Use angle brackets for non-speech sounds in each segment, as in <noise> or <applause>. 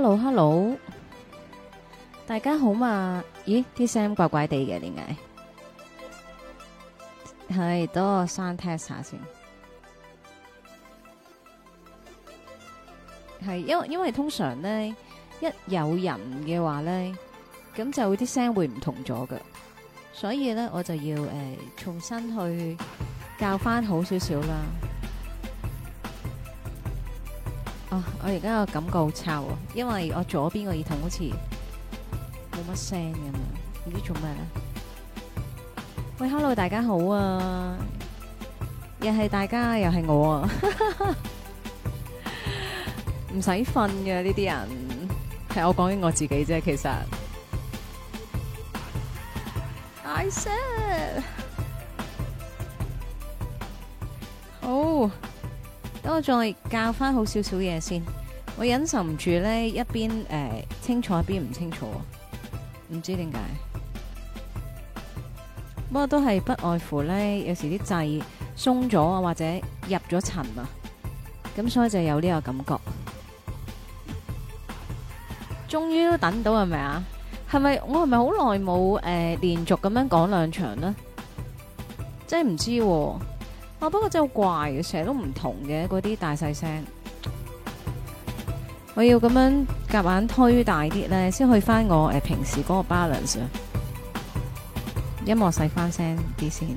hello hello，大家好嘛？咦，啲聲怪怪地嘅點解？係，等我刪 test 下先。係，因為因為通常咧，一有人嘅話咧，咁就啲聲會唔同咗噶，所以咧我就要誒、呃、重新去校返好少少啦。我而家個感覺好差啊，因為我左邊個耳筒好似冇乜聲咁樣，唔知做咩咧？喂，Hello，大家好啊，又係大家，又係我啊，唔使瞓嘅呢啲人，係我講緊我自己啫，其實。I said，好。等我再教翻好少少嘢先，我忍受唔住咧，一邊誒、呃、清楚，一邊唔清楚，唔知點解。不過都係不外乎咧，有時啲掣鬆咗啊，或者入咗塵啊，咁所以就有呢個感覺。終於都等到係咪、呃、啊？係咪我係咪好耐冇誒連續咁樣講兩場呢？真係唔知。啊！不過真係好怪嘅，成日都唔同嘅嗰啲大細聲。我要咁樣夾硬推大啲咧，先去翻我誒、呃、平時嗰個 balance。音樂細翻聲啲先。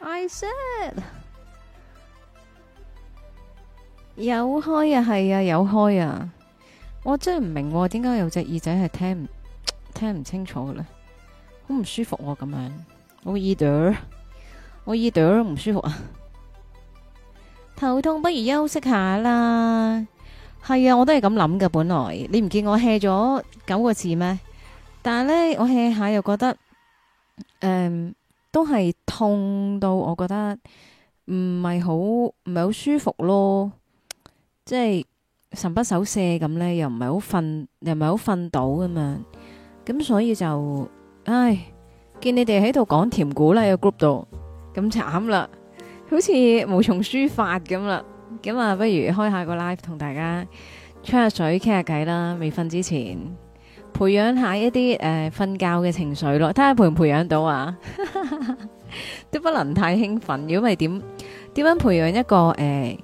I said 有開啊，係啊，有開啊！我真係唔明點解、啊、有隻耳仔係聽唔聽唔清楚嘅咧？好唔舒服，啊，咁樣好耳朵，我耳朵唔舒服啊。頭痛，不如休息下啦。係啊，我都係咁諗嘅。本來你唔見我 hea 咗九個字咩？但係呢，我 hea 下又覺得，誒、嗯，都係痛到我覺得唔係好唔係好舒服咯。即係神不守舍咁呢，又唔係好瞓，又唔係好瞓到咁樣，咁所以就。唉，見你哋喺度講甜古啦，個 group 度咁慘啦，好似無從抒發咁啦，咁啊不如開下個 live 同大家吹下水傾下偈啦，未瞓之前培養下一啲誒瞓覺嘅情緒咯，睇下培唔培養到啊，都 <laughs> 不能太興奮，如果唔係點點樣培養一個誒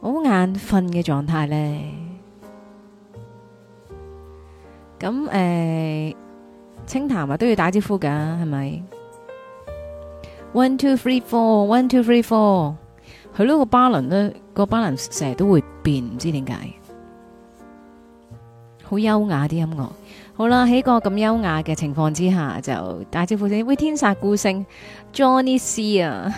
好眼瞓嘅狀態咧？咁、呃、誒。清談啊都要打招呼噶係咪？One two three four，one two three four，佢嗰個巴 a l a n 咧，個 b a 成日都會變，唔知點解。好優雅啲音樂，好啦，喺個咁優雅嘅情況之下，就打招呼先。w 天煞孤星，Johnny C 啊！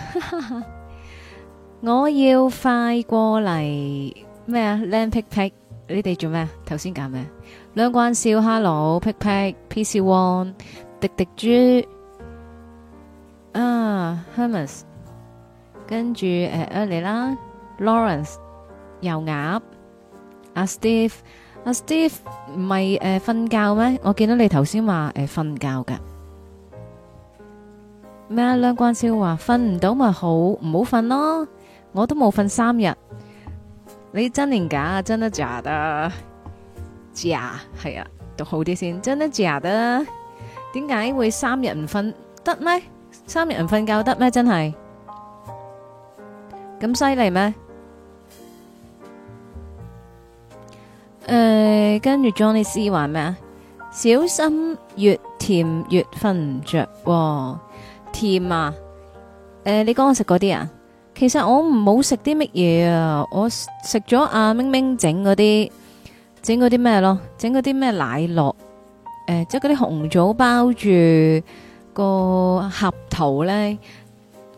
<laughs> 我要快過嚟咩啊？靚 c k 你哋做咩？頭先搞咩？梁冠笑 Hello，PicPic，PC One，滴滴豬，啊、uh,，Hermes，跟住誒，Eli 啦，Lawrence，油鴨，阿、uh, Steve，阿、uh, Steve 唔係誒瞓覺咩？我見到你頭先話誒瞓覺噶，咩啊？梁冠少話瞓唔到咪好唔好瞓咯？我都冇瞓三日，你真定假啊？真得假得～字啊，係啊，讀好啲先。真啲字啊，點解會三日唔瞓得咩？三日唔瞓覺得咩？真係咁犀利咩？誒，跟住 Johnny C 話咩啊？小心越甜越瞓唔着。甜啊？誒，你講我食嗰啲啊？其實我冇食啲乜嘢啊，我食咗阿明明整嗰啲。整嗰啲咩咯？整嗰啲咩奶酪？誒、呃，即係嗰啲紅棗包住個合桃咧。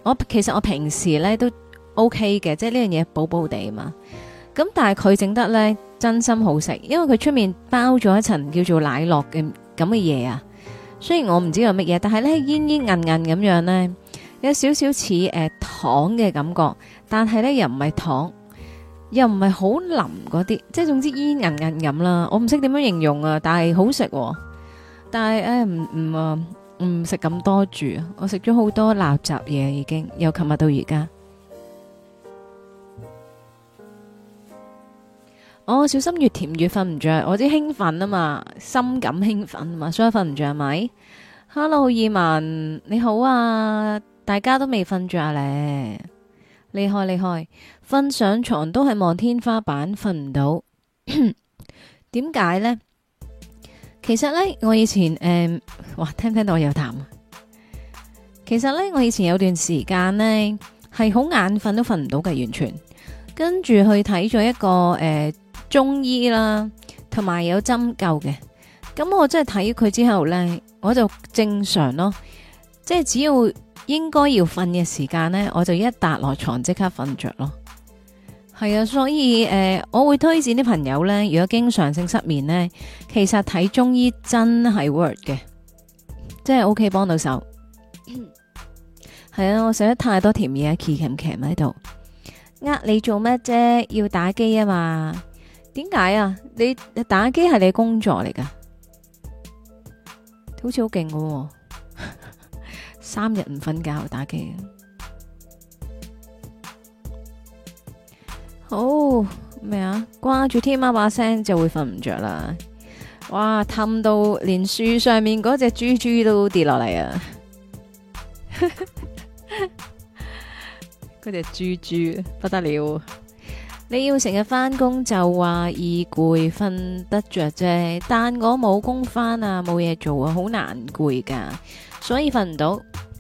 我其實我平時咧都 O K 嘅，即係呢樣嘢補補地嘛。咁但係佢整得咧，真心好食，因為佢出面包咗一層叫做奶酪嘅咁嘅嘢啊。雖然我唔知有乜嘢，但係咧煙煙韌韌咁樣咧，有少少似誒糖嘅感覺，但係咧又唔係糖。又唔係好淋嗰啲，即係總之煙韌韌咁啦。我唔識點樣形容啊，但係好食。但係誒，唔唔唔食咁多住，我食咗好多垃雜嘢已經。由琴日到而家，我、 <music> 哦、小心越甜越瞓唔着，我啲興奮啊嘛，心感興奮啊嘛，所以瞓唔着係咪？Hello，意文，你好啊，大家都未瞓着啊咧。厲害厲害，瞓上床都係望天花板，瞓唔到。點解 <coughs> 呢？其實呢，我以前誒，哇、呃，聽唔聽到我有痰？其實呢，我以前有段時間呢，係好眼瞓都瞓唔到嘅，完全。跟住去睇咗一個誒、呃、中醫啦，同埋有針灸嘅。咁我真係睇佢之後呢，我就正常咯，即係只要。應該要瞓嘅時間呢，我就一笪落床即刻瞓着咯。係啊，所以誒、呃，我會推薦啲朋友呢。如果經常性失眠呢，其實睇中醫真係 work 嘅，真係 OK 幫到手。係 <coughs> 啊，我食咗太多甜嘢，黐鉗鉗喺度，呃你做咩啫？要打機啊嘛？點解啊？你打機係你工作嚟噶，好似好勁嘅。 <laughs> 三日唔瞓覺打機，好咩啊？掛住天喵把聲就會瞓唔着啦！哇，氹到連樹上面嗰隻豬豬都跌落嚟啊！嗰隻豬豬不得了！你要成日返工就話易攰瞓得着啫，但我冇工返啊，冇嘢做啊，好難攰㗎。所以瞓唔到。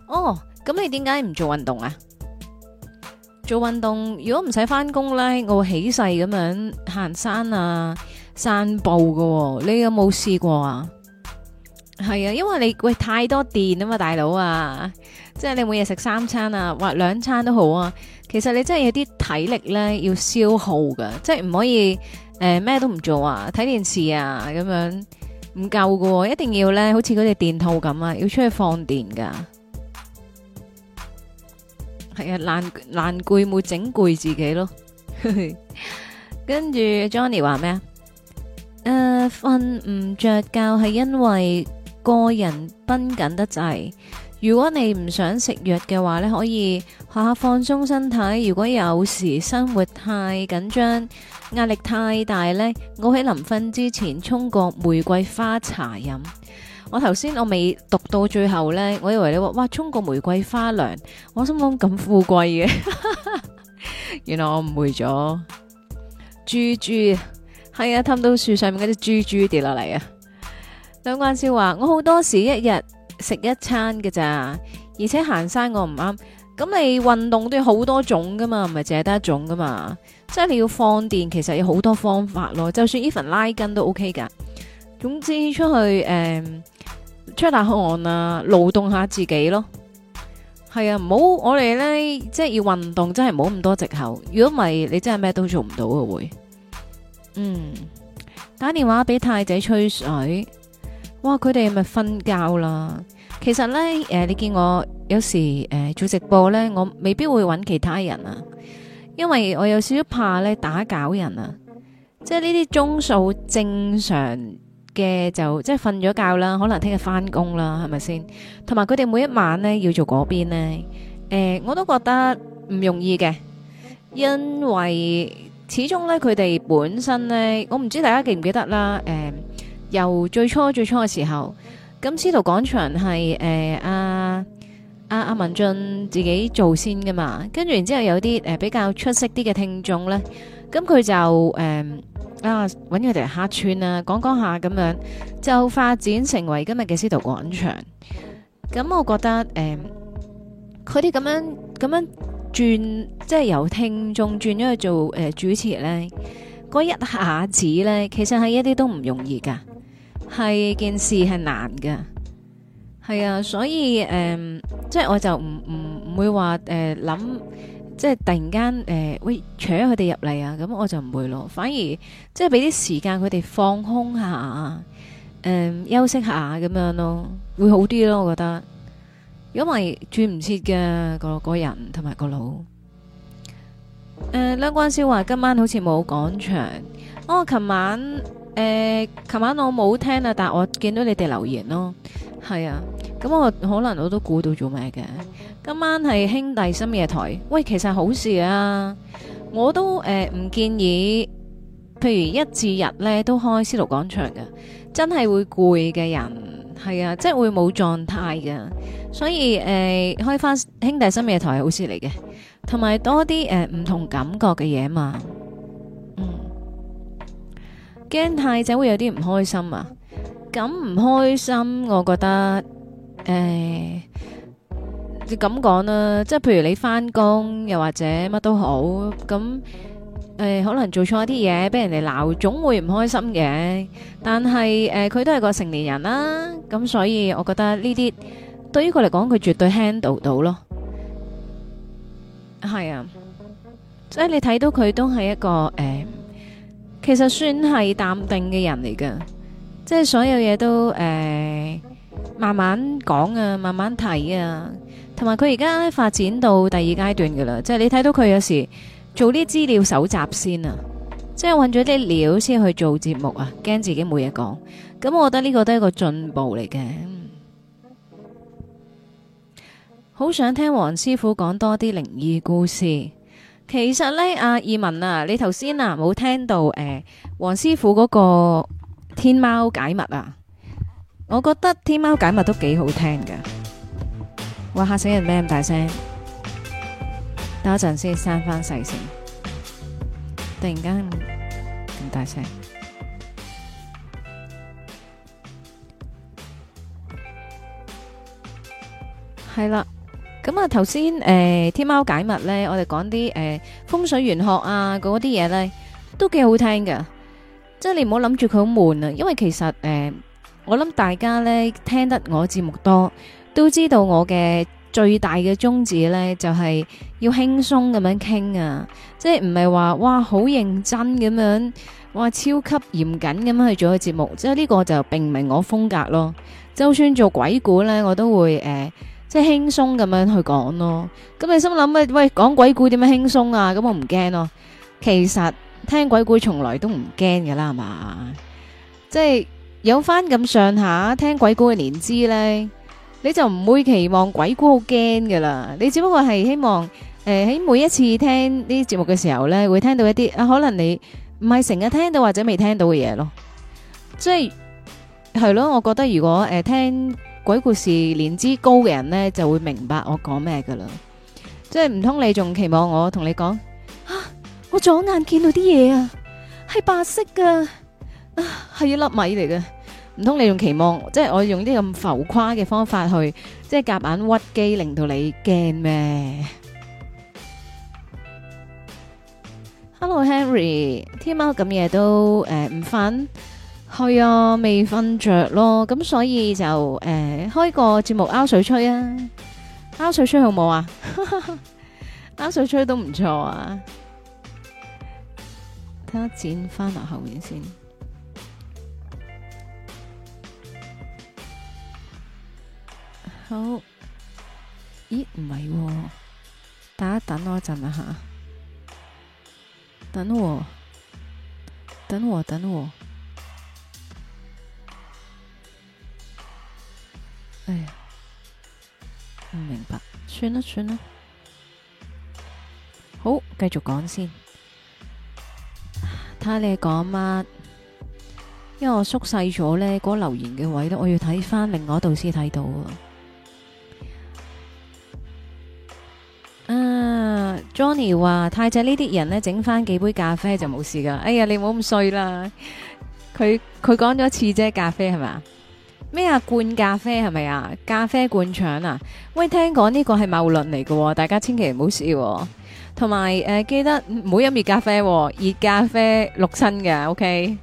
哦，咁你點解唔做運動啊？做運動如果唔使返工咧，我會起勢咁樣行山啊、散步噶、哦。你有冇試過啊？係啊，因為你喂太多電啊嘛，大佬啊，即係你每日食三餐啊，或兩餐都好啊。其實你真係有啲體力咧要消耗噶，即係唔可以誒咩、呃、都唔做啊，睇電視啊咁樣。唔夠噶，一定要咧，好似嗰隻電兔咁啊，要出去放電噶。係啊，爛爛攰，會整攰自己咯。跟住 Johnny 話咩啊？誒，瞓唔着覺係因為個人繃緊得滯。如果你唔想食藥嘅話咧，可以學下放鬆身體。如果有時生活太緊張，壓力太大呢，我喺臨瞓之前沖個玫瑰花茶飲。我頭先我未讀到最後呢，我以為你話哇沖個玫瑰花涼，我心諗咁富貴嘅， <laughs> 原來我誤會咗。豬豬係啊，氹到樹上面嗰隻豬豬跌落嚟啊！梁冠超話，我好多時一日食一餐嘅咋，而且行山我唔啱。咁你運動都要好多種噶嘛，唔係淨係得一種噶嘛。即係你要放電，其實有好多方法咯。就算 even 拉筋都 OK 噶。總之出去誒、嗯，出下汗啊，勞動下自己咯。係啊，唔好我哋咧，即係要運動，真係唔好咁多借口。如果唔係，你真係咩都做唔到嘅會。嗯，打電話俾太仔吹水。哇，佢哋咪瞓覺啦。其實咧，誒、呃，你見我有時誒、呃、做直播咧，我未必會揾其他人啊。因為我有少少怕咧打攪人啊，即係呢啲鐘數正常嘅，就即係瞓咗覺啦，可能聽日翻工啦，係咪先？同埋佢哋每一晚咧要做嗰邊咧，誒、呃，我都覺得唔容易嘅，因為始終咧佢哋本身咧，我唔知大家記唔記得啦，誒、呃，由最初最初嘅時候，咁司徒廣場係誒、呃、啊。阿、啊、阿文進自己先做先噶嘛，跟住然之後有啲誒、呃、比較出色啲嘅聽眾咧，咁佢就誒、呃、啊搵佢哋客串啦、啊，講講下咁樣，就發展成為今日嘅司徒廣場。咁我覺得誒，佢哋咁樣咁樣轉，即、就、係、是、由聽眾轉咗去做誒、呃、主持咧，嗰一下子咧，其實係一啲都唔容易噶，係件事係難噶。係啊，所以誒、嗯，即係我就唔唔唔會話誒諗，即係突然間誒、呃，喂，請佢哋入嚟啊。咁我就唔會咯，反而即係俾啲時間佢哋放空下，誒、呃，休息下咁樣咯，會好啲咯，我覺得，因為轉唔切嘅個個人同埋個腦。誒、呃，梁冠超話今晚好似冇講場，我、哦、琴晚誒，琴、呃、晚我冇聽啊，但我見到你哋留言咯。係啊，咁我可能我都估到做咩嘅。今晚係兄弟深夜台，喂，其實好事啊！我都誒唔、呃、建議，譬如一至日咧都開司徒廣場嘅，真係會攰嘅人，係啊，即係會冇狀態嘅。所以誒、呃，開返兄弟深夜台係好事嚟嘅，同埋多啲誒唔同感覺嘅嘢嘛。嗯，驚太仔會有啲唔開心啊！咁唔開心，我覺得誒，就咁講啦，即係譬如你翻工，又或者乜都好，咁誒，可能做錯一啲嘢，俾人哋鬧，總會唔開心嘅。但係誒，佢都係個成年人啦，咁所以我覺得呢啲對於佢嚟講，佢絕對 handle 到咯。係啊，即係你睇到佢都係一個誒，其實算係淡定嘅人嚟嘅。即係所有嘢都誒、呃，慢慢講啊，慢慢睇啊。同埋佢而家發展到第二階段噶啦，即係你睇到佢有時做啲資料搜集先啊，即係揾咗啲料先去做節目啊，驚自己冇嘢講。咁我覺得呢個都係一個進步嚟嘅。好想聽黃師傅講多啲靈異故事。其實呢，阿義文啊，你頭先啊冇聽到誒，黃、呃、師傅嗰、嗰個。天貓解密啊！我覺得天貓解密都幾好聽噶，哇，吓死人咩咁大聲！等一陣先閂翻細聲，突然間咁大聲，係啦。咁啊頭先誒天貓解密咧，我哋講啲誒風水玄學啊嗰啲嘢咧，都幾好聽噶。即係你唔好諗住佢好悶啊，因為其實誒、呃，我諗大家呢聽得我節目多，都知道我嘅最大嘅宗旨呢就係要輕鬆咁樣傾啊，即係唔係話哇好認真咁樣，哇超級嚴謹咁樣去做個節目，即係呢個就並唔係我風格咯。就算做鬼故呢我都會誒、呃，即係輕鬆咁樣去講咯。咁你心諗啊，喂，講鬼故點樣輕鬆啊？咁我唔驚咯，其實。聽鬼故從來都唔驚噶啦，係嘛？即係有翻咁上下聽鬼故嘅年資呢，你就唔會期望鬼故好驚噶啦。你只不過係希望，誒喺每一次聽呢啲節目嘅時候呢，會聽到一啲啊，可能你唔係成日聽到或者未聽到嘅嘢咯。即係係咯，我覺得如果誒聽鬼故事年資高嘅人呢，就會明白我講咩噶啦。即係唔通你仲期望我同你講啊？我左眼見到啲嘢啊，係白色噶，係一粒米嚟㗎。唔通你用期望，即係我用啲咁浮誇嘅方法去，即係夾硬，硬屈機，令到你驚咩？Hello Henry，天喵咁夜都誒唔瞓？係、呃、啊，未瞓着咯。咁所以就誒、呃、開個節目，吹水吹啊，吹水吹好唔好啊？吹 <laughs> 水吹都唔錯啊！剪翻落後面先。好，咦，唔係喎，大家等我一陣啊吓，等我，等我，等我，哎呀，唔明白，算啦算啦，好，繼續講先。睇下你講乜，因為我縮細咗呢嗰留言嘅位咧，我要睇翻，另外一度先睇到啊。 <music> 啊，Johnny 話太濟呢啲人咧，整翻幾杯咖啡就冇事噶。哎呀，你唔好咁衰啦。佢佢講咗次啫，咖啡係咪啊？咩啊？灌咖啡係咪啊？咖啡灌腸啊？喂，聽講呢個係謬論嚟噶，大家千祈唔好試。同埋誒，記得唔好飲熱咖啡，熱咖啡六親嘅，OK。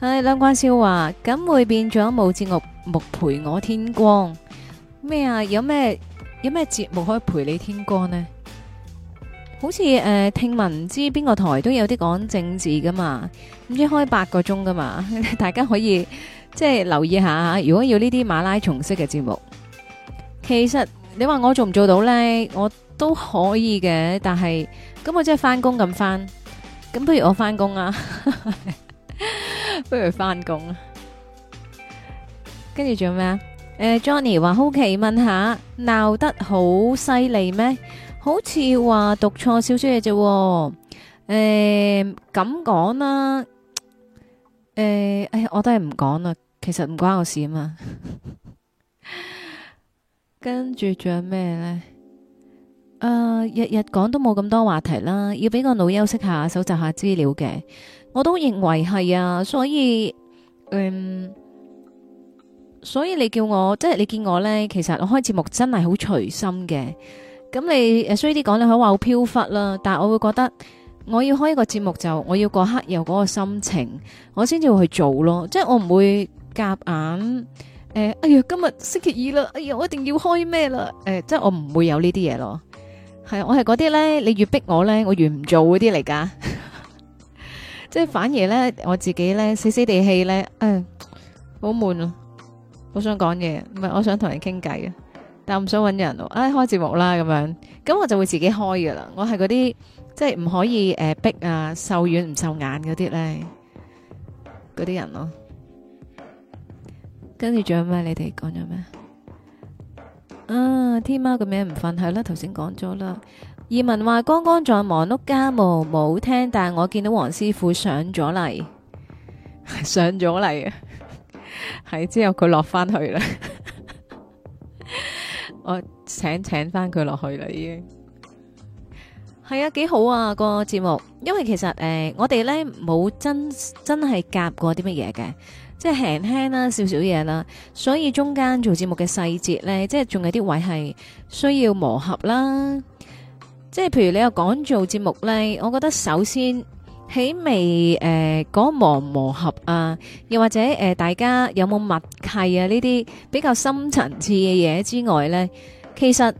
係兩關笑話，咁會變咗冇節目，目陪我天光咩啊？有咩有咩節目可以陪你天光呢？好似誒，聽聞唔知邊個台都有啲講政治噶嘛，唔知開八個鐘噶嘛，大家可以即係留意下。如果要呢啲馬拉松式嘅節目，其實你話我做唔做到呢，我。都可以嘅，但係咁我真係翻工咁翻，咁不如我翻工啊，不如翻工啊，跟住仲有咩啊？誒，Johnny 話好奇問下，鬧得好犀利咩？好似話讀錯少少嘢啫。誒，咁講啦。誒，哎呀，我都係唔講啦。其實唔關我事啊嘛。跟住仲有咩咧？誒、uh,，日日講都冇咁多話題啦，要俾個腦休息下，搜集下資料嘅。我都認為係啊，所以，嗯、um,，所以你叫我即係你見我咧，其實我開節目真係好隨心嘅。咁你誒，衰啲講你可話我飄忽啦。但係我會覺得，我要開個節目就我要個刻有嗰個心情，我先至會去做咯。即係我唔會夾硬誒，哎呀，今日星期二啦，哎呀，我一定要開咩啦。誒、呃，即係我唔會有呢啲嘢咯。係，我係嗰啲咧，你越逼我咧，我越唔做嗰啲嚟噶，即係反而咧，我自己咧，死死地氣咧，嗯，好悶啊，好想講嘢，唔係我想同人傾偈啊，但係唔想搵人，哎，開節目啦咁樣，咁我就會自己開噶啦，我係嗰啲即係唔可以誒，逼啊，受軟唔受眼嗰啲咧，嗰啲人咯，跟住仲有咩？你哋講咗咩？啊，天喵，咁樣唔瞓係啦，頭先講咗啦。移民話剛剛在忙碌家務，冇聽，但係我見到黃師傅上咗嚟，上咗嚟，係 <laughs> 之後佢落翻去啦。 <laughs> 我請請翻佢落去啦，已經係啊，幾好啊，這個節目，因為其實誒、呃，我哋呢冇真真係夾過啲乜嘢嘅。即係輕輕啦，少少嘢啦，所以中間做節目嘅細節呢，即係仲有啲位係需要磨合啦。即係譬如你又講做節目呢，我覺得首先起未誒講磨唔磨合啊，又或者誒、呃、大家有冇默契啊，呢啲比較深層次嘅嘢之外呢，其實誒、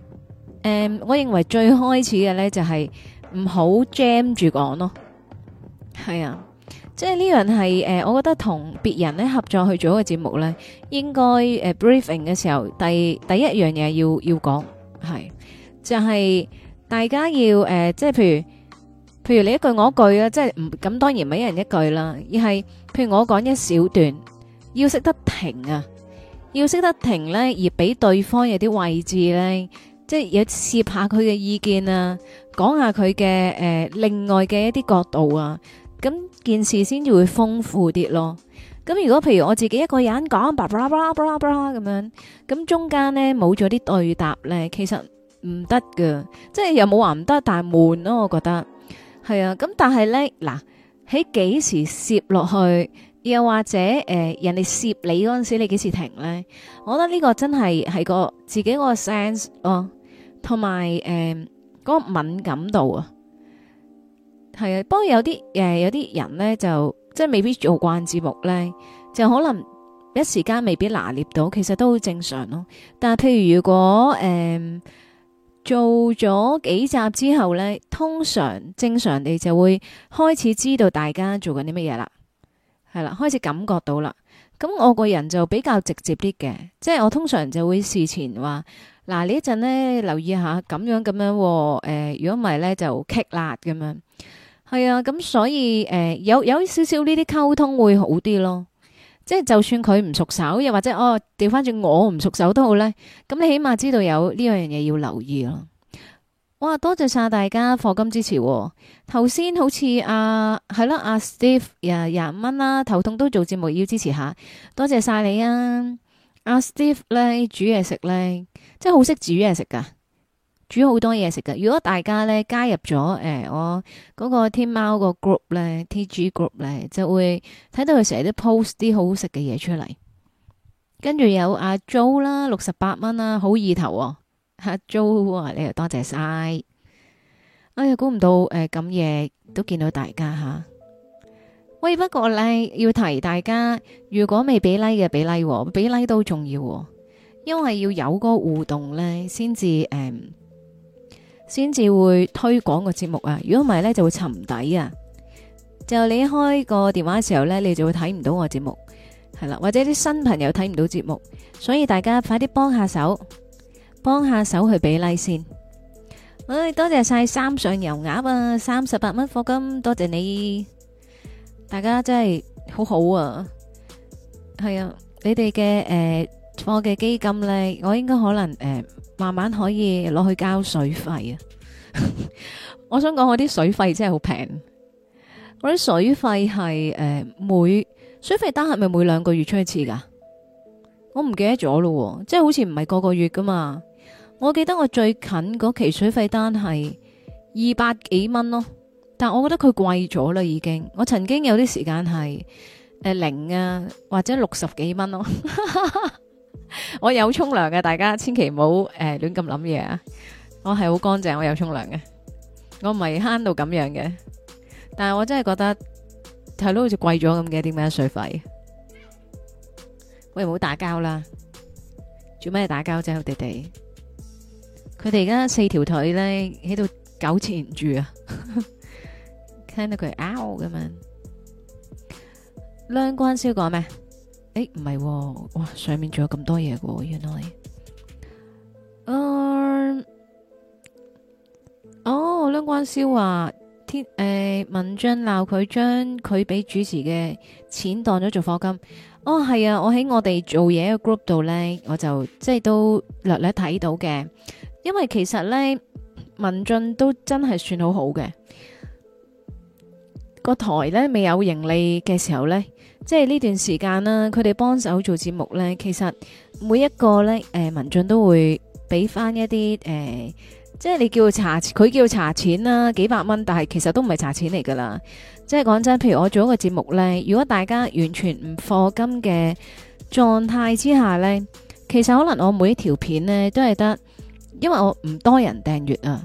呃、我認為最開始嘅呢，就係唔好 jam 住講咯，係啊。即係呢樣係誒，我覺得同別人咧合作去做一個節目咧，應該誒 briefing 嘅時候，第第一樣嘢要要講係就係大家要誒，即係譬如譬如你一句我一句啊，即係唔咁當然唔係一人一句啦，而係譬如我講一小段，要識得停啊，要識得停咧而俾對方有啲位置咧，即係有接下佢嘅意見啊，講下佢嘅誒另外嘅一啲角度啊，咁。件事先至會豐富啲咯。咁如果譬如我自己一個人講，巴拉巴拉巴拉巴拉咁樣，咁中間呢冇咗啲對答呢，其實唔得噶。即係又冇話唔得，但係悶咯，我覺得係啊。咁但係呢，嗱喺幾時攝落去，又或者誒、呃、人哋攝你嗰陣時，你幾時停呢？我覺得呢個真係係個自己嗰個 sense 咯、哦，同埋誒嗰個敏感度啊。係啊，不過有啲誒、呃，有啲人咧就即係未必做慣節目咧，就可能一時間未必拿捏到，其實都好正常咯。但係譬如如果誒、呃、做咗幾集之後咧，通常正常地就會開始知道大家做緊啲乜嘢啦，係啦，開始感覺到啦。咁我個人就比較直接啲嘅，即係我通常就會事前話，嗱、呃、你一陣咧留意下咁樣咁樣，誒如果唔係咧就棘辣咁樣。係啊，咁所以誒、呃、有有少少呢啲溝通會好啲咯，即係就算佢唔熟手，又或者哦調翻轉我唔熟手都好咧。咁你起碼知道有呢樣嘢要留意咯。哇，多謝晒大家課金支持。頭先好似阿係咯阿 Steve 廿廿五蚊啦，頭痛都做節目要支持一下，多謝晒你啊！阿、啊、Steve 咧煮嘢食咧，即係好識煮嘢食噶。煮好多嘢食㗎，如果大家咧加入咗誒、哎、我嗰、個天貓個 group 咧，TG group 咧，就會睇到佢成日都 post 啲好好食嘅嘢出嚟，跟住有阿、啊、Jo 啦，六十八蚊啦，好意頭喎，阿、啊、Jo 你又多謝晒。哎呀估唔到誒咁夜都見到大家吓，喂不過咧要提大家，如果未俾 like 嘅俾 like，俾 like、哦、like 都重要、哦，因為要有個互動咧先至誒。才嗯先至會推廣個節目啊！如果唔係呢，就會沉底啊！就你開個電話嘅時候呢，你就會睇唔到我節目，係啦，或者啲新朋友睇唔到節目，所以大家快啲幫下手，幫下手去俾個 like 先。唉、哎，多謝晒三上油鴨啊，三十八蚊課金，多謝你！大家真係好好啊，係啊，你哋嘅誒，貨、呃、嘅基金呢，我應該可能誒。呃慢慢可以攞去交水費啊！ <laughs> 我想講我啲水費真係好平，我啲水費係誒每水費單係咪每兩個月出一次噶？我唔記得咗咯，即係好似唔係個個月噶嘛。我記得我最近嗰期水費單係二百幾蚊咯，但我覺得佢貴咗啦已經了了。我曾經有啲時間係誒零啊，或者六十幾蚊咯。 <laughs> <laughs> 我有沖涼嘅，大家千祈唔好誒亂咁諗嘢啊！我係好乾淨，我有沖涼嘅，我唔係慳到咁樣嘅。但係我真係覺得係咯，好似貴咗咁嘅啲咩水費。喂，唔好打交啦！做咩打交啫，哋哋，佢哋而家四條腿咧喺度糾纏住啊！ <laughs> 聽到佢嗷咁樣，兩關燒果咩？誒，唔係，哦，哇！上面仲有咁多嘢嘅，哦，原來，哦，梁關少話天，誒、呃，文進鬧佢將佢俾主持嘅錢當咗做課金。哦，係啊，我喺我哋做嘢嘅 group 度呢，我就即係都略略睇到嘅。因為其實呢，文進都真係算好好嘅。個台呢，未有盈利嘅時候呢。即係呢段時間啦、啊，佢哋幫手做節目呢，其實每一個呢，誒、呃，文進都會俾翻一啲誒、呃，即係你叫查佢叫查錢啦、啊，幾百蚊，但係其實都唔係查錢嚟噶啦。即係講真，譬如我做一個節目呢，如果大家完全唔課金嘅狀態之下呢，其實可能我每一條片呢都係得，因為我唔多人訂閱啊，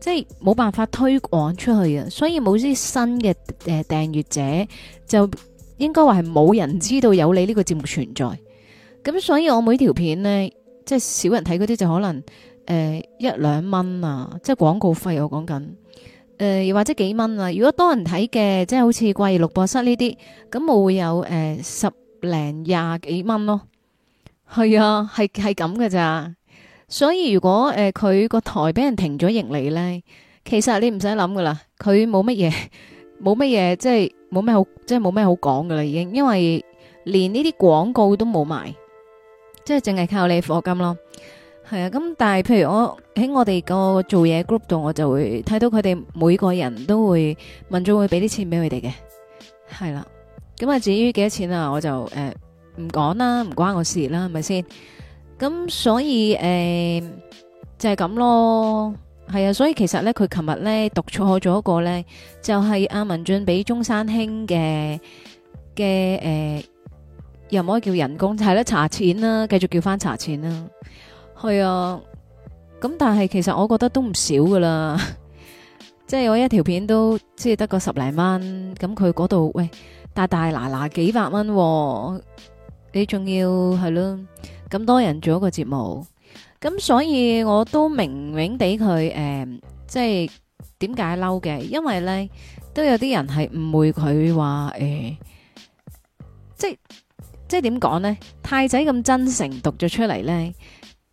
即係冇辦法推廣出去啊，所以冇啲新嘅誒、呃、訂閱者就。應該話係冇人知道有你呢個節目存在，咁所以我每條片呢，即係少人睇嗰啲就可能誒、呃、一兩蚊啊，即係廣告費我講緊，誒、呃、又或者幾蚊啊。如果多人睇嘅，即係好似怪異錄播室呢啲，咁我會有誒、呃、十零廿幾蚊咯。係啊，係係咁噶咋。所以如果誒佢個台俾人停咗盈利呢，其實你唔使諗噶啦，佢冇乜嘢。冇乜嘢，即係冇咩好，即係冇咩好講噶啦，已經，因為連呢啲廣告都冇埋，即係淨係靠你課金咯。係啊，咁但係譬如我喺我哋個做嘢 group 度，我就會睇到佢哋每個人都會問咗會俾啲錢俾佢哋嘅，係啦。咁啊至於幾多錢啊，我就誒唔講啦，唔、呃、關我事啦，係咪先？咁所以誒、呃、就係、係、咁咯。係啊，所以其實咧，佢琴日咧讀錯咗一個咧，就係、是、阿、啊、文進俾中山興嘅嘅誒，又唔可以叫人工，就係呢，查錢啦、啊，繼續叫翻查錢啦，係啊，咁、啊、但係其實我覺得都唔少噶啦，即係我一條片都即係得個十零蚊，咁佢嗰度喂大大嗱嗱幾百蚊、哦，你仲要係咯咁多人做一個節目。咁所以我都明明地佢誒，即係點解嬲嘅？因為咧都有啲人係誤會佢話誒，即係即係點講咧？太子咁真誠讀咗出嚟咧，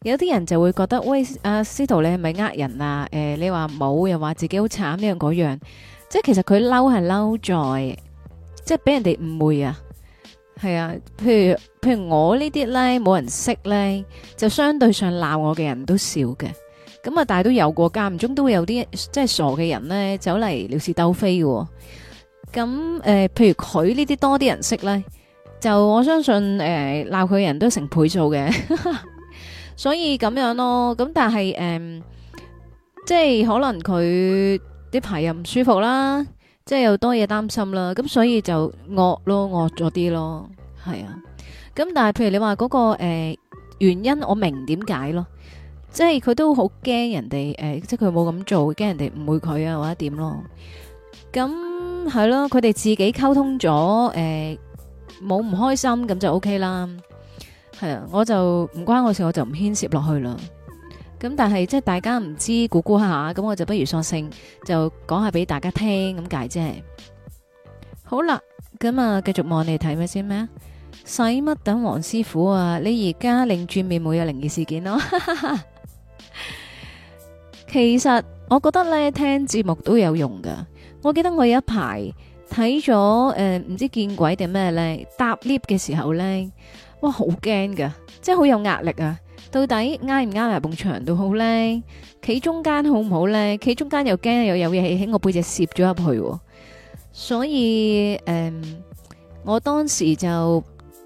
有啲人就會覺得喂，阿司徒你係咪呃人啊？誒，你話冇又話自己好慘呢樣嗰樣，即係其實佢嬲係嬲在即係俾人哋誤會啊，係啊，譬如。譬如我這些呢啲咧，冇人識咧，就相對上鬧我嘅人都少嘅。咁啊，但係都有過，間唔中都會有啲即係傻嘅人咧走嚟，撩事鬥非嘅。咁、呃、誒，譬如佢呢啲多啲人識咧，就我相信誒鬧佢嘅人都成倍數嘅。 <laughs> 所以咁樣咯。咁但係誒、嗯，即係可能佢啲排又唔舒服啦，即係又多嘢擔心啦。咁所以就惡咯，惡咗啲咯，係啊。咁但係譬如你話嗰個誒原因我明點解咯，即係佢都好驚人哋誒，即係佢冇咁做，驚人哋誤會佢啊或者點咯，咁係咯，佢哋自己溝通咗誒，冇唔開心咁就 OK 啦，係啊，我就唔關我事，我就唔牽涉落去啦。咁但係即係大家唔知估估下，咁我就不如索性就講下俾大家聽咁解啫。好啦，咁啊，繼續望你睇咩先咩？使乜等黃師傅啊？你而家擰住面冇有靈異事件咯？ <laughs> 其實我覺得咧，聽節目都有用噶。我記得我有一排睇咗誒，唔、呃、知見鬼定咩咧，搭 lift 嘅時候咧，哇，好驚噶，真係好有壓力啊！到底挨唔挨埋埲牆都好咧？企中間好唔好咧？企中間又驚又有嘢喺我背脊攝咗入去，所以誒、呃，我當時就。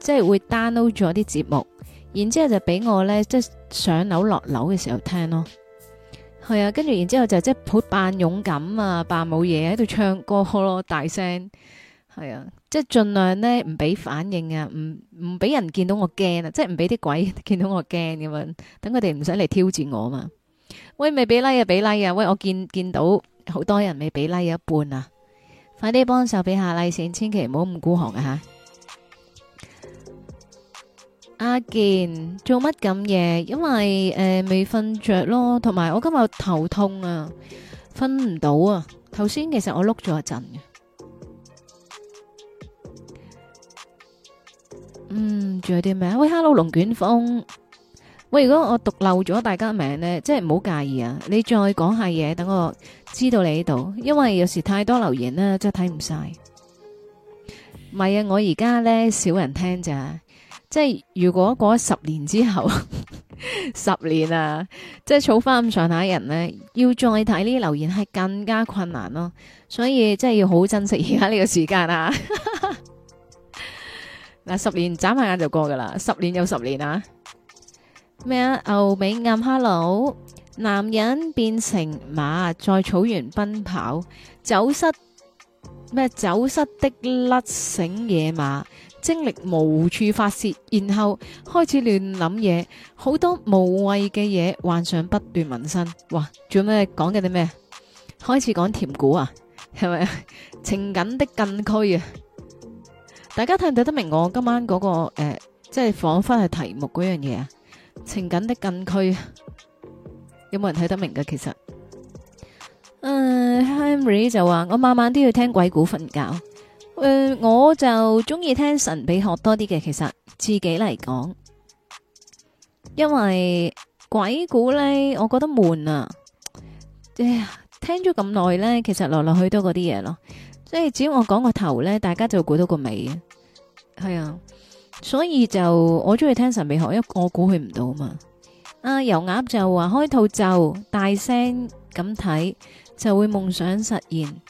即係會 download 咗啲節目，然之後就俾我咧，即係上樓落樓嘅時候聽咯。係啊，跟住然之後就即係扮勇敢啊，扮冇嘢喺度唱歌咯，大聲係啊，即係盡量咧唔俾反應啊，唔唔俾人見到我驚啊，即係唔俾啲鬼見到我驚咁樣，等佢哋唔使嚟挑戰我嘛。喂，未俾 like 啊，俾 like 啊！喂，我見見到好多人未俾 like 一半啊，快啲幫手俾下 like 先，千祈唔好咁孤寒啊吓。阿健做乜咁夜？因為誒未瞓着咯，同埋我今日頭痛啊，瞓唔到啊。頭先其實我碌咗一陣嘅，嗯，仲有啲咩？喂，Hello 龍捲風，喂，如果我讀漏咗大家名咧，即係唔好介意啊。你再講下嘢，等我知道你喺度，因為有時太多留言啦，真係睇唔晒。唔係啊，我而家咧少人聽咋。即係如果過咗十年之後， <laughs> 十年啊，即係儲返咁上下人呢，要再睇呢啲留言係更加困難咯。所以真係要好珍惜而家呢個時間啊！嗱，十年眨下眼就過噶啦，十年又十年啦。咩啊？Oh my God, hello，男人變成馬，在草原奔跑，走失咩？走失的甩繩野馬。精力無處發洩，然後開始亂諗嘢，好多無謂嘅嘢幻想，不斷紋身。哇，做咩講緊啲咩？開始講甜古啊，係咪？情感的禁區啊！大家睇唔睇得明我今晚嗰、那個誒、呃，即係彷彿係題目嗰樣嘢啊？情感的禁區，有冇人睇得明嘅？其實有有，誒、uh，Henry 就話我晚晚都要聽鬼故瞓覺。誒、呃，我就中意聽神秘學多啲嘅，其實自己嚟講，因為鬼故咧，我覺得悶啊，即聽咗咁耐咧，其實來來去去都嗰啲嘢咯，即係只要我講個頭咧，大家就估到個尾，係啊，所以就我中意聽神秘學，因為我估佢唔到啊嘛。啊油鴨就話開套咒，大聲咁睇，就會夢想實現。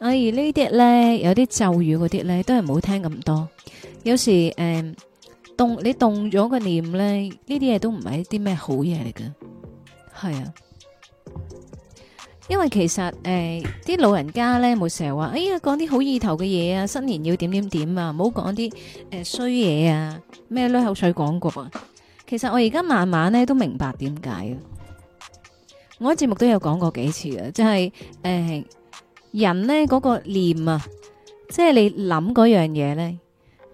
哎，呢啲咧有啲咒語嗰啲咧，都係唔好聽咁多。有時誒動你動咗個念咧，呢啲嘢都唔係一啲咩好嘢嚟㗎，係啊。因為其實誒啲老人家咧，冇成日話，哎呀講啲好意頭嘅嘢啊，新年要點點點啊，唔好講啲誒衰嘢啊，咩吹口水廣告啊。其實我而家慢慢咧都明白點解啊。我節目都有講過幾次嘅，即係誒。人呢嗰個念啊，即係你諗嗰樣嘢呢，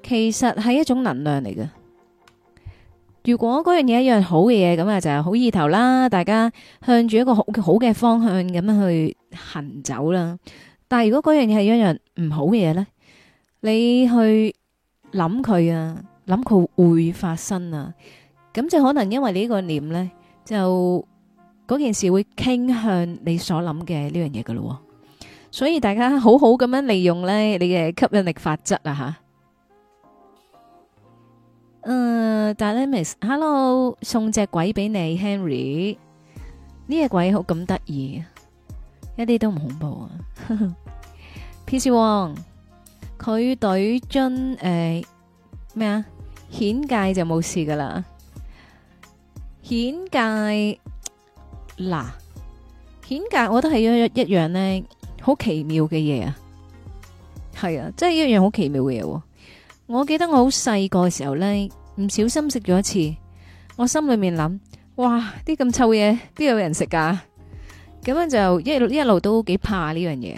其實係一種能量嚟嘅。如果嗰樣嘢一樣好嘅嘢，咁啊就係好意頭啦。大家向住一個好好嘅方向咁樣去行走啦。但係如果嗰樣嘢係一樣唔好嘅嘢呢，你去諗佢啊，諗佢會發生啊，咁就可能因為呢個念呢，就嗰件事會傾向你所諗嘅呢樣嘢喇咯。所以大家好好咁樣利用咧，你嘅吸引力法則啊吓。誒，Dynamics，Hello，送隻鬼俾你，Henry，呢隻鬼好咁得意，一啲都唔恐怖啊。PC Wong，佢對樽誒咩啊？顯界就冇事噶啦，顯界嗱，顯界，我覺得係一一樣咧。好奇妙嘅嘢啊，係啊，真係一樣好奇妙嘅嘢、啊。我記得我好細個嘅時候呢，唔小心食咗一次，我心裏面諗，哇，啲咁臭嘢邊有人食噶？咁樣就一路一路都幾怕呢樣嘢，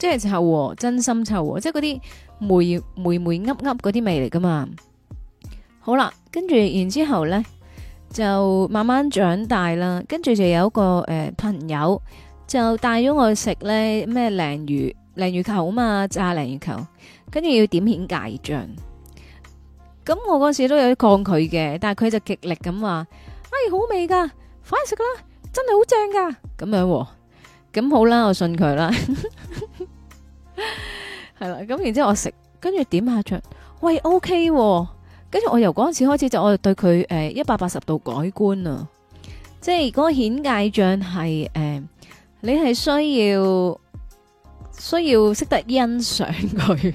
即係臭、啊，真心臭、啊，即係嗰啲霉霉霉噏噏嗰啲味嚟噶嘛。好啦，跟住然之後呢就慢慢長大啦，跟住就有一個誒、呃、朋友。就帶咗我去食咧咩鯪魚鯪魚球嘛，炸鯪魚球，跟住要點蜆芥醬。咁我嗰時都有啲抗拒嘅，但係佢就極力咁話，哎，好味㗎，快食啦，真係好正噶。咁樣咁好啦，我信佢啦。係啦，咁然之後我食，跟住點下醬，喂，OK，跟住我由嗰陣時開始我就我對佢誒一百八十度改觀啦，即係嗰蜆芥醬係誒。呃。你係需要需要識得欣賞佢，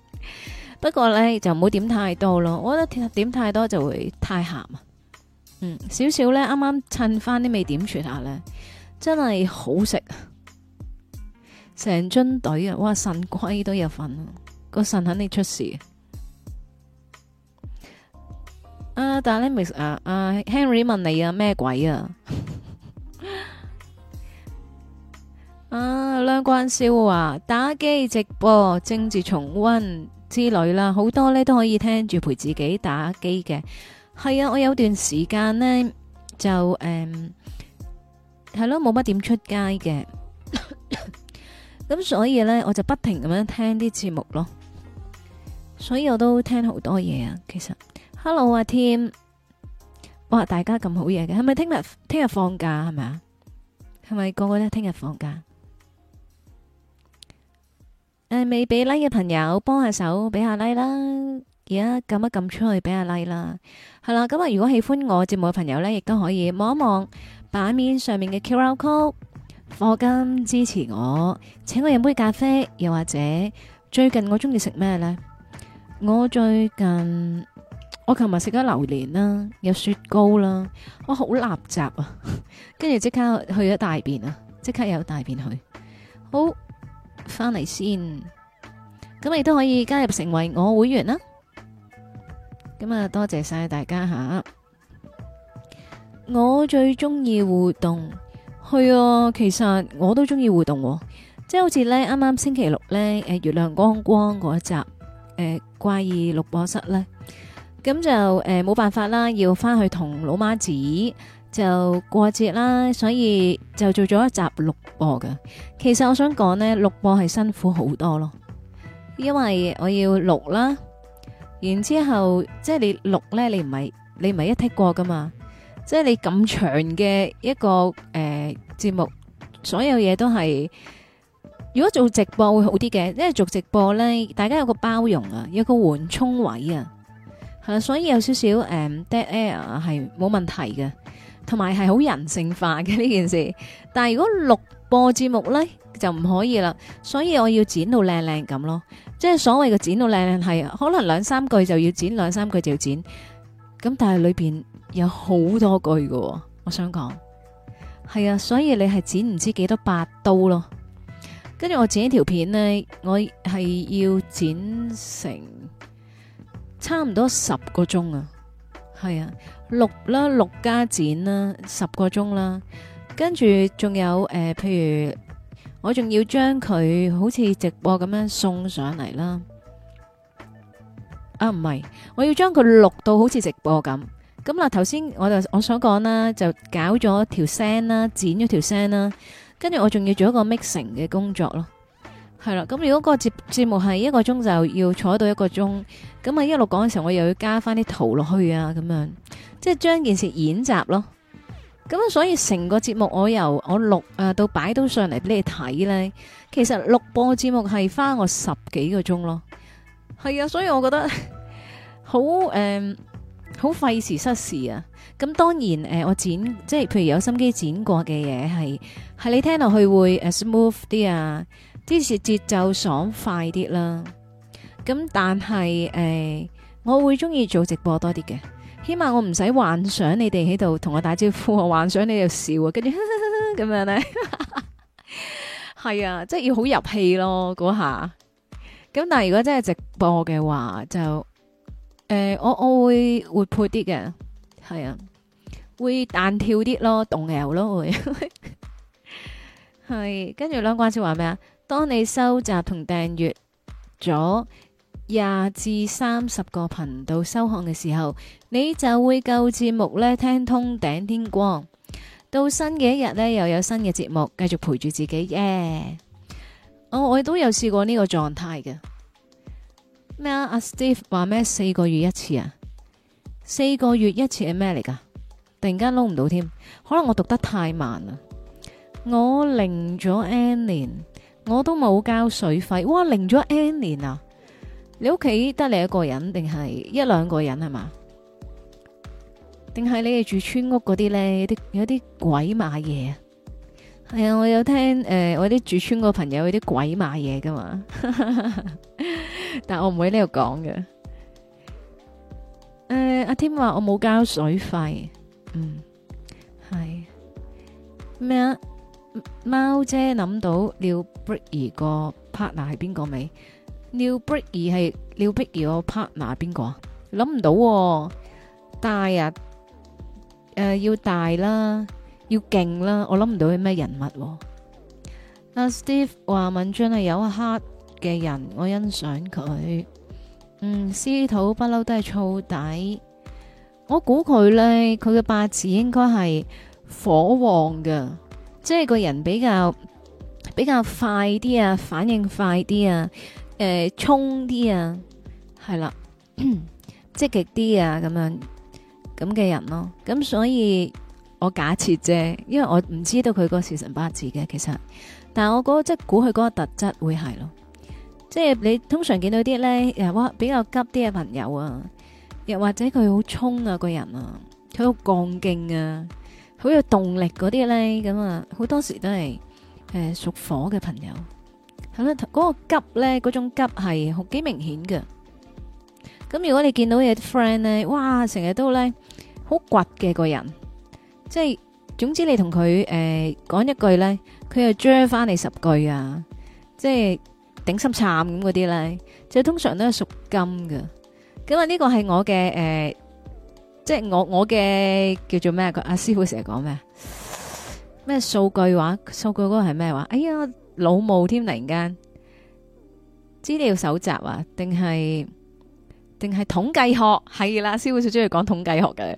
<laughs> 不過咧就唔好點太多咯。我覺得點太多就會太鹹啊。嗯，少少咧，啱啱趁翻啲未點住下咧，真係好食。成樽懟啊！哇，腎虧都有份啊，個腎肯定出事啊！啊但係咧，Miss 啊，啊 Henry 問你啊，咩鬼啊？ <laughs> 啊，兩關笑啊，打機直播、政治重溫之類啦，啊，好多呢都可以聽住陪自己打機嘅。係啊，我有段時間呢，就誒，係、嗯、咯，冇乜點出街嘅。咁 <laughs> 所以呢，我就不停咁樣聽啲節目咯。所以我都聽好多嘢啊。其實，Hello 啊，Team，哇，大家咁好嘢嘅，係咪聽日聽日放假係咪啊？係咪個個都聽日放假？是誒，未俾 like 嘅朋友，幫下手俾下 like 啦！而家撳一撳出去俾下 like 啦，係啦。咁啊，如果喜歡我節目嘅朋友咧，亦都可以望一望版面上面嘅 QR code，課金支持我，請我飲杯咖啡。又或者最近我中意食咩咧？我最近我琴日食咗榴蓮啦，有雪糕啦，我好垃圾啊！跟住即刻去咗大便啊！即刻有大便去，好。翻嚟先，咁你都可以加入成為我會員啦。咁啊，多謝晒大家吓。我最中意互動，係啊，其實我都中意互動、哦，即係好似咧啱啱星期六咧，誒，月亮光光嗰一集，誒、呃，怪異錄播室咧，咁就誒冇、呃、辦法啦，要翻去同老媽子。就過節啦，所以就做咗一集錄播嘅。其實我想講呢，錄播係辛苦好多咯，因為我要錄啦，然之後即係你錄呢，你唔係你唔係一剔過噶嘛。即係你咁長嘅一個誒呃、節目，所有嘢都係如果做直播會好啲嘅，因為做直播呢，大家有個包容啊，有個緩衝位啊，吓，所以有少少誒、嗯、dead air 係冇問題嘅。同埋係好人性化嘅呢件事，但係如果錄播節目呢，就唔可以啦，所以我要剪到靚靚咁咯。即係所謂嘅剪到靚靚係啊，可能兩三句就要剪兩三句就要剪，咁但係裏邊有好多句嘅，我想講係啊，所以你係剪唔知幾多八刀咯。跟住我剪一條片呢，我係要剪成差唔多十個鐘啊，係啊。錄啦，錄加剪啦，十個鐘啦，跟住仲有誒、呃，譬如我仲要將佢好似直播咁樣送上嚟啦。啊，唔係，我要將佢錄到好似直播咁。咁嗱，頭先我就我所講啦，就搞咗條聲啦，剪咗條聲啦，跟住我仲要做一個 mixing 嘅工作咯。係啦，咁如果個節節目係一個鐘就要坐到一個鐘，咁啊一路講嘅時候，我又要加翻啲圖落去啊，咁樣即係將件事演習咯。咁所以成個節目我由我錄啊到擺到上嚟俾你睇呢，其實錄播節目係花我十幾個鐘咯。係啊，所以我覺得好誒，好費時失事啊。咁當然誒、呃，我剪即係譬如有心機剪過嘅嘢，係係你聽落去會 smooth 啲啊。啲是節奏爽快啲啦，咁但係誒、欸、我會中意做直播多啲嘅，起碼我唔使幻想你哋喺度同我打招呼，我幻想你哋笑啊，跟住咁樣咧，係 <laughs> 啊，即係要好入戲咯嗰下。咁但係如果真係直播嘅話就誒、欸、我我會活潑啲嘅，係啊，會彈跳啲咯，動搖咯會，係跟住兩關先話咩啊？當你收集同訂閱咗廿至三十個頻道收看嘅時候，你就會夠節目呢聽通頂天光。到新嘅一日呢，又有新嘅節目繼續陪住自己耶、yeah! 哦。我我都有試過呢個狀態嘅咩啊？阿 Steve 話咩四個月一次啊？四個月一次係咩嚟噶？突然間撈唔到添，可能我讀得太慢啦。我零咗 n 年。我都冇交水費，哇，零咗 N 年啊！你屋企得你一個人定係一兩個人係嘛？定係你哋住村屋嗰啲咧，有啲有啲鬼買嘢，係啊！我有聽誒、呃，我啲住村個朋友有啲鬼買嘢噶嘛， <laughs> 但係我唔會呢度講嘅。誒、呃，阿添 i 話我冇交水費，嗯，係咩啊？貓姐諗到尿。Blakey 個 partner 係邊個未？New Blakey 係 New Blakey 個 partner 邊個啊？諗唔到、哦，大啊！誒、呃，要大啦，要勁啦，我諗唔到佢咩人物、哦。阿 <music> Steve 話敏俊係有 heart 嘅人，我欣賞佢。嗯，司徒不嬲都係燥底，我估佢咧，佢嘅八字應該係火旺嘅，即係個人比較。比較快啲啊，反應快啲啊，誒、呃，衝啲啊，係啦，積極啲啊，咁樣咁嘅人咯。咁所以我假設啫，因為我唔知道佢個時辰八字嘅，其實，但係我嗰、嗰個、即係估佢嗰個特質會係咯，即係你通常見到啲咧，比較急啲嘅朋友啊，又或者佢好衝啊，個人啊，佢好幹勁啊，好有動力嗰啲咧，咁啊，好多時都係。誒，屬火嘅朋友，係啦，嗰個急咧，嗰種急係好幾明顯噶。咁如果你見到有啲 friend 咧，哇，成日都咧好倔嘅個人，即係總之你同佢誒講一句咧，佢又嚼翻你十句啊，即係頂心杉咁嗰啲咧，就通常都係屬金噶。咁啊，呢個係我嘅誒，即係我我嘅叫做咩？個阿師傅成日講咩？咩數據話？數據嗰個係咩話？哎呀，老母添，突然間資料搜集啊？定係定係統計學？係啦，師傅最中意講統計學嘅，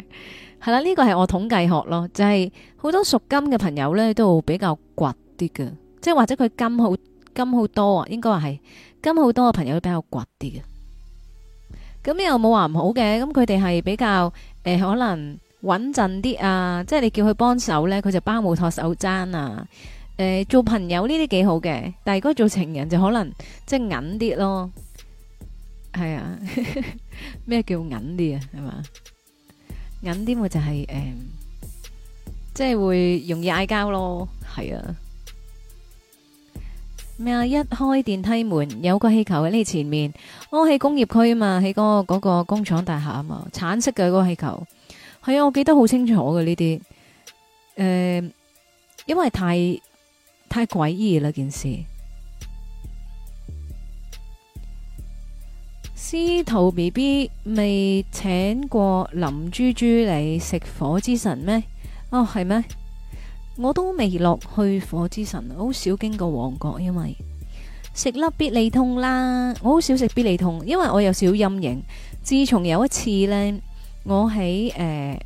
係啦，呢、這個係我統計學咯，就係、是、好多屬金嘅朋友咧，都比較倔啲嘅，即係或者佢金好金好多啊，應該話係金好多嘅朋友都比較倔啲嘅。咁又冇話唔好嘅，咁佢哋係比較誒、呃、可能。穩陣啲啊，即係你叫佢幫手咧，佢就包冇托手踭啊。誒、呃，做朋友呢啲幾好嘅，但係如果做情人就可能即係、就是、硬啲咯。係啊，咩 <laughs> 叫硬啲啊？係嘛，硬啲咪就係、是、誒，即、嗯、係、就是、會容易嗌交咯。係啊，咩啊？一開電梯門，有個氣球喺你前面。我喺工業區啊嘛，喺嗰個工廠大廈啊嘛，橙色嘅嗰個氣球。係啊，我記得好清楚嘅呢啲，誒、呃，因為太太詭異啦件事。 <noise> 司徒 B B 未請過林珠珠嚟食火之神咩？哦，係咩？我都未落去火之神，好少經過旺角，因為食粒必理痛啦。我好少食必理痛，因為我有少少陰影。自從有一次呢。我喺誒、呃，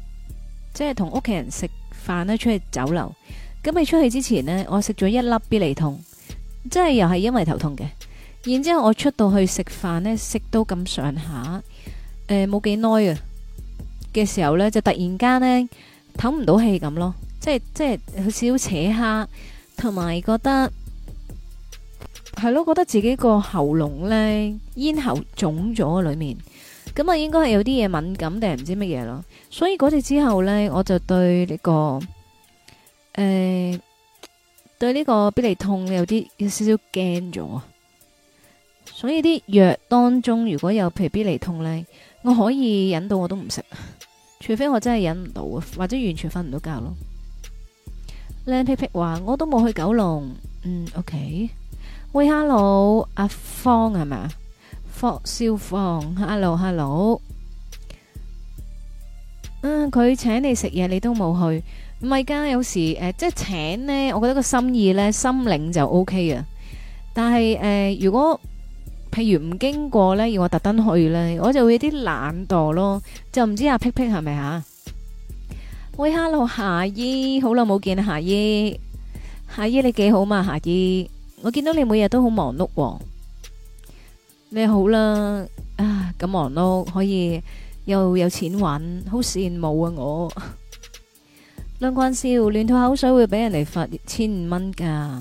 即係同屋企人食飯呢，出去酒樓。咁喺出去之前呢，我食咗一粒必利痛，即係又係因為頭痛嘅。然之後我出到去食飯呢，食到咁上下，誒冇幾耐啊嘅時候呢，就突然間呢，唞唔到氣咁咯，即係即係有少少扯下，同埋覺得係咯，覺得自己個喉嚨呢，咽喉腫咗裏面。咁啊，應該係有啲嘢敏感定係唔知乜嘢咯，所以嗰次之後呢，我就對呢、這個誒、呃、對呢個必利通有啲有少少驚咗，所以啲藥當中如果有譬如必利通呢，我可以忍到我都唔食，除非我真係忍唔到啊，或者完全瞓唔到覺咯。靚皮皮話我都冇去九龍，嗯，OK，喂，hello，阿芳係咪啊？霍少房，hello hello，嗯，佢請你食嘢，你都冇去，唔係噶。有時誒，即係請咧，我覺得個心意咧，心領就 OK 啊。但係誒，如果譬如唔經過咧，要我特登去咧，我就會有啲懶惰咯，就唔知阿皮皮係咪吓？喂，hello 霞姨，好耐冇見霞姨，霞姨你幾好嘛？霞姨，我見到你每日都好忙碌喎。你好啦啊，咁忙碌可以又有，有錢揾，好羨慕啊！我兩關少亂吐口水會，會俾人哋罰千五蚊噶。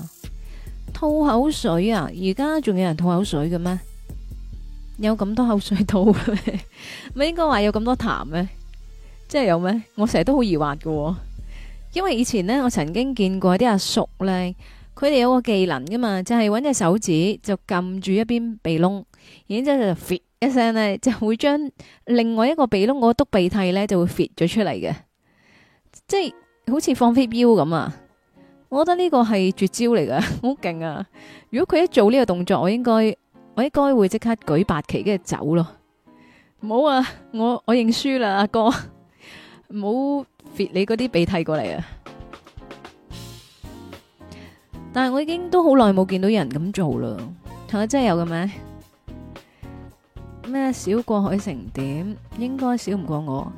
吐口水啊！而家仲有人吐口水嘅咩？有咁多口水吐嘅咩？咪 <laughs> 係應該話有咁多痰咩？即係有咩？我成日都好疑惑喎、哦！因為以前呢，我曾經見過啲阿叔呢，佢哋有個技能噶嘛，就係搵隻手指就撳住一邊鼻窿。然之後就 fit 一聲咧，就會將另外一個鼻窿嗰督鼻涕咧就會 fit 咗出嚟嘅，即係好似放飛鏢咁啊！我覺得呢個係絕招嚟噶，好勁啊！如果佢一做呢個動作，我應該我應該會即刻舉白旗跟住走咯。冇啊，我我認輸啦，阿哥，唔好 fit 你嗰啲鼻涕過嚟啊！但係我已經都好耐冇見到有人咁做啦，吓、啊、真係有嘅咩？咩少過海城點？應該少唔過我。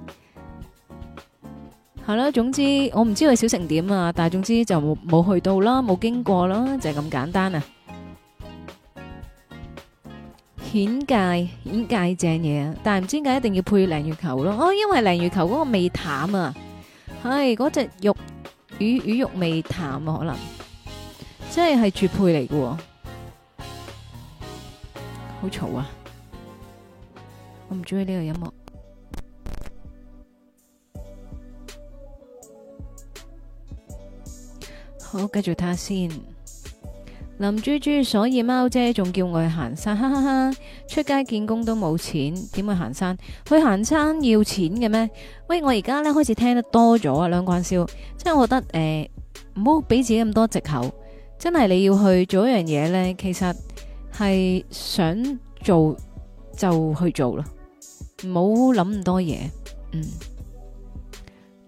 係啦，總之我唔知佢小成點啊，但係總之就冇去到啦，冇經過啦，就係、是、咁簡單啊。蜆芥蜆芥正嘢啊，但係唔知點解一定要配鯪魚球咯。哦，因為鯪魚球嗰個味淡啊，係嗰隻肉魚魚肉味淡啊，可能即係係絕配嚟㗎。好嘈啊！我唔中意呢個音樂。好，繼續睇下先。林豬豬，所以貓姐仲叫我去行山，哈哈哈，哈！出街見工都冇錢，點去行山？去行山要錢嘅咩？喂，我而家咧開始聽得多咗啊，兩關燒，即係我覺得誒，唔好俾自己咁多借口。真係你要去做一樣嘢咧，其實係想做就去做咯。唔好諗咁多嘢，嗯，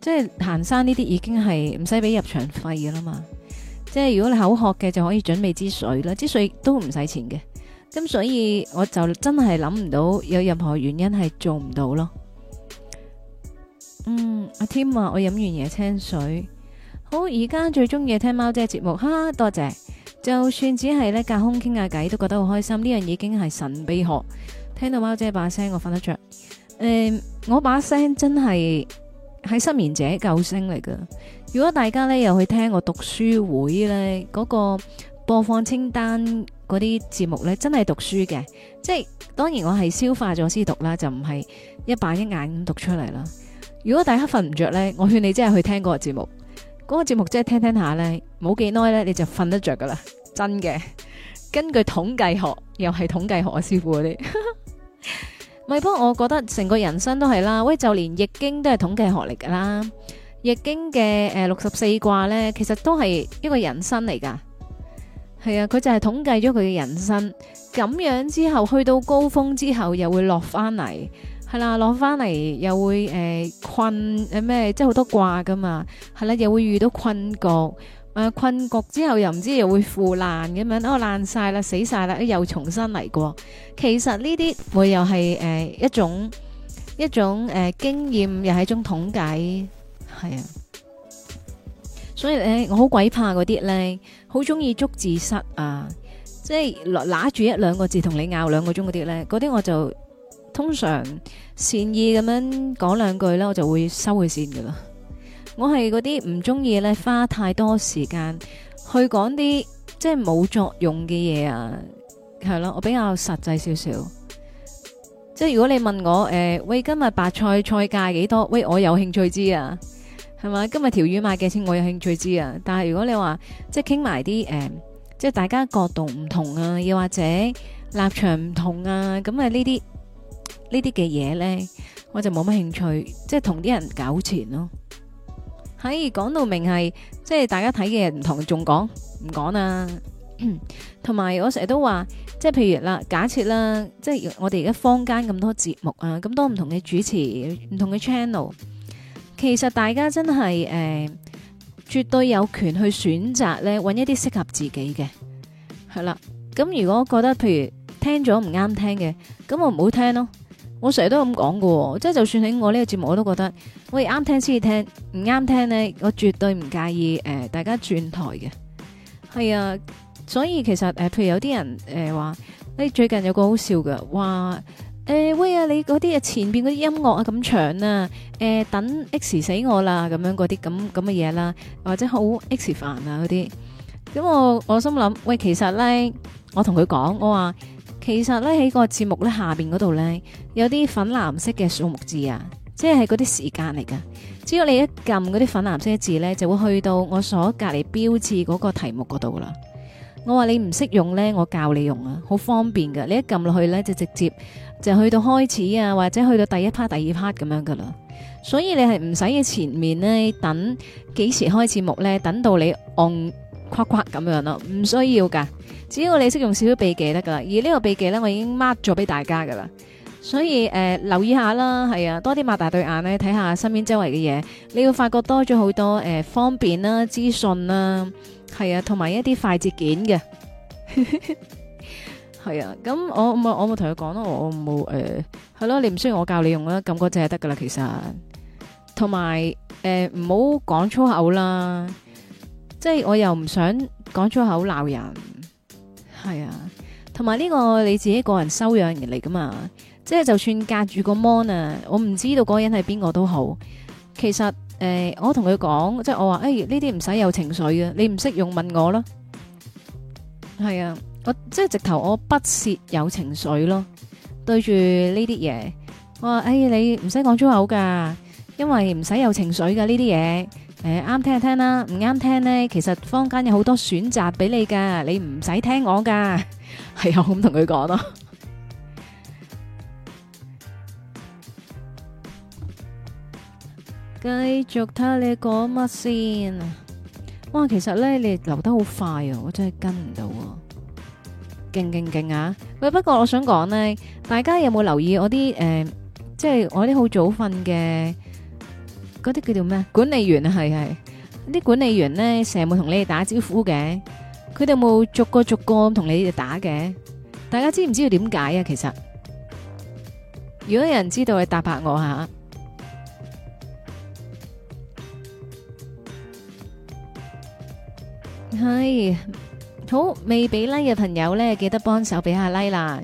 即係行山呢啲已經係唔使俾入場費噶啦嘛，即係如果你口渴嘅就可以準備支水啦，支水都唔使錢嘅，咁所以我就真係諗唔到有任何原因係做唔到咯，嗯，阿添話我飲完椰青水，好，而家最中意聽貓姐節目，哈，多謝，就算只係呢隔空傾下偈都覺得好開心，呢樣已經係神秘學。聽到貓姐把聲，我瞓得着。誒、嗯，我把聲真係係失眠者救星嚟噶。如果大家呢又去聽我讀書會呢嗰、那個播放清單嗰啲節目呢，真係讀書嘅。即係當然我係消化咗先讀啦，就唔係一板一眼咁讀出嚟啦。如果大家瞓唔着呢，我勸你真係去聽嗰個節目，嗰、那個節目即係聽聽一下呢，冇幾耐呢你就瞓得着噶啦，真嘅。根據統計學，又係統計學啊，師傅嗰啲。 <laughs> 咪不過，我覺得成個人生都係啦。喂，就連易經都係統計學嚟噶啦。易經嘅誒六十四卦呢，其實都係一個人生嚟噶。係啊，佢就係統計咗佢嘅人生。咁樣之後去到高峰之後又會落翻嚟，係啦、啊，落翻嚟又會誒、呃、困誒咩，即係好多卦噶嘛。係啦、啊，又會遇到困局。誒、呃，困局之後又唔知道又會腐爛咁樣，哦爛晒啦，死晒啦，又重新嚟過。其實呢啲會又係誒、呃、一種一種誒、呃、經驗，又係一種統計，係啊。所以咧、呃，我好鬼怕嗰啲咧，好中意捉字蝨啊，即係拿住一兩個字同你拗兩個鐘嗰啲咧，嗰啲我就通常善意咁樣講兩句啦，我就會收佢線噶啦。我係嗰啲唔中意咧花太多時間去講啲即係冇作用嘅嘢啊，係咯，我比較實際少少。即係如果你問我誒、呃，喂今日白菜菜價幾多？喂我有興趣知啊，係咪？今日條魚賣幾錢？我有興趣知啊。但係如果你話即係傾埋啲誒，即係、呃、大家角度唔同啊，又或者立場唔同啊，咁啊呢啲呢啲嘅嘢咧，我就冇乜興趣，即係同啲人搞錢咯。喺、hey, 講到明係，即係大家睇嘅嘢唔同，仲講唔講啦？同埋 <coughs> 我成日都話，即係譬如啦，假設啦，即係我哋而家坊間咁多節目啊，咁多唔同嘅主持，唔同嘅 channel，其實大家真係誒、呃，絕對有權去選擇咧，揾一啲適合自己嘅，係啦。咁如果我覺得譬如聽咗唔啱聽嘅，咁我唔好聽咯。我成日都咁講噶，即係就算喺我呢個節目，我都覺得，喂啱聽先至聽，唔啱聽咧，我絕對唔介意、呃、大家轉台嘅。係啊，所以其實誒、呃，譬如有啲人誒話，你、呃、最近有個好笑嘅，話、呃、喂啊，你嗰啲啊前面嗰啲音樂啊咁長啊，誒等 X 死我啦咁樣嗰啲咁咁嘅嘢啦，或者好 X 煩啊嗰啲。咁我我心諗，喂，其實咧，我同佢講，我話。其實咧，喺個節目咧下邊嗰度呢，有啲粉藍色嘅數目字啊，即係嗰啲時間嚟噶。只要你一撳嗰啲粉藍色嘅字呢，就會去到我所隔籬標誌嗰個題目嗰度啦。我話你唔識用呢，我教你用啊，好方便噶。你一撳落去呢，就直接就去到開始啊，或者去到第一 part、第二 part 咁樣噶啦。所以你係唔使喺前面呢，等幾時開始目呢，等到你按。誇誇咁樣咯，唔需要噶，只要你識用少少秘技得噶啦。而呢個秘技咧，我已經 mark 咗俾大家噶啦。所以誒、呃，留意下啦，係啊，多啲擘大對眼咧，睇下身邊周圍嘅嘢，你會發覺多咗好多誒、呃，方便啦，資訊啦，係啊，同埋、啊啊、一啲快捷鍵嘅，係 <laughs> 啊。咁我我冇同佢講咯，我冇誒，係咯、呃啊，你唔需要我教你用啦，撳嗰隻就得噶啦，其實。同埋誒，唔好講粗口啦。即係我又唔想講粗口鬧人，係啊，同埋呢個你自己個人修養而嚟噶嘛，即係就算隔住個 mon 啊，我唔知道嗰個人係邊個都好。其實誒、呃，我同佢講，即係我話，誒呢啲唔使有情緒嘅，你唔識用問我咯。係啊，我即係直頭我不屑有情緒咯，對住呢啲嘢，我話誒、哎、你唔使講粗口噶，因為唔使有情緒㗎呢啲嘢。誒，啱聽就聽啦，唔啱聽咧，其實坊間有好多選擇俾你噶，你唔使聽我噶，係咁同佢講咯。繼續睇，你講乜先？哇，其實咧你留得好快啊，我真係跟唔到。勁勁勁啊！喂，不過我想講咧，大家有冇留意我啲誒，即係我啲好早瞓嘅？嗰啲叫做咩？管理員啊，係係啲管理員咧，成日冇同你哋打招呼嘅。佢哋冇逐個逐個同你哋打嘅。大家知唔知道點解啊？其實如果有人知道，係答白我吓。係好未俾 Like 嘅朋友咧，記得幫手俾下 Like 啦。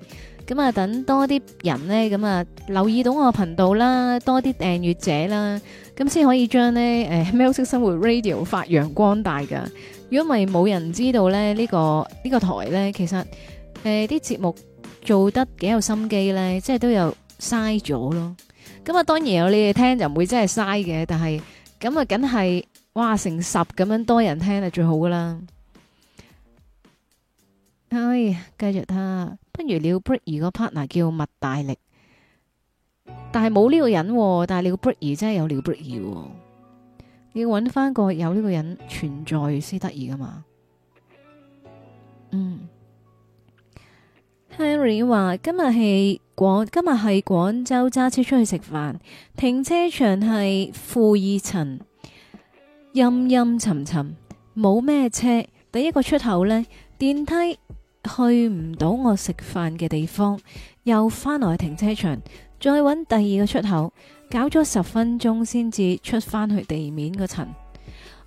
咁啊，等多啲人咧，咁啊，留意到我頻道啦，多啲訂閱者啦。咁先可以將咧，誒喵式生活 radio 發揚光大噶。如果唔係冇人知道咧，呢個呢個台咧，其實誒啲節目做得幾有心機咧，即係都有嘥咗咯。咁啊，當然有你哋聽就唔會真係嘥嘅，但係咁啊，梗係哇成十咁樣多人聽就最好噶啦。唉，繼續啦，不如了 break 而個 partner 叫麥大力。但係冇呢個人，但係你個 break 真係有你個 break，你要揾翻個有呢個人存在先得意噶嘛？嗯，Harry 話今日係廣今日係廣州揸車出去食飯，停車場係負二層，陰陰沉沉冇咩車。第一個出口呢，電梯去唔到我食飯嘅地方，又翻來停車場。再揾第二個出口，搞咗十分鐘先至出翻去地面個層。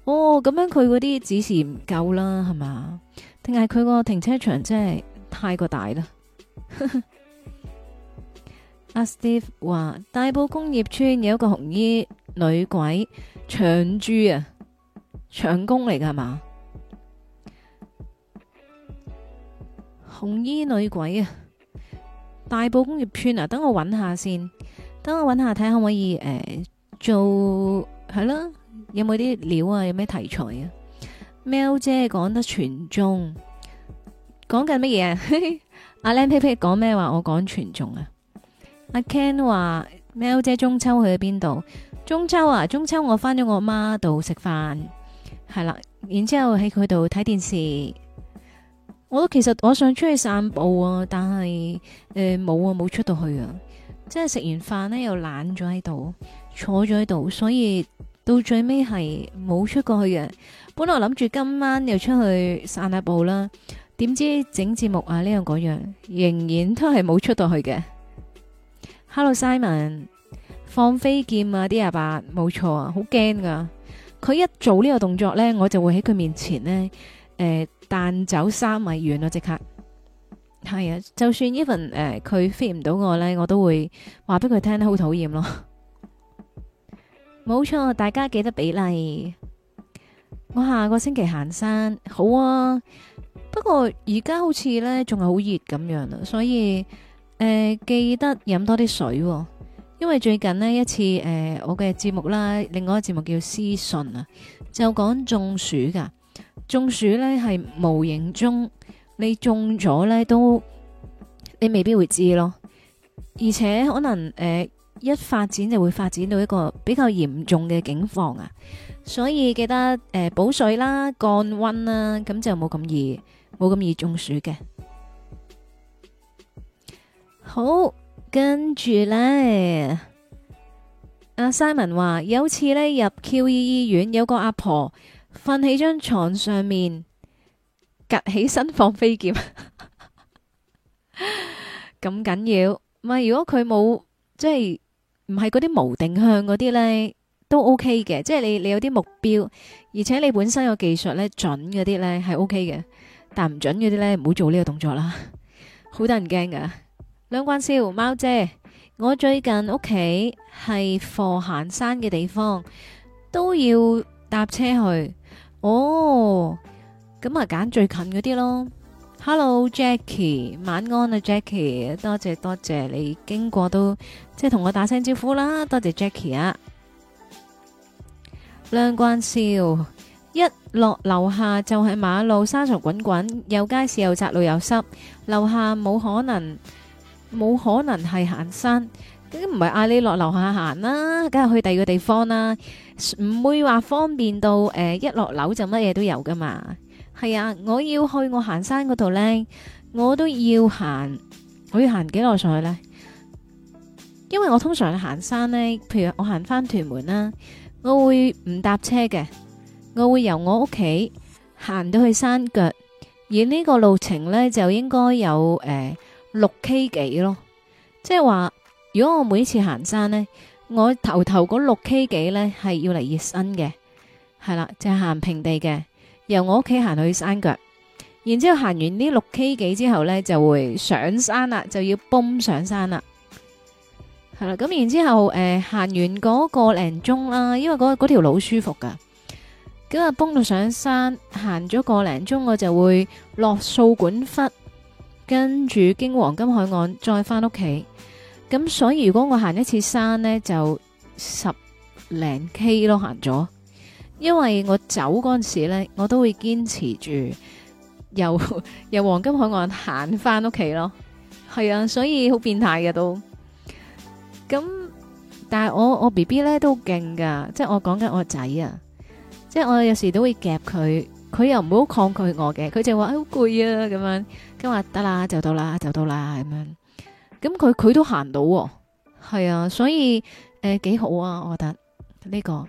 哦，咁樣佢嗰啲指示唔夠啦，係嘛？定係佢個停車場真係太過大啦？阿 <laughs> Steve 話大埔工業村有一個紅衣女鬼搶豬啊，搶工嚟噶係嘛？紅衣女鬼啊！大埔工業村啊，等我揾下先，等我揾下睇下可唔可以誒、呃、做係啦，有冇啲料啊？有咩題材啊？喵姐講得全中，講緊乜嘢啊？阿靚呸呸講咩話？講我講全中啊！阿 <laughs> Ken 話喵姐中秋去咗邊度？中秋啊，中秋我翻咗我媽度食飯，係啦，然之後喺佢度睇電視。我其實我想出去散步啊，但係誒冇啊，冇出到去啊，即係食完飯呢，又懶咗喺度，坐咗喺度，所以到最尾係冇出過去嘅。本來諗住今晚又出去散下步啦，點知整節目啊呢樣嗰樣，仍然都係冇出到去嘅。Hello Simon，放飛劍啊啲阿爸，冇錯啊，好驚㗎。佢一做呢個動作呢，我就會喺佢面前呢。誒、呃。但走三米遠咯，即刻係啊！就算 even 誒佢飛唔到我呢，我都會話俾佢聽咧，好討厭咯。冇錯，大家記得比例。我下個星期行山，好啊。不過而家好似呢，仲係好熱咁樣啦，所以誒記得飲多啲水。因為最近呢一次誒，我嘅節目啦，另外一個節目叫屍訊啊，就講中暑噶。中暑呢係無形中，你中咗呢都你未必會知咯，而且可能誒、呃、一發展就會發展到一個比較嚴重嘅境況啊，所以記得誒補、呃、水啦、降溫啦，咁就冇咁易冇咁易中暑嘅。好，跟住呢，阿、啊、Simon 話有次呢入 QE 醫院有個阿婆。瞓喺張床上面，夾起身放飛劍咁緊要。如果佢冇即係唔係嗰啲無定向嗰啲呢，都 OK 嘅。即係你你有啲目標，而且你本身個技術呢準嗰啲呢係 OK 嘅。但唔準嗰啲呢唔好做呢個動作啦，好得人驚噶。兩關燒貓姐，我最近屋企係貨行山嘅地方，都要搭車去。哦，咁啊揀最近嗰啲咯。Hello，Jackie，晚安啊 Jackie，多謝多謝你經過都即係同我打聲招呼啦，多謝 Jackie 啊。梁冠少，一落樓下就係、是、馬路沙塵滾滾，又街市又窄路又濕，樓下冇可能冇可能係行山，咁唔係嗌你落樓下行啦，梗係去第二個地方啦。唔會話方便到誒、呃，一落樓就乜嘢都有噶嘛？係啊，我要去我行山嗰度呢，我都要行，我要行幾耐上去呢？因為我通常行山呢，譬如我行翻屯門啦，我會唔搭車嘅，我會由我屋企行到去山腳，而呢個路程呢，就應該有誒六 K 幾咯，即係話如果我每次行山呢。我頭頭嗰六 K 幾咧係要嚟熱身嘅，係啦，就係、是、行平地嘅，由我屋企行去山腳，然之後行完呢六 K 幾之後咧就會上山啦，就要泵上山啦，係啦，咁然之後誒行、呃、完嗰個零鐘啦，因為嗰嗰條路好舒服噶，咁啊泵到上山行咗個零鐘，我就會落掃管笏，跟住經黃金海岸再翻屋企。咁所以如果我行一次山咧，就十零 K 咯行咗，因為我走嗰陣時咧，我都會堅持住由，由由黃金海岸行翻屋企咯。係啊，所以好變態嘅都。咁但係我我 B B 咧都勁噶，即係我講緊我仔啊，即係我有時都會夾佢，佢又唔好抗拒我嘅，佢就話好攰啊咁樣，佢話得啦，就到啦，就到啦咁樣。咁佢佢都行到，哦，係啊，所以誒幾、呃、好啊，我覺得呢、個。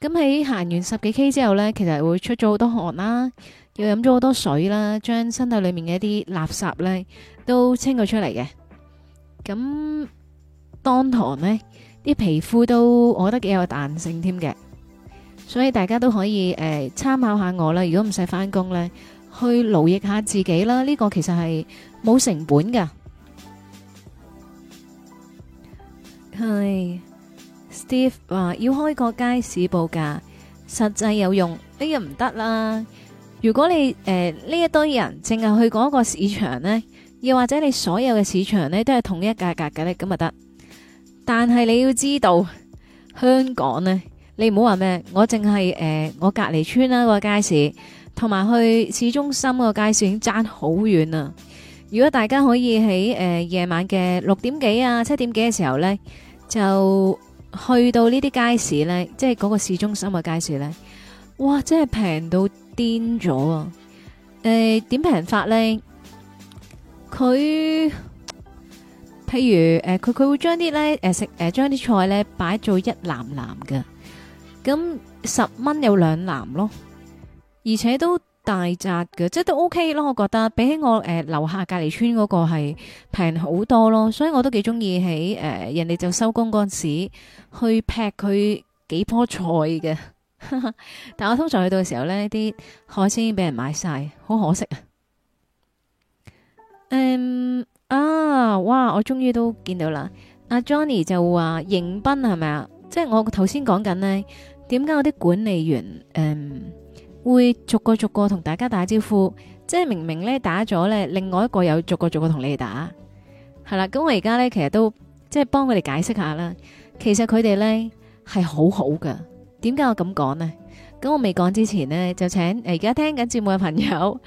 咁喺行完十幾 K 之後呢，其實會出咗好多汗啦，又飲咗好多水啦，將身體裏面嘅一啲垃圾呢都清咗出嚟嘅。咁當堂呢啲皮膚都我覺得幾有彈性添嘅，所以大家都可以誒、呃、參考下我啦。如果唔使翻工呢，去勞役下自己啦，呢、個其實係冇成本噶。係 <noise> ，Steve 話要開個街市報價，實際有用呢日唔得啦。如果你誒呢、呃、一堆人淨係去嗰個市場呢，又或者你所有嘅市場呢，都係統一價格嘅咧，咁啊得。但係你要知道，香港呢，你唔好話咩，我淨係誒我隔離村啦、個、街市，同埋去市中心個街市已經爭好遠啦如果大家可以喺誒夜晚嘅六點幾啊七點幾嘅時候咧，就去到呢啲街市咧，即係嗰個市中心嘅街市咧，哇！真係平到癲咗啊！誒，點平法咧？佢譬如誒，佢佢會將啲咧誒食誒將啲菜咧擺做一籃籃嘅，咁十蚊有兩籃咯，而且都，大紮嘅，即係都 OK 咯，我覺得比起我誒樓下隔籬村嗰個係平好多咯，所以我都幾中意喺誒人哋就收工嗰陣時去劈佢幾棵菜嘅， <laughs> 但我通常去到嘅時候呢啲海鮮已經俾人買晒，好可惜啊！嗯啊，哇！我終於都見到啦，阿、啊、Johnny 就話迎賓係咪啊？即係我頭先講緊呢，點解我啲管理員嗯？會逐個逐個同大家打招呼，即係明明咧打咗咧，另外一個有逐個逐個同你哋打係啦。咁我而家咧其實都即係幫佢哋解釋下啦。其實佢哋咧係好好噶。點解我咁講呢？咁我未講之前呢，就請而家、呃、聽緊節目嘅朋友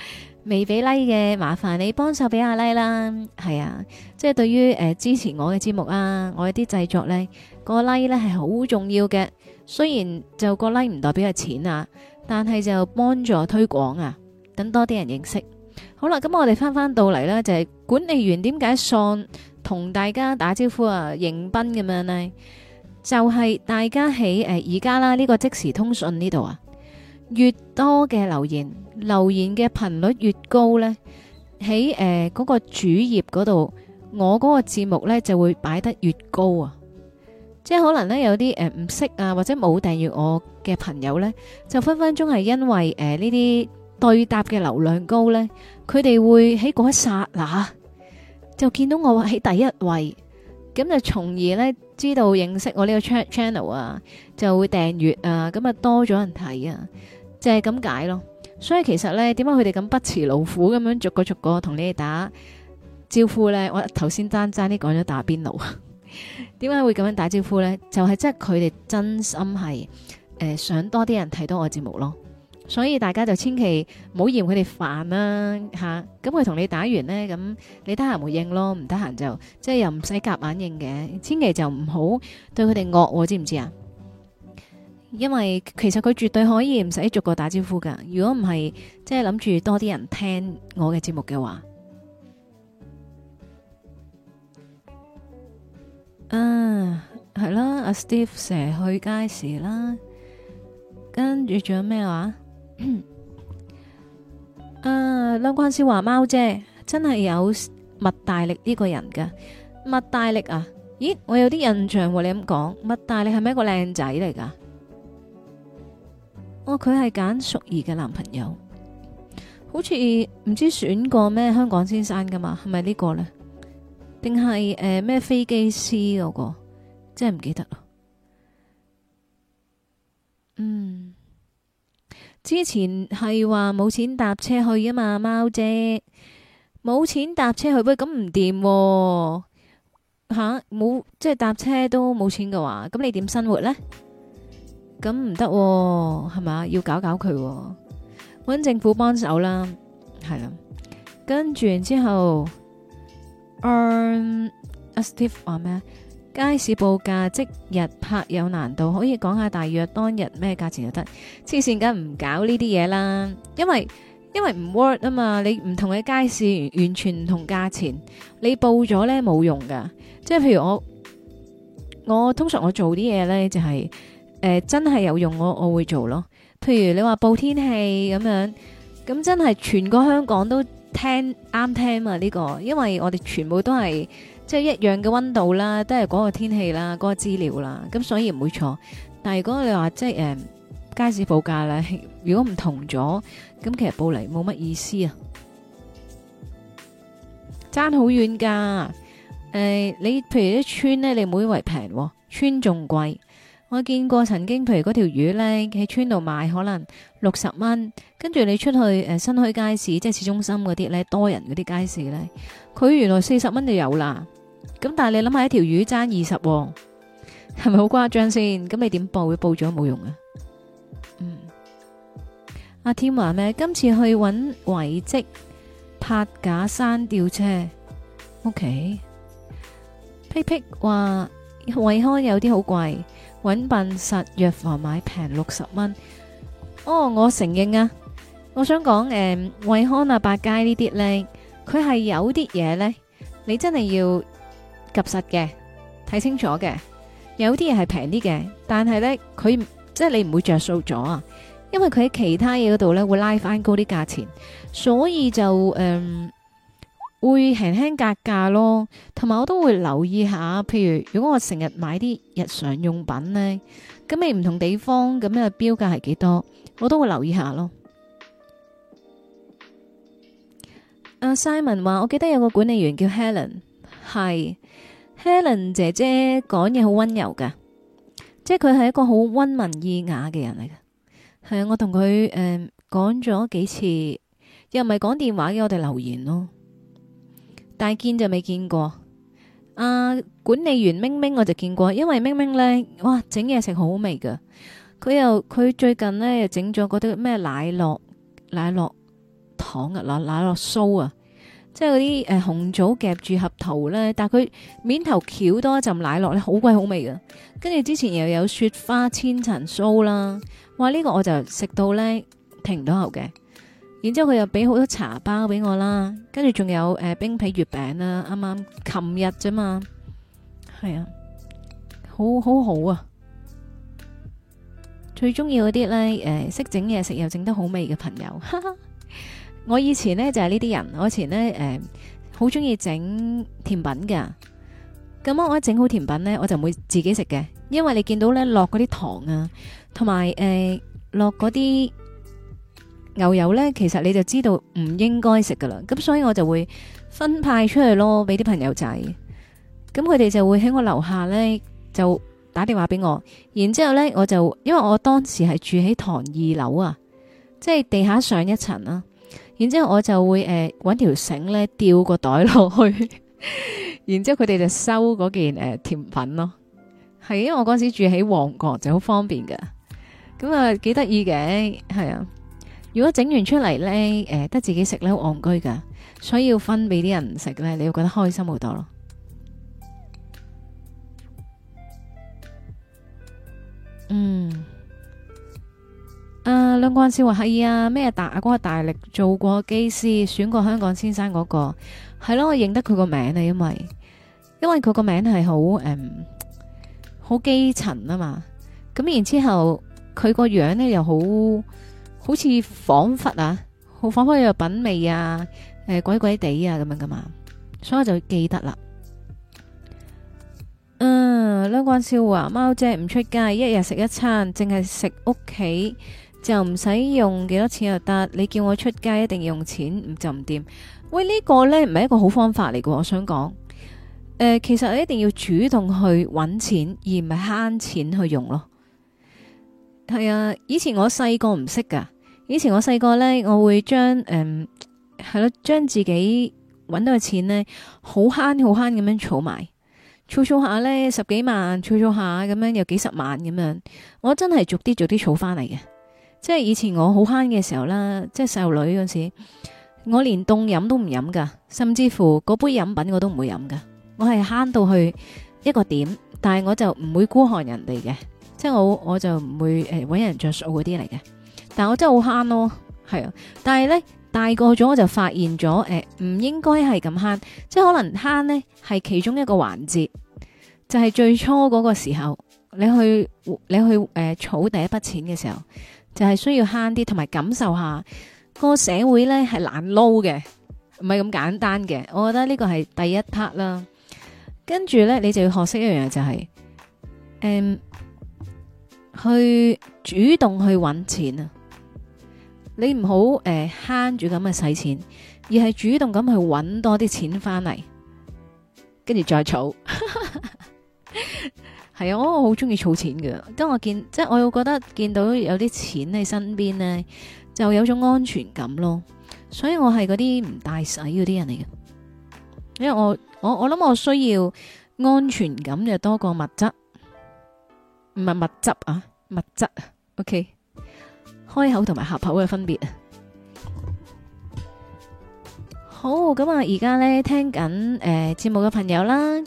未俾 like 嘅，麻煩你幫手俾下 like 啦。係啊，即係對於誒、呃、支持我嘅節目啊，我有啲製作咧個 like 咧係好重要嘅。雖然就個 like 唔代表係錢啊。但係就幫助推廣啊，等多啲人認識。好啦，咁我哋翻翻到嚟，咧，就係管理員點解上同大家打招呼啊，迎賓咁樣咧？就係大家喺誒而家啦呢個即時通訊呢度啊，越多嘅留言，留言嘅頻率越高咧，喺誒嗰個主頁嗰度，我嗰個節目咧就會擺得越高啊！即係可能咧有啲誒唔識啊，或者冇訂閱我。嘅朋友咧，就分分鐘係因為誒呢啲對答嘅流量高咧，佢哋會喺嗰一剎那就見到我喺第一位，咁就從而咧知道認識我呢個 channel 啊，就會訂閱啊，咁啊多咗人睇啊，就係咁解咯。所以其實咧，點解佢哋咁不辭勞苦咁樣逐個逐個同你哋打招呼咧？我頭先爭爭啲講咗打邊爐啊，點 <laughs> 解會咁樣打招呼咧？就係即係佢哋真心係。誒、呃，想多啲人睇到我嘅節目咯，所以大家就千祈唔好嫌佢哋煩啦、啊、吓。咁佢同你打完呢，咁你得閒回應咯，唔得閒就即係又唔使夾硬應嘅。千祈就唔好對佢哋惡，知唔知啊？因為其實佢絕對可以唔使逐個打招呼噶。如果唔係，即係諗住多啲人聽我嘅節目嘅話，嗯，係、 <music> <music> 啊、啦，阿 <music> Steve 成日去街市啦。跟住仲有咩話、啊？ <coughs> 啊，梁冠超話貓姐真係有麥大力呢個人噶，麥大力啊？咦，我有啲印象喎、啊，你咁講麥大力係咪一個靚仔嚟噶？哦，佢係簡淑兒嘅男朋友，好似唔知選過咩香港先生噶嘛？係咪呢個呢？定係誒咩飛機師嗰、那個？真係唔記得咯。嗯。之前係話冇錢搭車去啊嘛，貓姐冇錢搭車去，喂咁唔掂，吓冇、啊、即係搭車都冇錢嘅話，咁你點生活咧？咁唔得係咪，要搞搞佢、啊，搵政府幫手啦，係啦，跟住之後，嗯、um, 阿 Steve 話咩啊？街市報價即日拍有難度，可以講下大約當日咩價錢就得。黐綫梗唔搞呢啲嘢啦，因為因為唔 work 啊嘛，你唔同嘅街市完全唔同價錢，你報咗呢冇用噶。即係譬如我我通常我做啲嘢呢，就係誒真係有用我我會做咯。譬如你話報天氣咁樣，咁真係全個香港都聽啱聽嘛呢個，因為我哋全部都係。即係一樣嘅温度啦，都係嗰個天氣啦，嗰、那個資料啦，咁所以唔會錯。但係如果你話即係誒、呃、街市報價啦，如果唔同咗，咁其實報嚟冇乜意思啊，爭好遠噶。誒、呃，你譬如啲村咧，你唔會以為平、哦，村仲貴。我見過曾經，譬如嗰條魚咧，喺村度賣可能六十蚊，跟住你出去誒、呃、新墟街市，即係市中心嗰啲咧多人嗰啲街市咧，佢原來四十蚊就有啦。咁但係你諗下一條魚爭二十，係咪好誇張先？咁你點報？報咗冇用啊。嗯，阿天話咩？今次去搵遺跡拍假山吊車。OK，Pipip 話惠康有啲好貴，搵笨實藥房買平六十蚊。哦，我承認啊，我想講誒，惠康啊，百佳呢啲咧，佢係有啲嘢咧，你真係要。及實嘅，睇清楚嘅，有啲嘢係平啲嘅，但係咧佢即係你唔會着數咗啊，因為佢喺其他嘢嗰度咧會拉翻高啲價錢，所以就誒、嗯、會輕輕格價咯。同埋我都會留意下，譬如如果我成日買啲日常用品咧，咁你唔同地方咁樣嘅標價係幾多，我都會留意下咯。阿、啊、Simon 話，我記得有個管理員叫 Helen，係。Helen 姐姐講嘢好温柔噶，即係佢係一個好温文爾雅嘅人嚟嘅。係啊，我同佢誒講咗幾次，又唔係講電話嘅，我哋留言咯。但係見就未見過。啊，管理員明明我就見過，因為明明呢，哇，整嘢食好好味噶。佢又佢最近呢，又整咗嗰啲咩奶酪、奶酪糖啊、奶奶酪酥啊。即係嗰啲誒紅棗夾住合桃咧，但佢面頭翹多一浸奶酪咧，好貴好味㗎。跟住之前又有雪花千層酥啦，哇！呢個我就食到咧停唔到口嘅。然之後佢又俾好多茶包俾我啦，跟住仲有、呃、冰皮月餅啦，啱啱琴日啫嘛，係啊，好好好啊！最中意嗰啲咧誒，識整嘢食又整得好味嘅朋友，哈哈。我以前呢，就係呢啲人，我以前呢，誒好中意整甜品㗎。咁啊，我一整好甜品呢，我就唔會自己食嘅，因為你見到呢落嗰啲糖啊，同埋誒落嗰啲牛油呢，其實你就知道唔應該食噶啦。咁所以我就會分派出去咯，俾啲朋友仔。咁佢哋就會喺我樓下呢，就打電話俾我，然之後呢我就因為我當時係住喺唐二樓啊，即係地下上一層啊。然之後我就會誒搵、呃、條繩咧吊個袋落去，然之後佢哋就收嗰件誒、呃、甜品咯。係因為我嗰時住喺旺角就好方便㗎，咁啊幾得意嘅係啊。如果整完出嚟咧，誒、呃、得自己食咧好戇居㗎。所以要分俾啲人食咧，你會覺得開心好多咯。嗯。誒，梁冠超話係啊，咩、啊、大哥大力做過機師，選過香港先生嗰、那個係咯、啊，我認得佢個名啊，因為因為佢個名係好誒、好、嗯、基層啊嘛，咁然之後佢個樣咧又好好似仿佛啊，好仿佛有品味啊，誒、呃、鬼鬼地啊咁樣噶嘛，所以我就記得啦。嗯、啊，梁冠超話貓姐唔出街，一日食一餐，淨係食屋企。就唔使用幾多錢就得。你叫我出街一定要用錢，就唔掂。喂，呢、這個呢，唔係一個好方法嚟嘅。我想講，誒、呃，其實一定要主動去搵錢，而唔係慳錢去用咯。係啊，以前我細個唔識噶。以前我細個呢，我會將誒係咯，將、嗯、自己搵到嘅錢呢，好慳好慳咁樣儲埋儲儲下呢，十幾萬儲儲下咁樣，有幾十萬咁樣。我真係逐啲逐啲儲翻嚟嘅。即係以前我好慳嘅時候啦，即係細路女嗰陣時，我連凍飲都唔飲噶，甚至乎嗰杯飲品我都唔會飲噶。我係慳到去一個點，但係我就唔會孤寒人哋嘅，即係我我就唔會誒搵，呃、人着數嗰啲嚟嘅。但我真係好慳咯，係啊。但係咧大個咗，我就發現咗誒唔應該係咁慳，即係可能慳呢係其中一個環節，就係、是、最初嗰個時候，你去你去誒儲、呃、第一筆錢嘅時候。就係、是、需要慳啲，同埋感受下個社會咧，係難撈嘅，唔係咁簡單嘅。我覺得呢個係第一 part 啦。跟住咧，你就要學識一樣嘢，就係、是，誒、嗯，去主動去搵錢啊！你唔好誒慳住咁嘅使錢，而係主動咁去搵多啲錢翻嚟，跟住再儲。 <laughs> 係啊，我好中意儲錢嘅。當我見即係，我會覺得見到有啲錢喺身邊呢，就有種安全感咯。所以我係嗰啲唔大使嗰啲人嚟嘅，因為我我我諗我需要安全感就多過物質，唔係物質啊，物質。OK，開口同埋合口嘅分別。好，咁啊，而家呢，聽緊誒節目嘅朋友啦。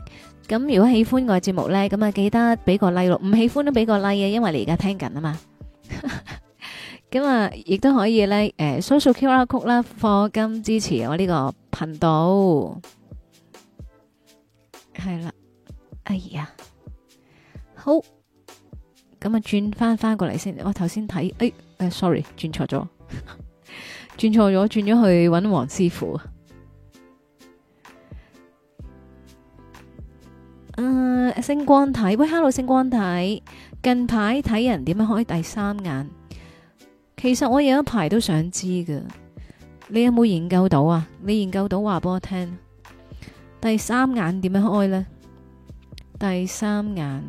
咁如果喜歡我嘅節目咧，咁啊記得俾個 like 咯，唔喜歡都俾個 like 啊，因為你而家聽緊啊嘛。咁 <laughs> 啊，亦都可以咧，誒，search QR Code 啦，課金支持我呢個頻道。係啦，哎呀，好，咁啊轉翻翻過嚟先，我頭先睇，誒，誒、哎呃、，sorry，轉錯咗，轉錯咗，轉咗去搵黃師傅。誒，星光體，喂，hello，星光體。近排睇人點樣開第三眼，其實我有一排都想知㗎。你有冇研究到啊？你研究到話，俾我聽第三眼點樣開呢？第三眼，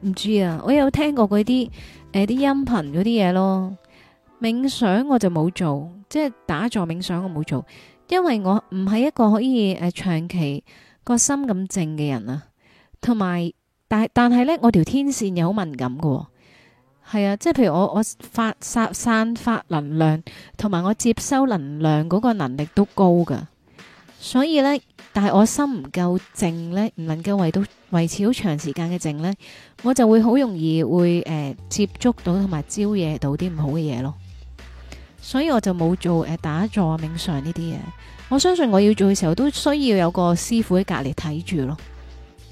唔知啊。我有聽過嗰啲誒啲音頻嗰啲嘢咯，冥想我就冇做，即係打坐冥想我冇做，因為我唔係一個可以誒長期個心咁靜嘅人啊。同埋，但係但係咧，我條天線又好敏感噶、哦，係啊，即係譬如我我發散散發能量，同埋我接收能量嗰個能力都高噶，所以咧，但係我心唔夠靜咧，唔能夠維到維持好長時間嘅靜咧，我就會好容易會誒、呃、接觸到同埋招惹到啲唔好嘅嘢咯，所以我就冇做誒、呃、打坐冥想呢啲嘢。我相信我要做嘅時候都需要有個師傅喺隔離睇住咯。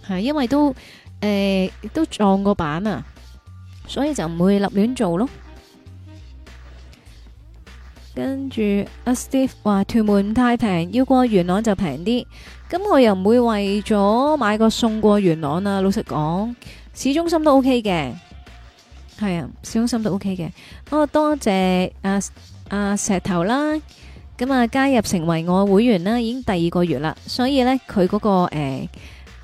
係，因為都誒都撞過板啊，所以就唔會立亂做咯。跟住阿 Steve 話屯門太平，要過元朗就平啲。咁我又唔會為咗買個餸過元朗啊。老實講，市中心都 OK 嘅。係啊，市中心都 OK 嘅。我多謝阿阿石頭啦，咁啊加入成為我會員啦，已經第二個月啦。所以呢，佢嗰個誒。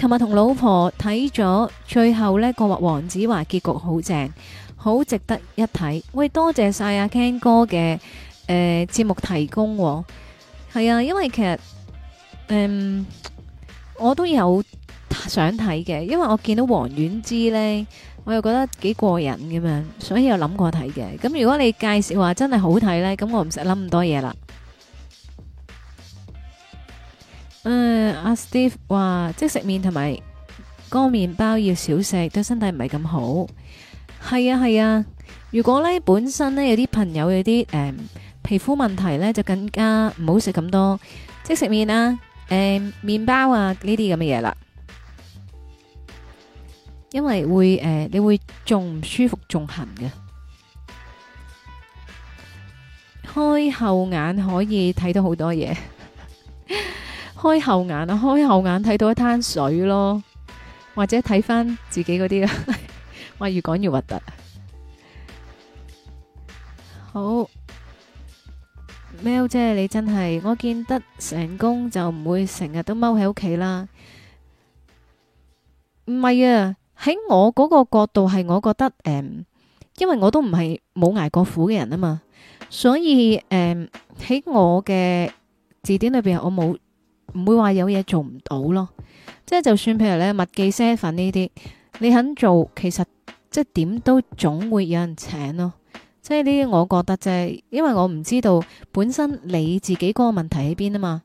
琴日同老婆睇咗，最後咧，個王子話結局好正，好值得一睇。喂，多謝晒阿 Ken 哥嘅誒節目提供。係啊，因為其實誒我都有想睇嘅，因為我見到王菀之咧，我又覺得幾過癮嘅嘛，所以有諗過睇嘅。咁如果你介紹話真係好睇咧，咁我唔使諗咁多嘢啦。誒，阿 Steve 話即食麵同埋乾麵包要少食，對身體唔係咁好。係啊，係啊，如果咧本身咧有啲朋友有啲誒皮膚問題咧，就更加唔好食咁多即食麵啊，誒麵包啊呢啲咁嘅嘢啦，因為會誒你會仲唔舒服仲痕嘅。開後眼可以睇到好多嘢。開後眼啊！開後眼睇到一灘水咯，或者睇翻自己嗰啲啊，哇越講越核突。好，喵姐，你真係我見得成功就唔會成日都踎喺屋企啦。唔係啊，喺我嗰個角度係，我覺得誒，因為我都唔係冇捱過苦嘅人啊嘛，所以誒喺我嘅字典裏邊，我冇。唔會話有嘢做唔到咯，即係就算譬如咧物記啡粉呢啲，你肯做，其實即係點都總會有人請咯。即係呢啲，我覺得就係因為我唔知道本身你自己嗰個問題喺邊啊嘛，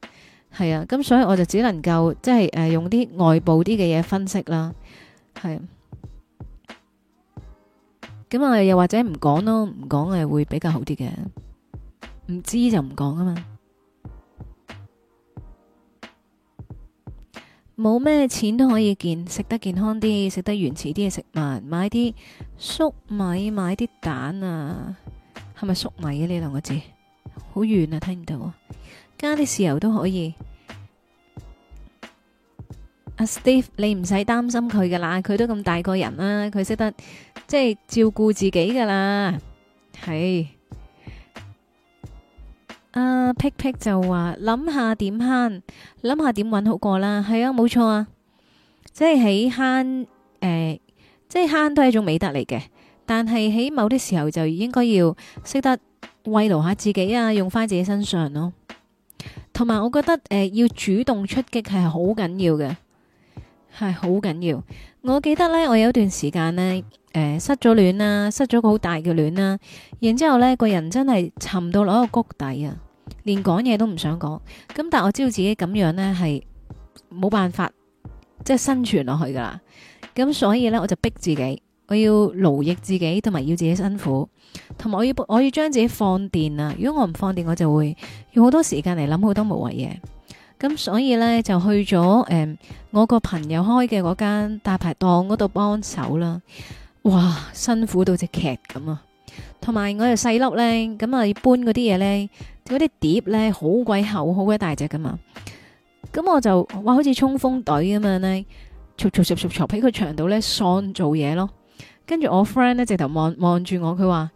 係啊，咁所以我就只能夠即係誒、呃、用啲外部啲嘅嘢分析啦，係。咁啊，又或者唔講咯，唔講係會比較好啲嘅，唔知就唔講啊嘛。冇咩錢都可以健，食得健康啲，食得原始啲嘅食物，買啲粟米，買啲蛋啊，係咪粟米啊？呢兩個字，好遠啊，聽唔到啊！加啲豉油都可以。阿、啊、Steve，你唔使擔心佢噶啦，佢都咁大個人啦，啊，佢識得，即係照顧自己噶啦，係。啊！辟 k 就話諗下點慳，諗下點搵好過啦。係啊，冇錯啊。即係喺慳，誒、呃，即係慳都係一種美德嚟嘅。但係喺某啲時候就應該要識得慰勞下自己啊，用翻自己身上咯。同埋，我覺得誒、呃、要主動出擊係好緊要嘅，係好緊要。我記得呢，我有一段時間呢，誒、呃，失咗戀啦，失咗個好大嘅戀啦。然之後呢個人真係沉到落個谷底啊！連講嘢都唔想講，咁但係我知道自己咁樣呢係冇辦法即係生存落去噶啦，咁所以呢，我就逼自己，我要勞役自己，同埋要自己辛苦，同埋我要我要將自己放電啊！如果我唔放電，我就會用好多時間嚟諗好多無謂嘢，咁所以呢，就去咗誒、呃、我個朋友開嘅嗰間大排檔嗰度幫手啦，哇，辛苦到隻劇咁啊！同埋我又細粒呢。咁啊要搬嗰啲嘢呢。嗰啲碟咧好鬼厚，好鬼大隻噶嘛，咁我就哇好似衝鋒隊咁樣咧，嘈嘈嘈嘈嘈喺個牆度咧，喪做嘢咯。跟住我 friend 咧，直頭望望住我，佢話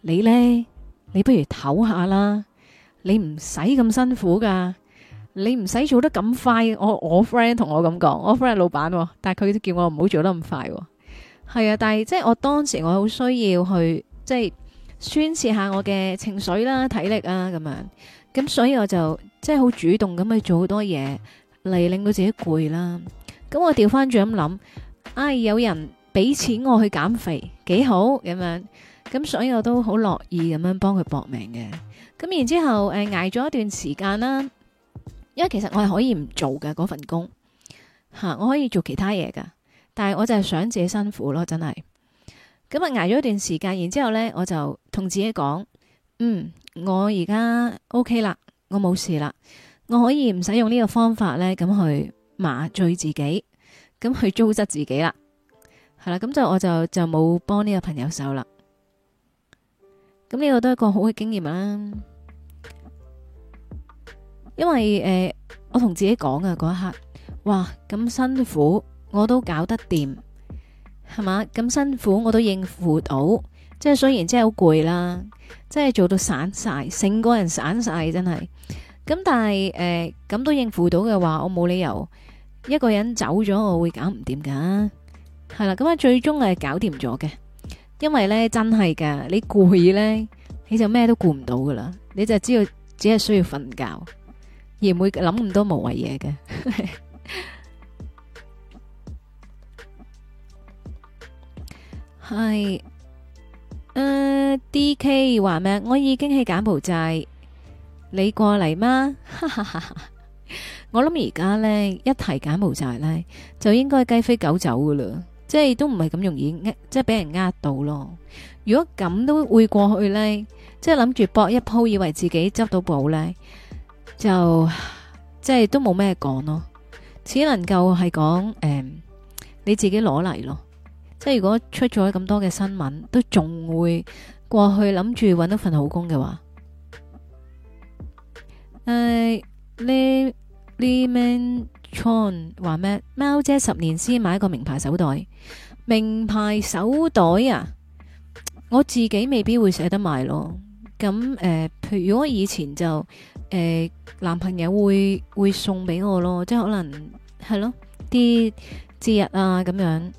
你咧，你不如唞下啦，你唔使咁辛苦噶，你唔使做得咁快。我我 friend 同我咁講，我 friend 係老闆、喎，但係佢都叫我唔好做得咁快、喎。係啊，但係即係我當時我好需要去即係。宣泄下我嘅情緒啦、體力啊咁樣，咁所以我就即係好主動咁去做好多嘢嚟令到自己攰啦。咁我調翻轉咁諗，唉、哎，有人俾錢我去減肥，幾好咁樣。咁所以我都好樂意咁樣幫佢搏命嘅。咁然之後，誒、呃，挨咗一段時間啦，因為其實我係可以唔做嘅嗰份工吓、啊，我可以做其他嘢噶，但係我就係想自己辛苦咯，真係。咁、嗯、啊，挨咗一段時間，然之後呢我就同自己講，嗯，我而家 OK 啦，我冇事啦，我可以唔使用呢個方法呢，咁去麻醉自己，咁去糟質自己啦。係、嗯、啦，咁就我就就冇幫呢個朋友手啦。咁、嗯、呢、這個都係一個好嘅經驗啦，因為誒、呃，我同自己講啊，嗰一刻，哇，咁辛苦我都搞得掂。係嘛？咁辛苦我都應付到，即係雖然真係好攰啦，真係做到散晒，成個人散晒，真係。咁但係誒，咁、呃、都應付到嘅話，我冇理由一個人走咗，我會搞唔掂噶。係啦，咁啊最終係搞掂咗嘅，因為咧真係噶，你攰咧，你就咩都顧唔到噶啦，你就知道只係需要瞓覺，而唔會諗咁多無謂嘢嘅。 <laughs> 係，誒，DK 話咩？我已經喺柬埔寨，你過嚟嗎？ <laughs> 我諗而家呢，一提柬埔寨呢，就應該雞飛狗走噶啦，即係都唔係咁容易，即係俾人呃到咯。如果咁都會過去呢，即係諗住搏一鋪，以為自己執到寶呢，就即係都冇咩講咯，只能夠係講，誒、嗯，你自己攞嚟咯。即係如果出咗咁多嘅新聞，都仲會過去諗住揾到一份好工嘅話，誒、uh,，呢 a n c h o n 話咩？貓姐十年先買一個名牌手袋，名牌手袋啊，我自己未必會捨得買咯。咁誒、呃，譬如如果以前就誒、呃，男朋友會會送俾我咯，即係可能係咯啲節日啊咁樣。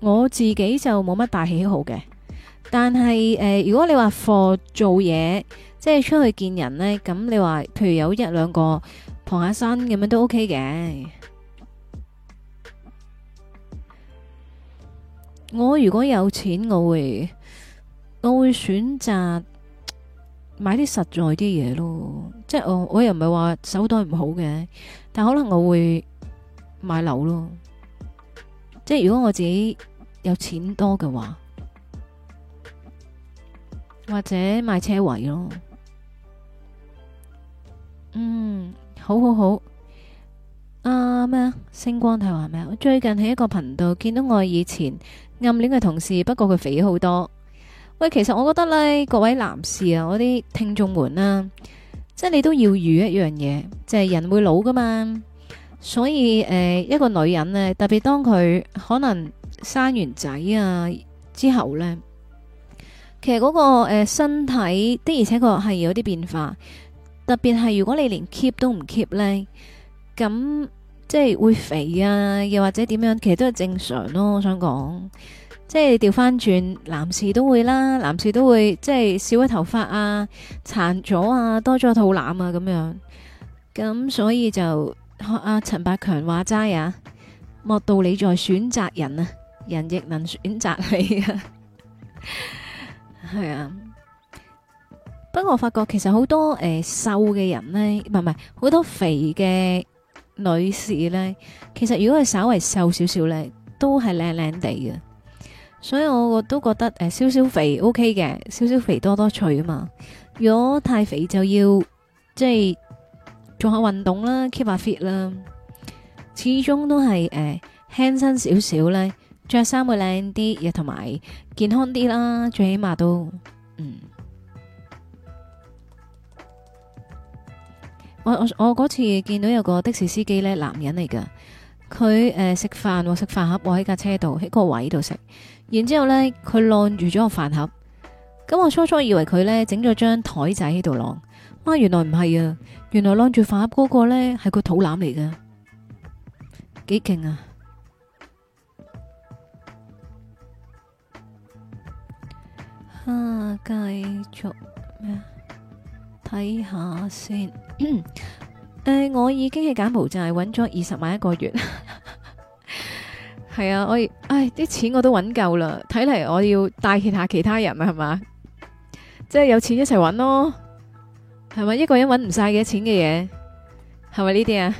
我自己就冇乜大喜好嘅，但係誒、呃，如果你話課做嘢，即係出去見人呢，咁你話譬如有一兩個傍下身咁樣都 OK 嘅。我如果有錢，我會我會選擇買啲實在啲嘢咯，即係我我又唔係話手袋唔好嘅，但可能我會買樓咯。即係如果我自己有錢多嘅話，或者買車位咯。嗯，好好好。啊咩星光睇話係咪？我最近喺一個頻道見到我以前暗戀嘅同事，不過佢肥好多。喂，其實我覺得呢，各位男士的啊，我啲聽眾們啦，即係你都要預一樣嘢，就係、是、人會老噶嘛。所以誒、呃，一個女人呢，特別當佢可能生完仔啊之後呢，其實嗰、那個誒、呃、身體的而且確係有啲變化。特別係如果你連 keep 都唔 keep 呢，咁即係會肥啊，又或者點樣，其實都係正常咯。我想講，即係調翻轉，男士都會啦，男士都會即係少咗頭髮啊，殘咗啊，多咗肚腩啊，咁樣。咁所以就。學阿陳百強話齋啊，莫道你在選擇人啊，人亦能選擇你啊，係 <laughs> 啊。不過我發覺其實好多誒、呃、瘦嘅人呢，唔係唔係好多肥嘅女士呢，其實如果係稍微瘦少少呢，都係靚靚地嘅。所以我我都覺得誒、呃，少少肥 O K 嘅，少少肥多多趣啊嘛。如果太肥就要即係。做下運動啦，keep 下 fit 啦，始終都係，誒輕身少少咧，着衫會靚啲，亦同埋健康啲啦，最起碼都嗯。我我我嗰次見到有個的士司機咧，男人嚟噶，佢誒食飯食飯盒，我喺架車度，喺個位度食，然之後咧，佢晾住咗個飯盒，咁我初初以為佢咧，整咗張台仔喺度晾。啊！原來唔係啊，原來攞住飯盒嗰個咧係個肚腩嚟嘅，幾勁啊！啊，繼續咩？睇下先。誒、 <coughs> 呃，我已經係柬埔寨搵咗二十萬一個月。係 <laughs> 啊，我，唉，啲錢我都搵夠啦。睇嚟，我要帶挈下其他人啊，係嘛？即係有錢一齊搵咯。係咪一個人搵唔晒嘅錢嘅嘢？係咪呢啲啊？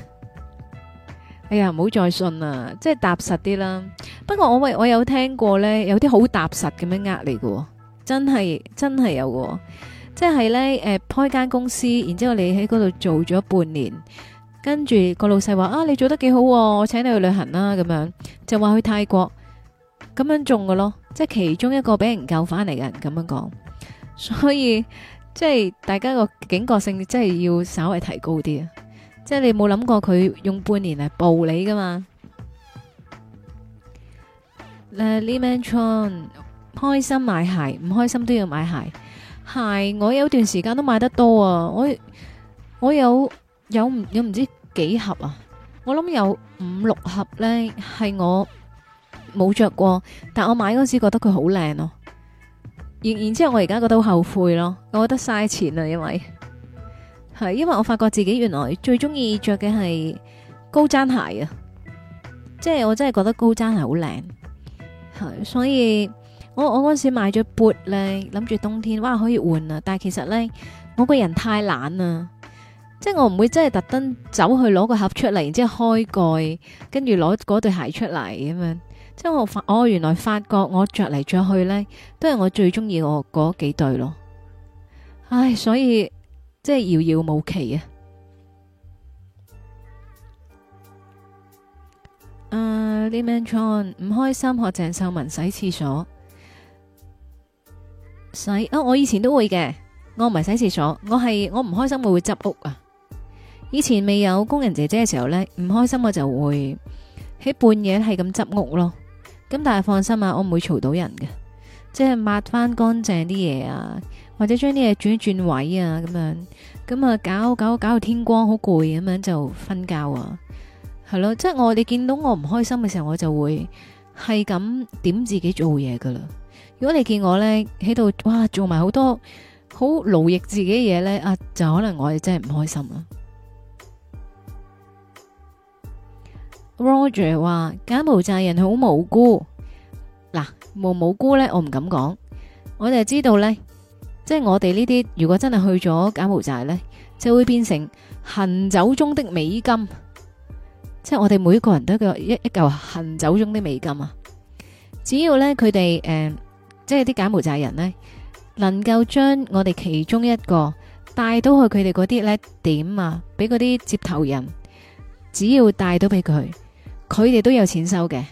哎呀，唔好再信啦，即係踏實啲啦。不過我喂，我有聽過呢，有啲好踏實咁樣呃你嘅，真係真係有嘅。即係呢，誒，開間公司，然之後你喺嗰度做咗半年，跟住個老細話啊，你做得幾好，我請你去旅行啦，咁樣就話去泰國咁樣做嘅咯。即係其中一個俾人救翻嚟嘅人咁樣講，所以。即係大家個警覺性，真係要稍微提高啲啊！即係你冇諗過佢用半年嚟捕你噶嘛？誒，Lemon Chan，開心買鞋，唔開心都要買鞋。鞋我有一段時間都買得多啊！我我有有有唔知幾盒啊！我諗有五六盒咧，係我冇着過，但我買嗰時覺得佢好靚咯。然然之後，我而家覺得好後悔咯，我覺得嘥錢啦，因為係因為我發覺自己原來最中意着嘅係高踭鞋啊，即係我真係覺得高踭鞋好靚，係所以我我嗰時買咗 boot 咧，諗住冬天哇可以換啊，但係其實咧我個人太懶啊，即係我唔會真係特登走去攞個盒出嚟，然之後開蓋，跟住攞嗰對鞋出嚟咁樣。即係我發，我、哦、原來發覺我着嚟着去呢，都係我最中意我嗰幾對咯。唉，所以即係遙遙無期啊！誒、uh, Lee Man 唔開心學鄭秀文洗廁所，洗啊、哦！我以前都會嘅，我唔係洗廁所，我係我唔開心我會執屋啊！以前未有工人姐姐嘅時候呢，唔開心我就會喺半夜係咁執屋咯。咁但係放心啊，我唔會嘈到人嘅，即係抹翻乾淨啲嘢啊，或者將啲嘢轉一轉位啊，咁樣咁啊，搞搞搞到天光很，好攰咁樣就瞓覺啊，係咯，即係我哋見到我唔開心嘅時候，我就會係咁點自己做嘢噶啦。如果你見我呢，喺度哇做埋好多好勞役自己嘅嘢呢，啊，就可能我哋真係唔開心啦。Roger 話柬埔寨人好無辜，嗱，無無辜呢？我唔敢講，我就知道呢，即係我哋呢啲如果真係去咗柬埔寨呢，就會變成行走中的美金，即係我哋每個人都一個一嚿行走中的美金啊！只要呢，佢哋誒，即係啲柬埔寨人呢，能夠將我哋其中一個帶到去佢哋嗰啲呢點啊，俾嗰啲接頭人，只要帶到俾佢。佢哋都有錢收嘅，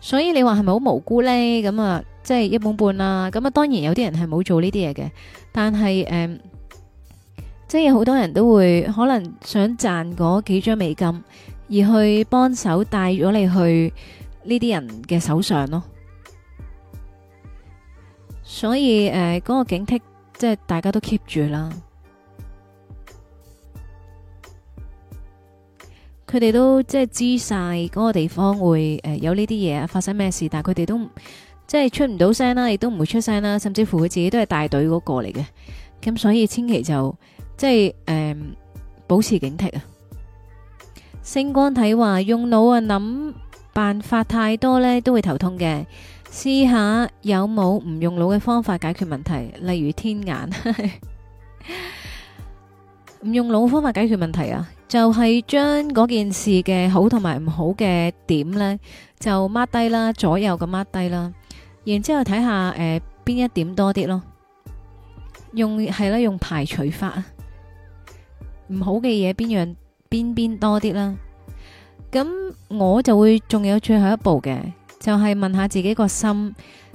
所以你話係咪好無辜呢？咁啊，即係一蚊半啦。咁啊，當然有啲人係冇做呢啲嘢嘅，但係誒，即係好多人都會可能想賺嗰幾張美金，而去幫手帶咗你去呢啲人嘅手上咯。所以誒，嗰、呃那個警惕，即係大家都 keep 住啦。佢哋都即係知晒嗰個地方會誒有呢啲嘢發生咩事，但係佢哋都即係出唔到聲啦，亦都唔會出聲啦，甚至乎佢自己都係帶隊嗰個嚟嘅。咁所以千祈就即係誒、嗯、保持警惕啊！星光體話用腦啊諗辦法太多呢都會頭痛嘅，試下有冇唔用腦嘅方法解決問題，例如天眼唔 <laughs> 用腦方法解決問題啊！就係將嗰件事嘅好同埋唔好嘅點呢，就 mark 低啦，左右咁 mark 低啦，然之後睇下誒邊一點多啲咯，用係啦，用排除法，唔好嘅嘢邊樣邊邊多啲啦，咁我就會仲有最後一步嘅，就係問下自己個心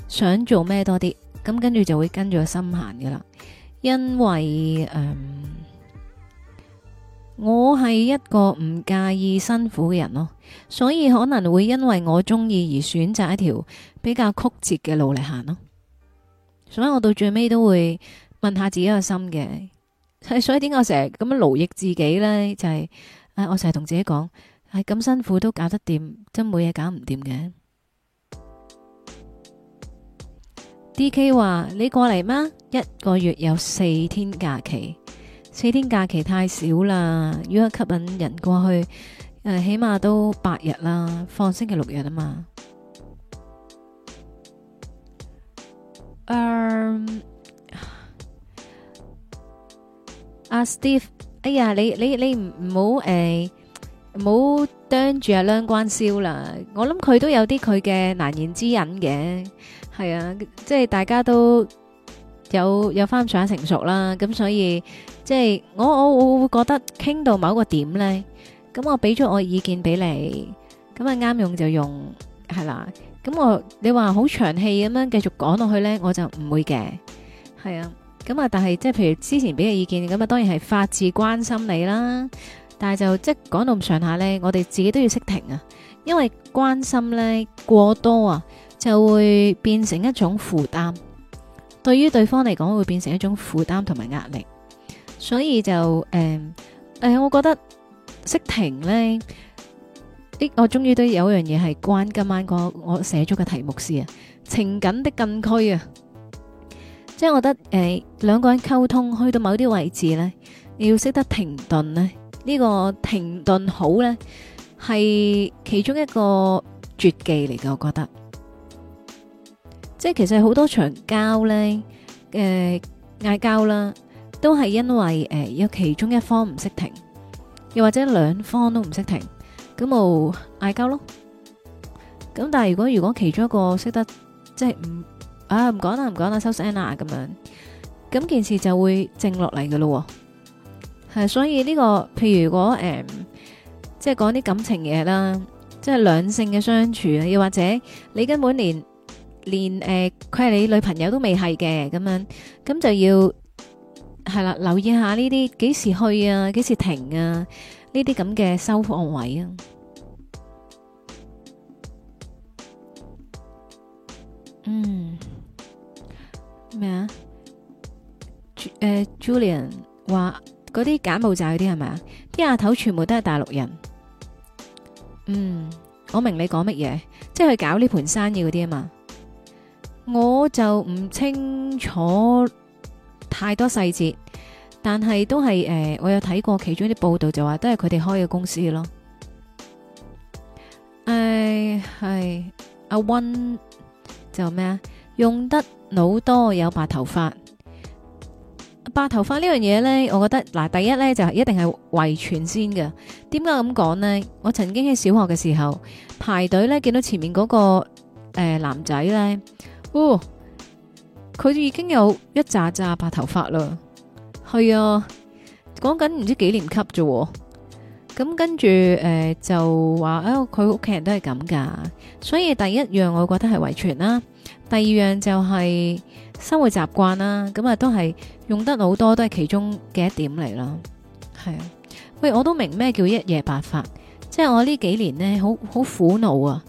想做咩多啲，咁跟住就會跟住個心行噶啦，因為誒。我係一個唔介意辛苦嘅人咯，所以可能會因為我中意而選擇一條比較曲折嘅路嚟行咯。所以，我到最尾都會問下自己個心嘅，係所以點解我成日咁樣勞役自己呢？就係、是啊、我成日同自己講，係咁辛苦都搞得掂，真冇嘢搞唔掂嘅。DK 話：你過嚟嗎？一個月有四天假期。四天假期太少啦，如果吸引人過去，誒起碼都八日啦，放星期六日啊嘛。誒阿 Steve，哎呀你你你唔唔好誒唔好盯住阿梁關少啦，我諗佢都有啲佢嘅難言之隱嘅，係啊，即係大家都。有有翻上成熟啦，咁所以即係、就是、我我，我會覺得傾到某個點呢，咁我俾咗我意見俾你，咁啊啱用就用係啦。咁我你話好長氣咁樣繼續講落去呢，我就唔會嘅。係啊，咁啊，但係即係譬如之前俾嘅意見，咁啊，當然係發自關心你啦。但係就即係講到咁上下呢，我哋自己都要識停啊，因為關心呢過多啊，就會變成一種負擔。對於對方嚟講會變成一種負擔同埋壓力，所以就誒誒、呃呃，我覺得識停呢，我終於都有樣嘢係關於今晚個我寫咗嘅題目事啊，情感的禁區啊，即係我覺得誒、呃、兩個人溝通去到某啲位置呢，你要識得停頓呢，呢、這個停頓好，呢係其中一個絕技嚟嘅，我覺得。即係其實好多場交咧，誒，嗌交啦,都係因為誒有其中一方唔識停，又或者兩方都唔識停，咁就嗌交咯。咁但係如果如果其中一個識得，即係唔啊唔講啦唔講啦，收聲啊咁樣，咁件事就會靜落嚟噶咯。係，所以呢個譬如如果誒，即係講啲感情嘢啦，即係兩性嘅相處，又或者你根本連連誒佢係你女朋友都未係嘅咁樣，咁就要係啦，留意下呢啲幾時去啊，幾時停啊，呢啲咁嘅收放位啊。嗯，咩啊？誒，Julian 話嗰啲柬埔寨嗰啲係咪啊？啲阿頭全部都係大陸人。嗯，我明你講乜嘢，即係去搞呢盤生意嗰啲啊嘛。我就唔清楚太多細節，但係都係誒、呃，我有睇過其中啲報道，就話都係佢哋開嘅公司咯。誒、哎，係阿温就咩啊？用得老多，有白頭髮。白頭髮呢樣嘢呢，我覺得嗱，第一呢就係一定係遺傳先嘅。點解咁講呢？我曾經喺小學嘅時候排隊呢，見到前面嗰、那個誒、呃、男仔呢。佢、哦、已經有一扎紮白頭髮啦，係啊，講緊唔知幾年級啫，咁、嗯、跟住誒、呃、就話誒，佢屋企人都係咁噶，所以第一樣我覺得係遺傳啦，第二樣就係生活習慣啦，咁、嗯、啊都係用得好多，都係其中嘅一點嚟啦，係啊，喂，我都明咩叫一夜白髮，即、就、係、是、我呢幾年呢，好好苦惱啊。.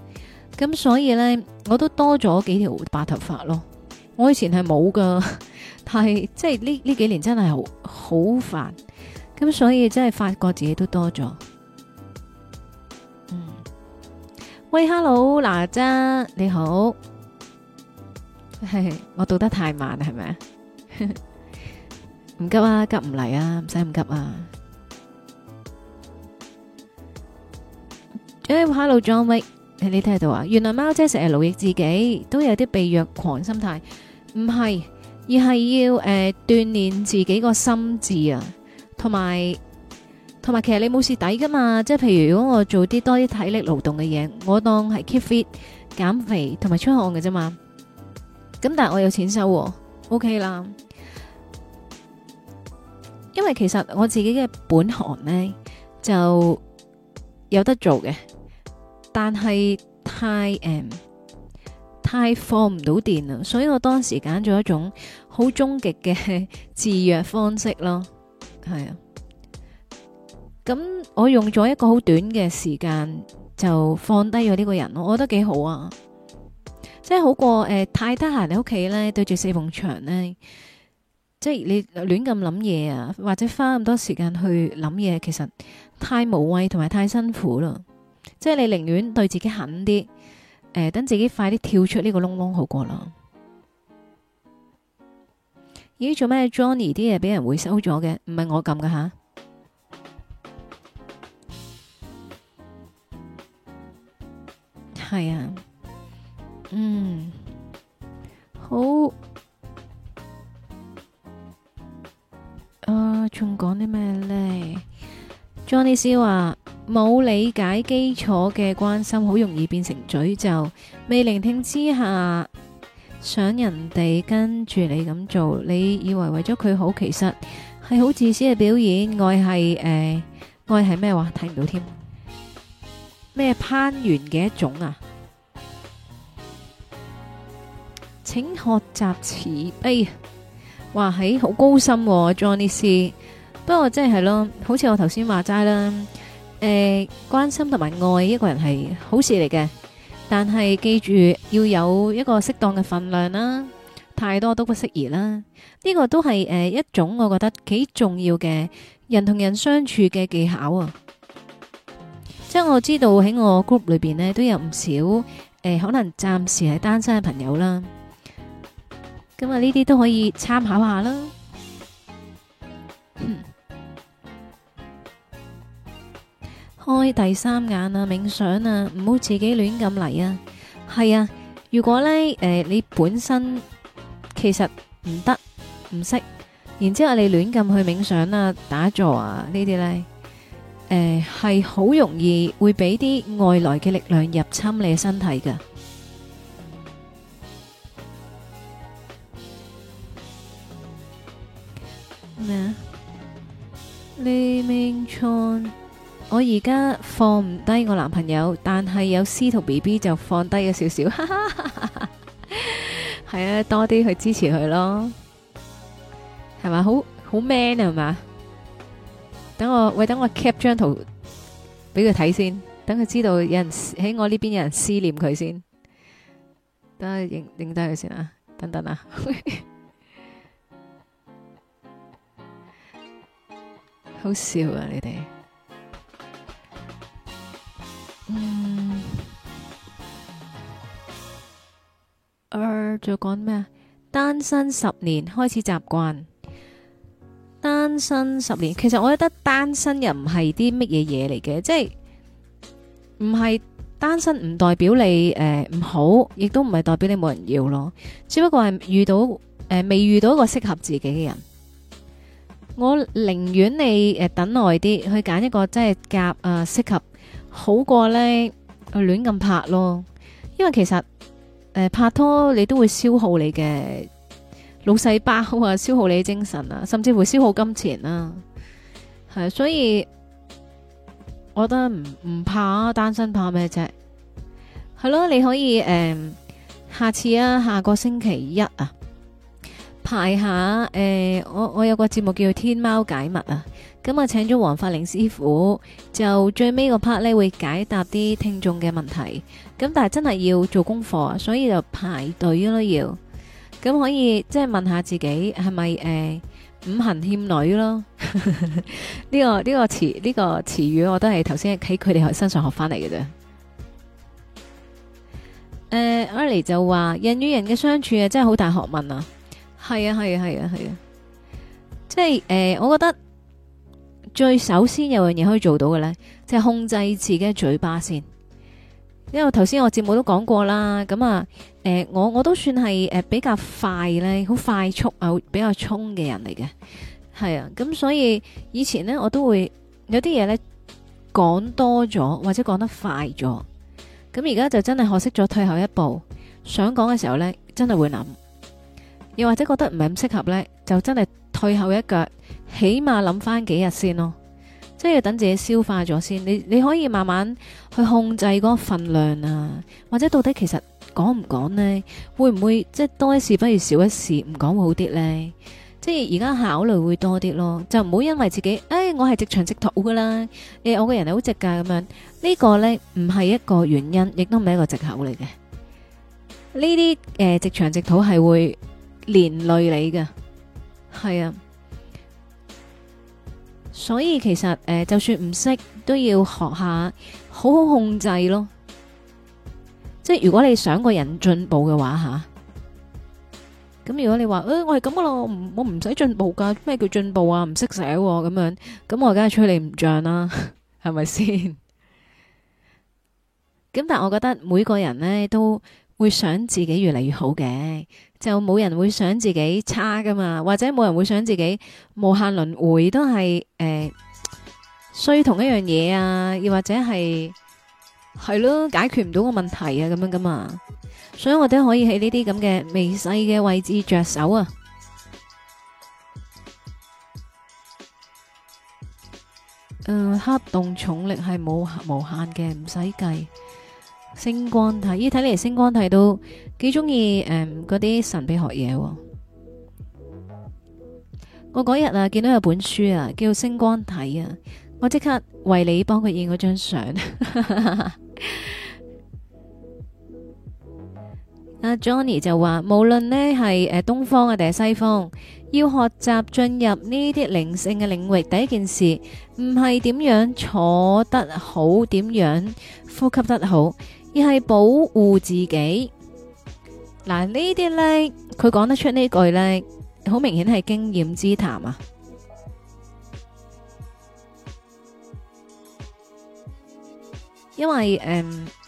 咁所以咧，我都多咗幾條白頭髮咯。我以前係冇噶，但係即係呢呢幾年真係好煩。咁所以真係發覺自己都多咗。嗯，喂，hello，哪吒你好， <laughs> 我讀得太慢係咪啊？唔 <laughs> 急啊，急唔嚟啊，唔使唔急啊。誒，hey，hello，John。你睇到啊，原來貓姐成日勞役自己，都有啲被虐狂心態，唔係，而係要誒鍛煉自己個心智啊，同埋同埋，其實你冇蝕底噶嘛，即係譬如如果我做啲多啲體力勞動嘅嘢，我當係 keep fit、減肥同埋出汗嘅啫嘛，咁但係我有錢收，OK 啦，因為其實我自己嘅本行呢就有得做嘅。但係太誒、呃、太放唔到電啦，所以我當時揀咗一種好終極嘅自虐方式咯，係啊。咁我用咗一個好短嘅時間就放低咗呢個人，我覺得幾好啊，即係好過誒、呃、太得閒喺屋企咧對住四幅牆咧，即係你亂咁諗嘢啊，或者花咁多時間去諗嘢，其實太無謂同埋太辛苦啦。即係你寧願對自己狠啲，誒、呃，等自己快啲跳出呢個窿窿好過啦。咦，做咩，Johnny 啲嘢俾人回收咗嘅？唔係我撳噶吓。係啊，啊，嗯，好。啊、呃，仲講啲咩咧？Johnny Sir 話。冇理解基礎嘅關心，好容易變成詛咒。未聆聽之下，想人哋跟住你咁做，你以為為咗佢好，其實係好自私嘅表演。愛係誒，愛係咩話？睇唔到添，咩攀援嘅一種啊？請學習慈悲、哎。哇，喺、哎、好高深、啊、Johnny C 不過真係咯，好似我頭先話齋啦。誒，關心同埋愛一個人係好事嚟嘅，但係記住要有一個適當嘅分量啦，太多都不適宜啦。呢個都係誒一種我覺得幾重要嘅人同人相處嘅技巧啊。即係我知道喺我 group 裏邊呢都有唔少誒，可能暫時係單身嘅朋友啦，咁啊呢啲都可以參考下啦。開第三眼啊，冥想啊，唔好自己亂咁嚟啊。係啊，如果咧誒你本身其實唔得唔識，然之後你亂咁去冥想啊、打坐啊呢啲咧，誒係好容易會俾啲外來嘅力量入侵你嘅身體嘅咩？黎明春。我而家放唔低我男朋友，但係有司徒 B B 就放低咗少少，係 <laughs> 啊，多啲去支持佢咯，係咪？好好 man 係嘛，等我喂，等我 cap 張圖俾佢睇先，等佢知道有人喺我呢邊有人思念佢先，等認認下影影低佢先啊，等等啊， <laughs> 好笑啊你哋。嗯，誒仲講咩啊？單身十年開始習慣。單身十年，其實我覺得單身又唔係啲乜嘢嘢嚟嘅，即係唔係單身唔代表你誒唔、呃、好，亦都唔係代表你冇人要咯。只不過係遇到誒、呃、未遇到一個適合自己嘅人，我寧願你誒、呃、等耐啲去揀一個即係夾誒適合。好過呢，亂咁拍咯，因為其實誒、呃、拍拖你都會消耗你嘅腦細胞啊，消耗你精神啊，甚至乎消耗金錢啊，係所以我覺得唔唔怕單身怕咩啫？係咯，你可以誒、呃、下次啊，下個星期一啊排一下誒、呃、我我有個節目叫天貓解密啊。咁啊，請咗黃發玲師傅，就最尾個 part 咧會解答啲聽眾嘅問題。咁但係真係要做功課，所以就排隊咯要。咁可以即係、就是、問下自己係咪誒五行欠女咯？呢、 <laughs> 這個呢、這個詞呢、這個詞語我都係頭先喺佢哋身上學翻嚟嘅啫。誒、呃，阿黎就話人與人嘅相處啊，真係好大學問啊！係啊，係啊，係啊，係啊！即係誒、呃，我覺得。最首先有樣嘢可以做到嘅呢，即係控制自己嘅嘴巴先。因為頭先我節目都講過啦，咁啊，誒，我我都算係誒比較快呢，好快速啊，比較衝嘅人嚟嘅，係啊。咁所以以前呢，我都會有啲嘢呢講多咗，或者講得快咗。咁而家就真係學識咗退後一步，想講嘅時候呢，真係會諗，又或者覺得唔係咁適合呢，就真係退後一腳。起碼諗翻幾日先咯，即係等自己消化咗先。你你可以慢慢去控制嗰個分量啊，或者到底其實講唔講咧，會唔會即係多一事不如少一事，唔講會好啲咧？即係而家考慮會多啲咯，就唔好因為自己，誒，我係直腸直肚噶啦，誒，我個人係好直噶咁樣，呢個咧唔係一個原因，亦都唔係一個借口嚟嘅。呢啲誒直腸直肚係會連累你嘅，係啊。所以其實誒、呃，就算唔識都要學下，好好控制咯。即係如果你想個人進步嘅話吓，咁、啊、如果你話誒我係咁噶啦，我唔我唔使進步噶，咩叫進步啊？唔識寫咁樣，咁我梗係吹你唔脹啦，係咪先？咁 <laughs> 但係我覺得每個人呢，都會想自己越嚟越好嘅。就冇人會想自己差噶嘛，或者冇人會想自己無限輪迴都係誒衰同一樣嘢啊，又或者係係咯解決唔到個問題啊咁樣噶嘛，所以我哋可以喺呢啲咁嘅微細嘅位置着手啊。誒、呃，黑洞重力係冇無、無限嘅，唔使計。星光體，依睇嚟星光體都幾中意誒，嗰啲神秘學嘢。我嗰日啊，見到有本書啊，叫《星光體》啊，我即刻為你幫佢影嗰張相。阿 Johnny 就話，無論呢係誒東方啊定係西方，要學習進入呢啲靈性嘅領域，第一件事唔係點樣坐得好，點樣呼吸得好。而係保護自己，嗱呢啲咧，佢講得出呢句咧，好明顯係經驗之談啊！因為誒、呃，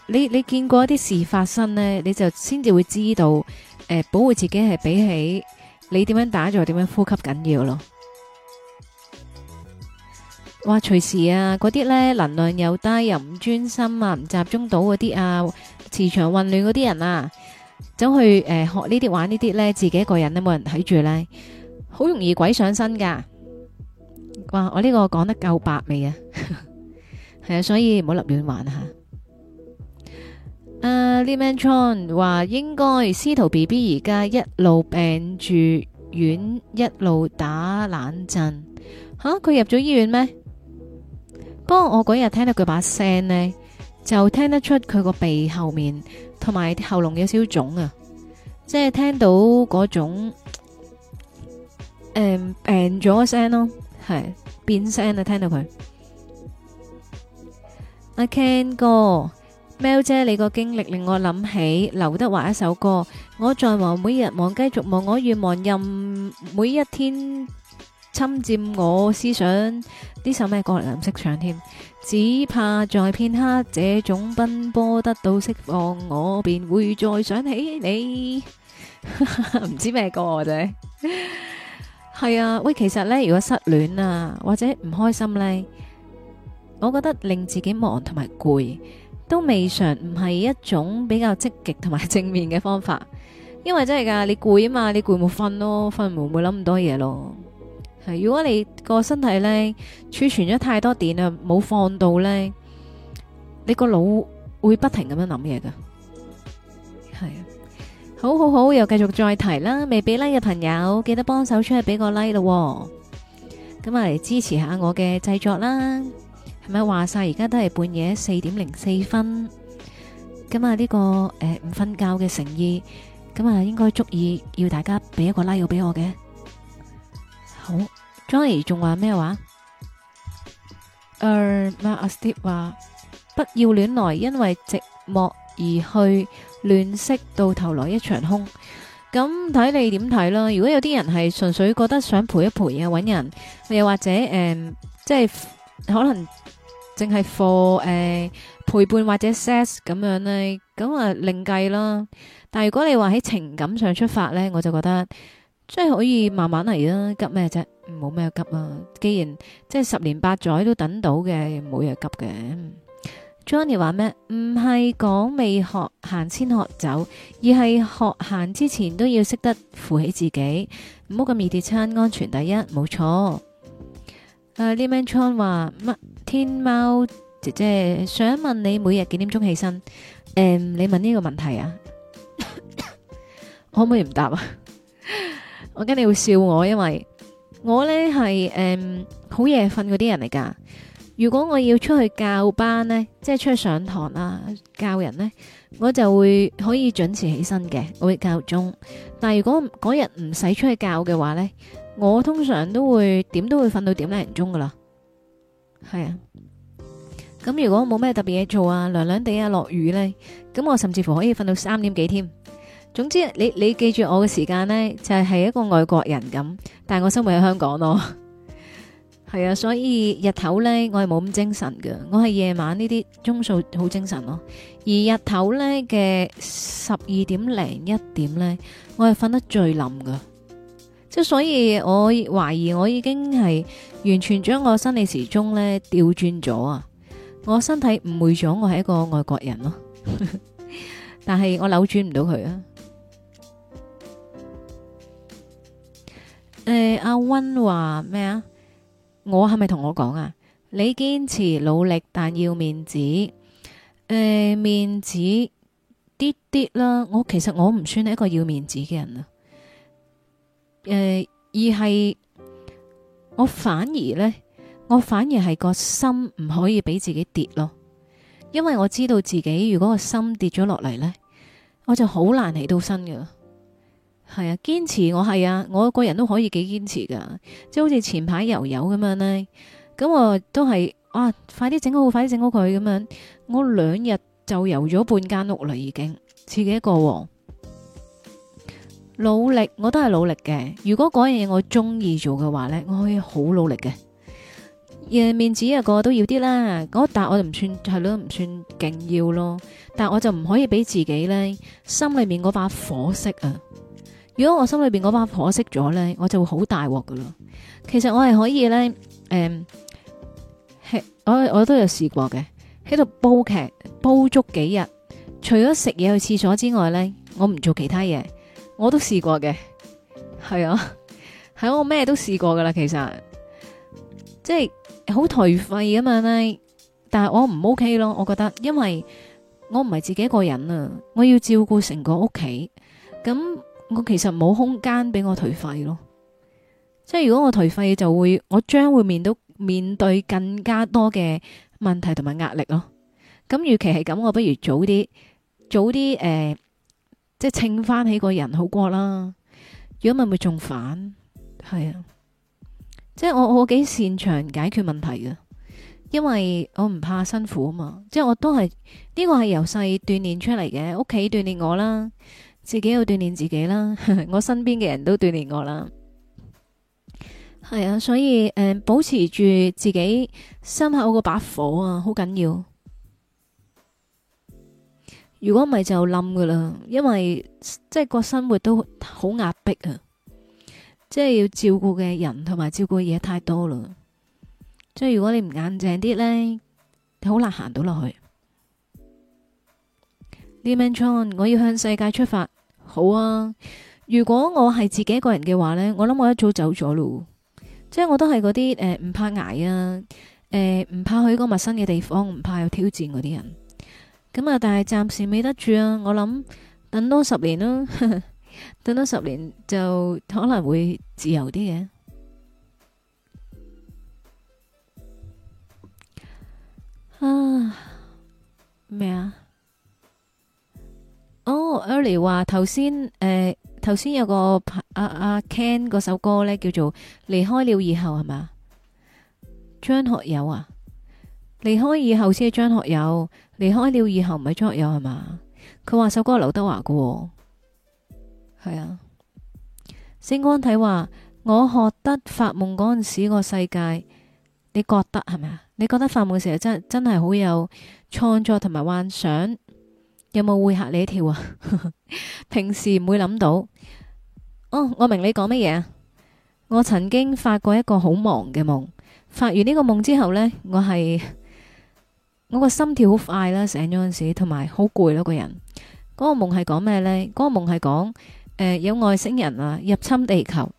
你你見過一啲事發生咧，你就先至會知道，誒、呃，保護自己係比起你點樣打坐、點樣呼吸緊要咯。哇！隨時啊，嗰啲咧能量又低，又唔專心啊，唔集中到嗰啲啊，磁場混亂嗰啲人啊，走去誒學呢啲玩呢啲咧，自己一個人咧都冇人睇住咧，好容易鬼上身噶。哇！我呢個講得夠白未啊？係啊，所以唔好立亂玩吓。啊，呢 man John 話應該司徒 BB 而家一路病住院，一路打冷震。吓，佢入咗醫院咩？不過我嗰日聽到佢把聲呢，就聽得出佢個鼻後面同埋啲喉嚨有少少腫啊，即係聽到嗰種誒，病咗聲咯，係變聲啊！聽到佢阿 Ken 哥，喵姐，你個經歷令我諗起劉德華一首歌，我在忙每日忙繼續忙我願望任每一天。侵占我思想，呢首咩歌嚟？唔識唱添，只怕在片刻，這種奔波得到釋放，我便會再想起你。唔 <laughs> 知咩歌我真係？係 <laughs> 啊喂，其實咧，如果失戀啊或者唔開心咧，啊，我覺得令自己忙同埋攰，都未嘗唔係一種比較積極同埋正面嘅方法，因為真係噶，你攰啊嘛，你攰冇瞓咯，瞓唔會諗咁多嘢咯。如果你個身體咧儲存咗太多電啊，冇放到咧，你個腦會不停咁樣諗嘢噶。係啊，好好好，又繼續再提啦。未俾 like 嘅朋友，記得幫手出去俾個 like 咯。咁啊嚟支持下我嘅製作啦。係咪話晒？而家都係半夜四點零四分。咁啊呢個誒唔瞓覺嘅誠意，咁啊應該足以要大家俾一個 like 俾我嘅。好。Johnny 仲話咩話？誒，阿 Steve 話不要亂來，因為寂寞而去亂識，到頭來一場空。咁睇你點睇啦？如果有啲人係純粹覺得想陪一陪啊，搵人，又或者誒，即係可能淨係 for 誒陪伴或者 sex 咁樣咧，咁啊另計啦。但係如果你話喺情感上出發咧，我就覺得。即係可以慢慢嚟啦，急咩啫？冇咩急啊！既然即係十年八載都等到嘅，冇嘢急嘅。Johnny 話咩？唔係講未學行先學走，而係學行之前都要識得扶起自己，唔好咁易跌親，安全第一，冇錯。誒，Li Ming Chuan 話乜？天喵姐姐想問你每日幾點鐘起身？誒，你問呢個問題啊？可唔可以唔答啊？我驚你會笑我，因為我咧係誒好夜瞓嗰啲人嚟噶。如果我要出去教班咧，即係出去上堂呀，教人咧，我就會可以準時起身嘅，我會較鐘。但係如果嗰日唔使出去教嘅話咧，我通常都會點都會瞓到點零鐘噶啦。係啊，咁如果冇咩特別嘢做啊，涼涼哋啊，落雨咧，咁我甚至乎可以瞓到三點幾添。總之，你你記住我嘅時間呢，就係一個外國人咁，但係我生活喺香港咯，係啊，所以日頭呢，我係冇咁精神嘅，我係夜晚呢啲鐘數好精神咯，而日頭呢嘅十二點零一點呢，我係瞓得最冧噶，即係所以我懷疑我已經係完全將我生理時鐘呢調轉咗啊，我身體誤會咗我係一個外國人咯，但係我扭轉唔到佢啊。誒，阿溫話咩啊？我係咪同我講啊？你堅持努力，但要面子。呃、面子跌跌啦。我其實我唔算係一個要面子嘅人啊、呃。而係我反而呢，我反而係個心唔可以俾自己跌咯。因為我知道自己如果個心跌咗落嚟呢，我就好難起到身噶。係啊，堅持我係啊，我個人都可以幾堅持噶，即係好似前排游游咁樣呢。咁我都係啊，快啲整好，快啲整好佢咁樣。我兩日就游咗半間屋啦，已經自己一個喎、哦。努力我都係努力嘅。如果嗰樣嘢我中意做嘅話呢，我可以好努力嘅。誒，面子呀我一、那個、我啊，個個都要啲啦。嗰笪我就唔算係咯，唔算勁要咯。但我就唔可以俾自己呢，心裏面嗰把火熄啊。如果我心裏邊嗰把火熄咗咧，我就會好大鑊噶啦。其實我係可以咧，誒、嗯，我我都有試過嘅，喺度煲劇煲足幾日，除咗食嘢去廁所之外咧，我唔做其他嘢，我都試過嘅。係啊，係啊，我咩都試過噶啦。其實即係好頹廢啊嘛，呢但係我唔 OK 咯，我覺得，因為我唔係自己一個人啊，我要照顧成個屋企咁。我其實冇空間俾我頹廢咯，即係如果我頹廢就會，我將會面對面對更加多嘅問題同埋壓力咯。咁與其係咁，我不如早啲早啲誒、呃，即係稱翻起個人好過啦。如果咪會仲煩，係啊、嗯，即係我我幾擅長解決問題嘅，因為我唔怕辛苦啊嘛，即係我都係呢、這個係由細鍛煉出嚟嘅，屋企鍛煉我啦。自己要鍛煉自己啦， <laughs> 我身邊嘅人都鍛煉我啦，係啊，所以誒、嗯，保持住自己心口嗰把火啊，好緊要。如果唔係就冧噶啦，因為即係個生活都好壓迫啊，即係要照顧嘅人同埋照顧嘅嘢太多啦，即係如果你唔硬淨啲咧，你好難行到落去。 <music> Le m a n c h o n g，我要向世界出發。好啊！如果我係自己一個人嘅話呢，我諗我一早走咗咯。即係我都係嗰啲誒唔怕捱啊，誒、呃、唔怕去一個陌生嘅地方，唔怕有挑戰嗰啲人。咁啊，但係暫時未得住啊。我諗等多十年啦， <laughs> 等多十年就可能會自由啲嘅。啊咩啊？哦、oh，Early 話頭先，誒，頭、呃、先有個阿阿、啊啊、Ken 嗰首歌呢，叫做《離開了以後》，係嘛？張學友啊，離開以後先係張學友，離開了以後唔係張學友係嘛？佢話首歌劉德華㗎喎，係啊。星光睇話，我學得發夢嗰陣時個世界，你覺得係咪啊？你覺得發夢時候真係真係好有創作同埋幻想？有冇會嚇你一跳啊？ <laughs> 平時唔會諗到。哦，我明你講乜嘢啊。我曾經發過一個好忙嘅夢，發完呢個夢之後呢，我係我個心跳好快啦，醒咗嗰時，同埋好攰咯，個人。嗰個夢係講咩呢？嗰個夢係講誒有外星人啊入侵地球，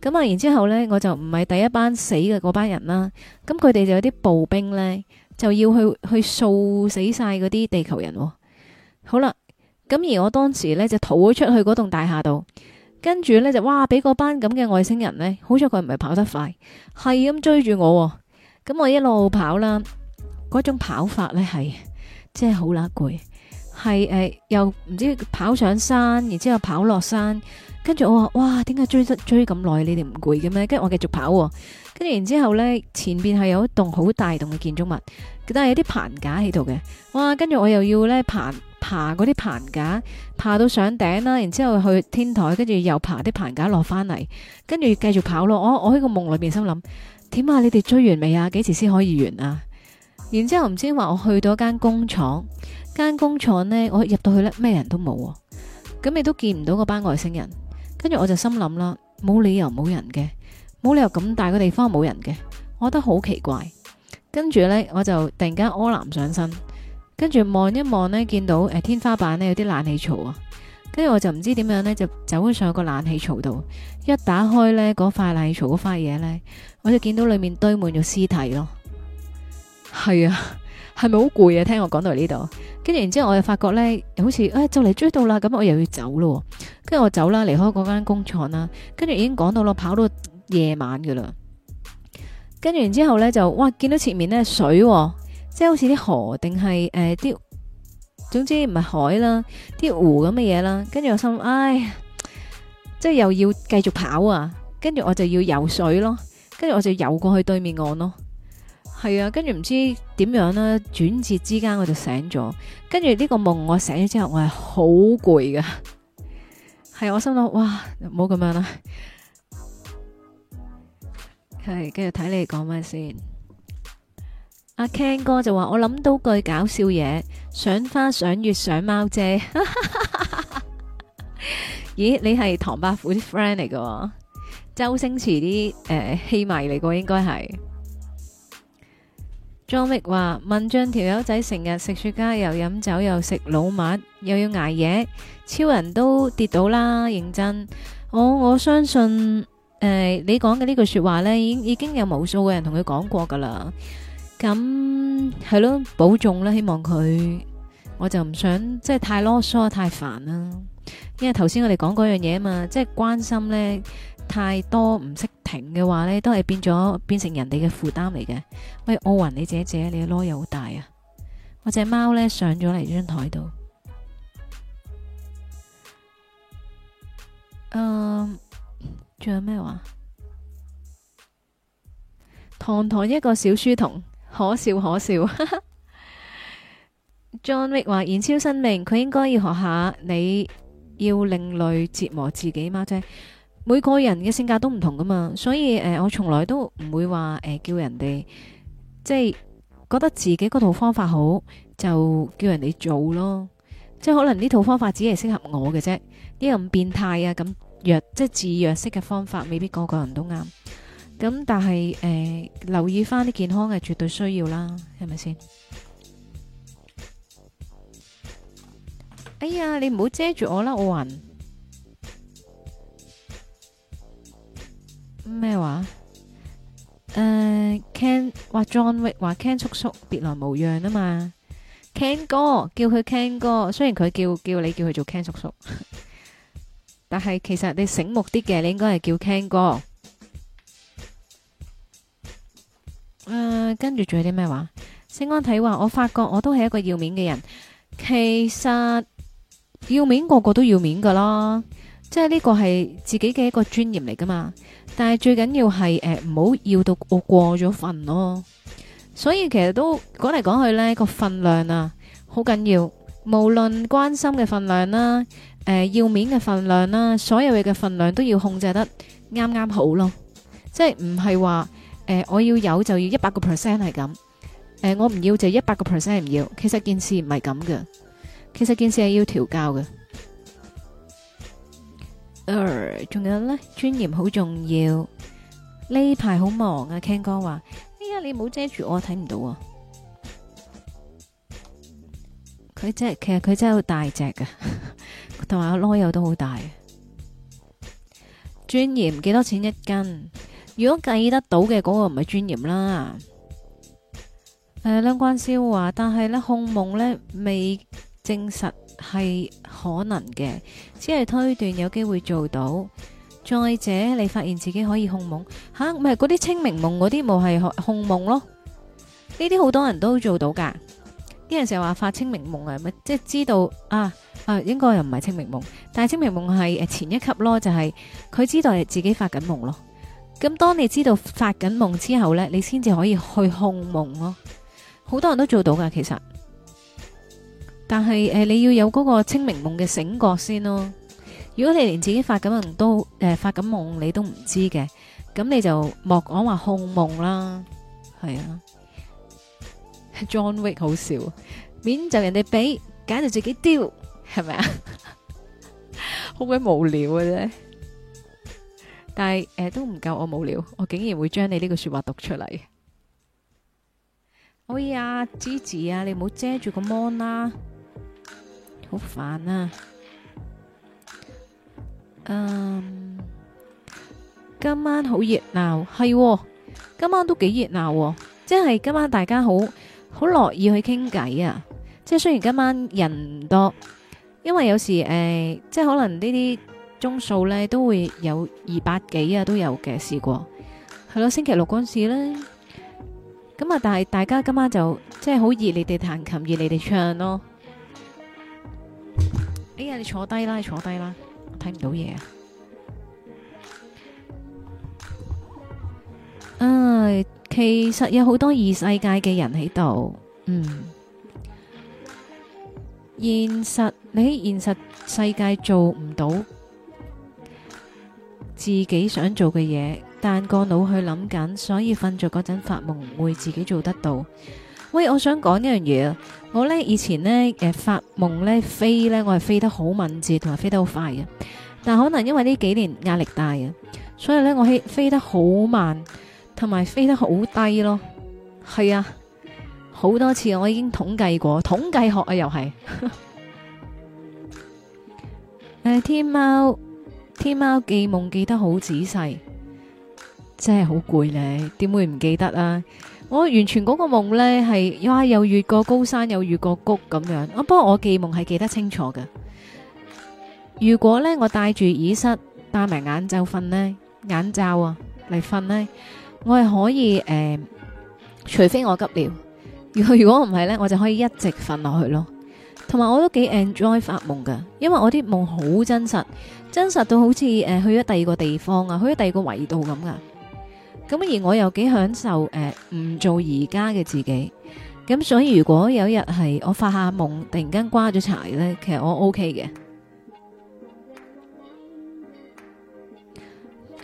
咁啊，然之後呢我就唔係第一班死嘅嗰班人啦。咁佢哋就有啲步兵呢，就要去去掃死晒嗰啲地球人喎。好啦，咁而我當時咧就逃咗出去嗰棟大廈度，跟住咧就哇，俾嗰班咁嘅外星人咧，好彩佢唔係跑得快，係咁追住我，哦。咁我一路跑啦，嗰種跑法咧係真係好乸攰，係誒、就是呃、又唔知跑上山，然之後跑落山，跟住我話哇，點解追得追咁耐？你哋唔攰嘅咩？跟住我繼續跑，哦，跟住然之後咧前面係有一棟好大棟嘅建築物，但係有啲棚架喺度嘅。哇，跟住我又要咧棚。爬嗰啲棚架，爬到上頂啦，然之後去天台，跟住又爬啲棚架落翻嚟，跟住繼續跑咯。我我喺個夢裏邊心諗，點啊？你哋追完未啊？幾時先可以完啊？然之後唔知點話，我去到間工廠，間工廠呢，我入到去咧，咩人都冇，咁你都見唔到嗰班外星人。跟住我就心諗啦，冇理由冇人嘅，冇理由咁大個地方冇人嘅，我覺得好奇怪。跟住呢，我就突然間柯南上身。跟住望一望呢，見到誒、呃、天花板呢有啲冷氣槽啊，跟住我就唔知點樣呢，就走咗上個冷氣槽度，一打開呢，嗰塊冷氣槽嗰塊嘢呢，我就見到裏面堆滿咗屍體咯。係啊，係咪好攰啊？聽我講到呢度，跟住然之後我又發覺呢，好似誒就嚟追到啦，咁我又要走咯。跟住我走啦，離開嗰間工廠啦，跟住已經講到咯，跑到夜晚噶啦。跟住然之後呢，就哇，見到前面呢水。即係好似啲河定係誒啲，總之唔係海啦，啲湖咁嘅嘢啦。跟住我心諗，唉，即係又要繼續跑啊，跟住我就要游水咯，跟住我就游過去對面岸咯。係啊，跟住唔知點樣啦，轉折之間我就醒咗，跟住呢個夢我醒咗之後我係好攰噶，係我心諗，哇，唔好咁樣啦，係，跟住睇你講乜先。阿 Ken 哥就話：我諗到句搞笑嘢，賞花賞月賞貓啫。 <laughs> 咦，你係唐伯虎啲 friend 嚟喎，周星馳啲誒戲迷嚟嘅應該係。張力話：文章條友仔成日食雪茄，又飲酒，又食老麥，又要捱夜，超人都跌倒啦。認真，我、哦、我相信誒、呃，你講嘅呢句說話呢，已經已經有無數個人同佢講過噶啦。咁係咯，保重啦。希望佢，我就唔想即係太囉嗦、太煩啦。因為頭先我哋講嗰樣嘢啊嘛，即係關心咧太多，唔識停嘅話咧，都係變咗變成人哋嘅負擔嚟嘅。喂，奧雲你姐姐，你嘅囉又好大啊！我隻貓咧上咗嚟張台度，嗯，仲有咩話？堂堂一個小書童。可笑可笑， <laughs> ，John Wick 話燃燒生命，佢應該要學下你要另類折磨自己嘛。啫，每個人嘅性格都唔同噶嘛，所以誒、呃，我從來都唔會話誒、呃、叫人哋即係覺得自己嗰套方法好就叫人哋做咯，即係可能呢套方法只係適合我嘅啫，呢咁變態啊咁弱即係自虐式嘅方法，未必個個人都啱。咁、嗯、但係誒、呃，留意翻啲健康嘅絕對需要啦，係咪先？哎呀，你唔好遮住我啦，我暈。咩話？誒、呃、Ken 話 John Wick 話 Ken 叔叔別來無恙啊嘛？Ken 哥，叫佢 Ken 哥，雖然佢叫叫你叫佢做 Ken 叔叔， <laughs> 但係其實你醒目啲嘅，你應該係叫 Ken 哥。誒，跟住仲有啲咩話？星安睇話，我發覺我都係一個要面嘅人。其實要面個個都要面噶啦，即係呢個係自己嘅一個尊嚴嚟噶嘛。但係最緊要係誒，唔好要到我過咗份咯。所以其實都講嚟講去呢，個份量啊，好緊要。無論關心嘅份量啦，誒，要面嘅份量啦，所有嘢嘅份量都要控制得啱啱好咯。即係唔係話。誒、呃，我要有就要一百個 percent 係咁，誒、呃，我唔要就一百個 percent 唔要。其實件事唔係咁嘅，其實件事係要調教嘅。誒、呃，仲有咧，尊嚴好重要。呢排好忙啊，Ken 哥話。哎呀，你冇遮住我睇唔到啊！佢真係，其實佢真係好大隻嘅、啊，同埋個囉柚都好大。尊嚴幾多錢一斤？如果計得到嘅，嗰、那個唔係尊嚴啦，誒、呃，梁關少話，但係咧，控夢咧未證實係可能嘅，只係推斷有機會做到。再者，你發現自己可以控夢吓，唔係嗰啲清明夢嗰啲冇係控夢咯。呢啲好多人都做到噶，啲人成日話發清明夢、就是、啊，咪即係知道啊？誒，應該又唔係清明夢，但係清明夢係前一級咯，就係、是、佢知道自己發緊夢咯。咁當你知道發緊夢之後咧，你先至可以去控夢咯。好多人都做到噶，其實，但係誒你要有嗰個清明夢嘅醒覺先咯。如果你連自己發緊夢都誒發緊夢你都唔知嘅，咁你就莫講話控夢啦。係啊，John Wick 好笑，面就人哋俾，簡直自己丟，係咪啊？好鬼無聊嘅啫。但係誒、呃，都唔夠我無聊，我竟然會將你呢個說話讀出嚟。可以啊，芝芝啊，你唔好遮住個 mon 啦，好煩啊。嗯、啊 um, 哦，今晚好熱鬧，係今晚都幾熱鬧，即係今晚大家好好樂意去傾偈啊。即係雖然今晚人唔多，因為有時誒、呃，即係可能呢啲。鐘數呢都會有二百幾啊，都有嘅試過，係咯，星期六嗰時呢，咁啊，但係大家今晚就即係好熱，熱烈地彈琴，熱你哋唱咯。哎呀，你坐低啦，你坐低啦，我睇唔到嘢啊！唉、啊，其實有好多異世界嘅人喺度，嗯，現實你喺現實世界做唔到。自己想做嘅嘢，但個腦去諗緊，所以瞓着嗰陣發夢會自己做得到。喂，我想講一樣嘢啊！我呢以前呢，誒、呃、發夢呢飛呢，我係飛得好敏捷，同埋飛得好快嘅。但可能因為呢幾年壓力大啊，所以呢，我係飛得好慢，同埋飛得好低咯。係啊，好多次我已經統計過，統計學啊又係。誒、 <laughs> 呃，天喵。天喵記夢記得好仔細，真係好攰咧。點會唔記得啊？我完全嗰個夢咧係哇，又越過高山，又越過谷咁樣。我不過我記夢係記得清楚嘅。如果咧我戴住耳塞，戴埋眼罩瞓咧，眼罩啊嚟瞓咧，我係可以誒，除非我急尿。如果如果唔係咧，我就可以一直瞓落去咯。同埋我都幾 enjoy 發夢㗎，因為我啲夢好真實，真實到好似誒去咗第二個地方啊，去咗第二個維度咁噶。咁而我又幾享受誒，唔做而家嘅自己。咁所以如果有一日係我發下夢，突然間瓜咗柴呢，其實我 OK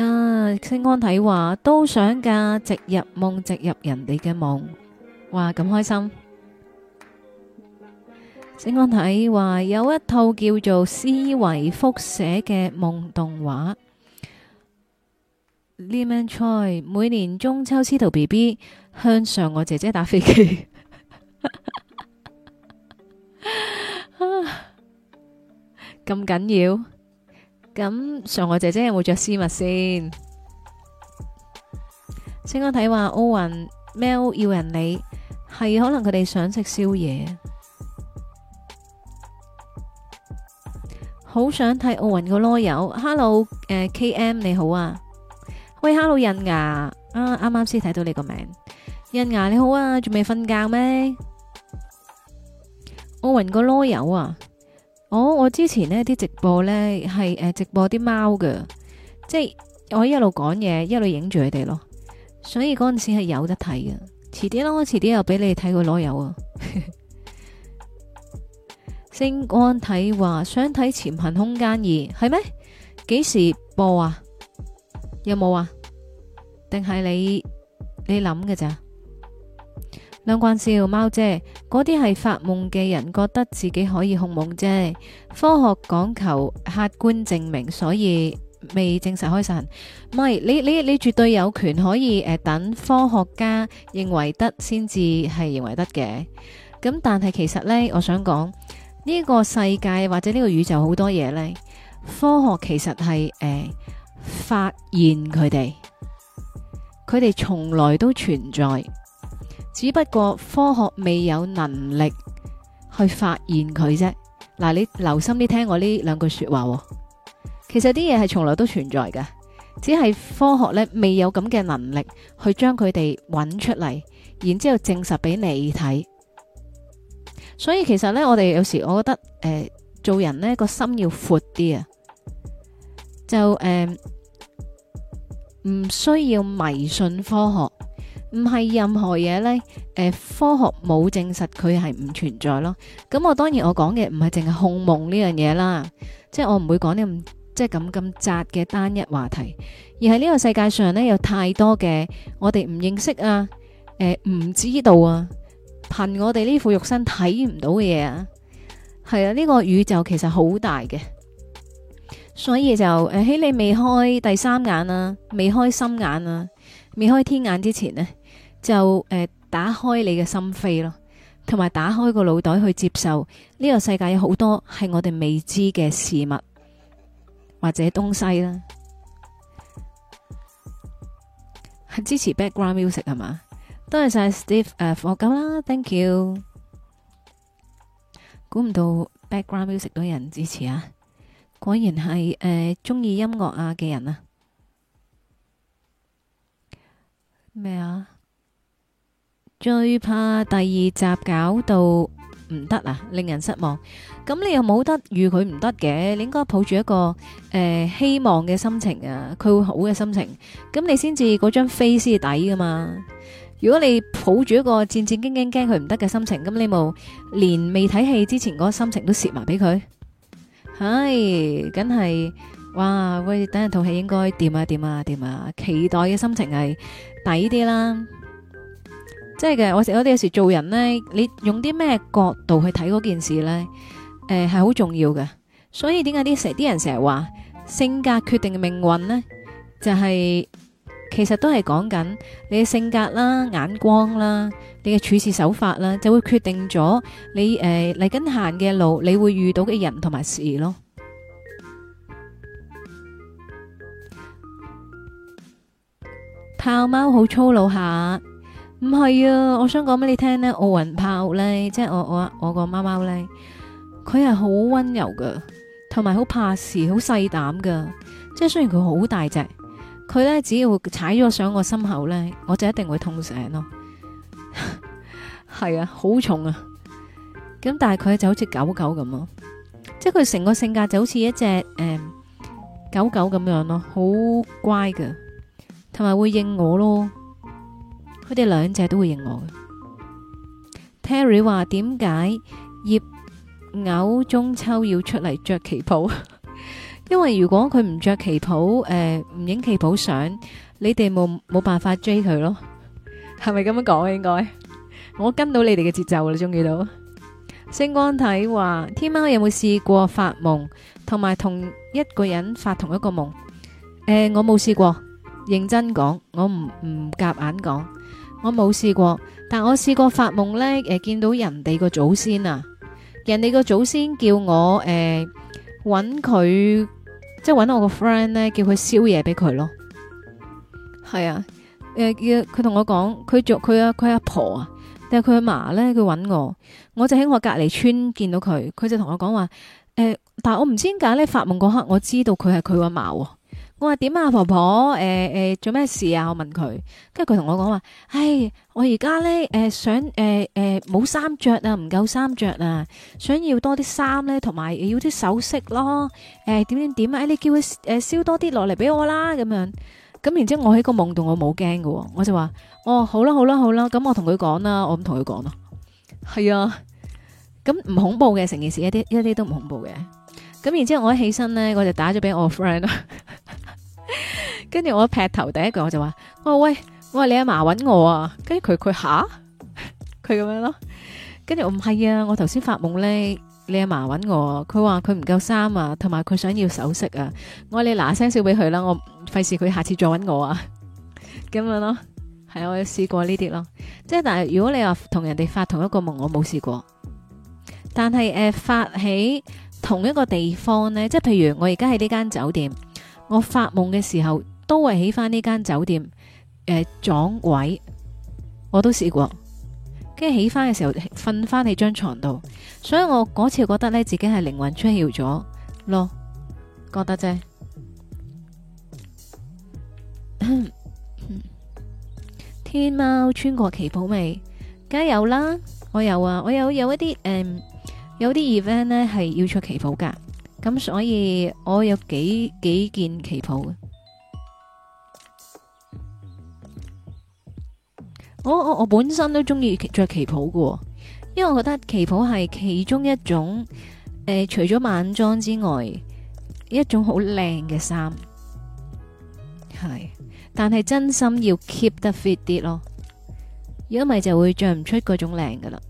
嘅。啊，星光體話都想㗎，直入夢，直入人哋嘅夢，嘩咁開心。請我睇話有一套叫做《思維複寫》嘅夢動畫。Lemon Choi 每年中秋司徒 BB 向嫦娥姐姐打飛機。咁緊要？咁嫦娥姐姐有冇着絲襪先？星光睇話奧運 Mel 要人理，係可能佢哋想食宵夜。好想睇奧運個囉柚，Hello，誒、呃、KM 你好啊，喂，Hello，印牙啊，啱啱先睇到你個名，印牙你好啊，仲未瞓覺咩？奧運個囉柚啊，我、哦、我之前呢啲直播呢係誒、呃、直播啲貓㗎，即係我一路講嘢，一路影住佢哋咯，所以嗰陣時係有得睇嘅，遲啲咯，遲啲又俾你睇個囉柚啊。 <laughs> 正安睇話雙體潛行空間二係咩？幾時播啊？有冇啊？定係你你諗嘅咋？兩關笑貓姐嗰啲係發夢嘅人，覺得自己可以控夢啫。科學講求客觀證明，所以未證實開神咪，你你你絕對有權可以誒、呃、等科學家認為得先至係認為得嘅。咁但係其實呢我想講。呢、個世界或者呢個宇宙好多嘢呢，科學其實係誒、呃、發現佢哋，佢哋從來都存在，只不過科學未有能力去發現佢啫。嗱、呃，你留心啲聽我呢兩句說話，其實啲嘢係從來都存在嘅，只係科學呢未有咁嘅能力去將佢哋揾出嚟，然之後證實俾你睇。所以其實咧，我哋有時我覺得，誒、呃，做人呢個心要闊啲啊，就誒，唔、呃、需要迷信科學，唔係任何嘢呢，誒、呃，科學冇證實佢係唔存在咯。咁我當然我講嘅唔係淨係控夢呢樣嘢啦，即係我唔會講啲咁，即係咁咁窄嘅單一話題，而係呢個世界上呢，有太多嘅我哋唔認識啊，誒、呃，唔知道啊。憑我哋呢副肉身睇唔到嘅嘢啊，係啊，呢個宇宙其實好大嘅，所以就誒喺你未開第三眼啊，未開心眼啊，未開天眼之前呢，就誒、呃、打開你嘅心扉咯，同埋打開個腦袋去接受呢個世界有好多係我哋未知嘅事物或者東西啦。係支持 background music 係嘛？多謝晒 Steve 誒，我咁啦，Thank you。估唔到 background music 都有人支持啊，果然係誒中意音樂啊嘅人啊。咩啊？最怕第二集搞到唔得啊，令人失望。咁你又冇得預佢唔得嘅，你應該抱住一個誒希望嘅心情啊，佢會好嘅心情，咁你先至嗰張飛先抵㗎嘛。如果你抱住一個戰戰兢兢驚佢唔得嘅心情，咁你冇連未睇戲之前嗰個心情都蝕埋俾佢，唉，梗係哇！喂，等一套戲應該點啊點啊點啊，期待嘅心情係抵啲啦。即係嘅，我成我哋有時做人咧，你用啲咩角度去睇嗰件事咧，誒，係好重要嘅。所以點解啲成啲人成日話性格決定嘅命運咧，就係。其實都係講緊你嘅性格啦、眼光啦、你嘅處事手法啦，就會決定咗你誒嚟緊行嘅路，你會遇到嘅人同埋事咯。 <noise> 豹貓好粗魯下，唔係啊！我想講俾你聽咧，奧雲豹咧，即係我我我個貓貓咧，佢係好溫柔噶，同埋好怕事、好細膽噶，即係雖然佢好大隻。佢咧只要踩咗上我心口咧，我就一定會痛醒咯。係啊，好重啊。咁但係佢就好似狗狗咁咯，即係佢成個性格就好似一隻誒狗狗咁樣咯，好乖㗎，同埋會應我咯。佢哋兩隻都會應我嘅。Terry 話點解葉偶中秋要出嚟着旗袍？因為如果佢唔着旗袍，誒唔影旗袍相，你哋冇冇辦法追佢咯？係咪咁樣講？應該我跟到你哋嘅節奏啦，你中意到。星光體話：天喵有冇試過發夢，同埋同一個人發同一個夢？誒，我冇試過，認真講，我唔唔夾硬講，我冇試過。但我試過發夢呢，誒見到人哋個祖先啊，人哋個祖先叫我誒搵佢。即係搵我個 friend 咧，叫佢燒嘢畀佢咯。係啊，誒、呃,叫佢同我講，佢做佢阿佢阿婆啊，定係佢阿嫲咧，佢搵我，我就喺我隔離村見到佢，佢就同我講話，誒、呃，但係我唔知點解咧，發夢嗰刻我知道佢係佢阿嫲喎。我話點啊婆婆，誒、欸、誒、欸、做咩事啊？我問佢，跟住佢同我講話，唉，我而家咧，誒、呃、想誒誒冇衫着啊，唔夠衫着啊，想要多啲衫咧，同埋要啲首飾咯，誒點點點啊，欸、你叫佢誒燒多啲落嚟俾我啦，咁樣，咁然之後我喺個夢度，我冇驚嘅，我就話，哦好啦好啦好啦，咁我同佢講啦，啦我咁同佢講咯，係啊，咁唔恐怖嘅成件事一啲一啲都唔恐怖嘅，咁然之後我一起身咧，我就打咗俾我 friend。 <laughs> 跟 <laughs> 住我劈頭第一句我就話：我話喂，我話你阿嫲搵我啊！跟住佢佢吓，佢咁 <laughs> 樣咯。跟住我唔係啊，我頭先發夢咧，你阿嫲搵我，佢話佢唔夠衫啊，同埋佢想要首飾啊。我話你嗱聲燒俾佢啦，我費事佢下次再搵我啊。咁樣咯，係啊，我有試過呢啲咯。即係但係如果你話同人哋發同一個夢，我冇試過。但係誒、呃，發喺同一個地方咧，即係譬如我而家喺呢間酒店。我發夢嘅時候都會起翻呢間酒店，誒、呃、撞鬼，我都試過，跟住起翻嘅時候瞓翻喺張床度，所以我嗰次覺得咧自己係靈魂出竅咗咯，覺得啫。 <coughs> 天喵、啊、穿過旗袍未？梗有啦！我有啊，我有有，有一啲誒、呃，有啲 event 呢係要出旗袍噶。咁所以，我有幾幾件旗袍嘅。我我我本身都中意着旗袍嘅，因為我覺得旗袍係其中一種，誒，除咗晚裝之外，一種好靚嘅衫。係，但係真心要 keep 得 fit 啲咯，如果唔係就會着唔出嗰種靚噶啦。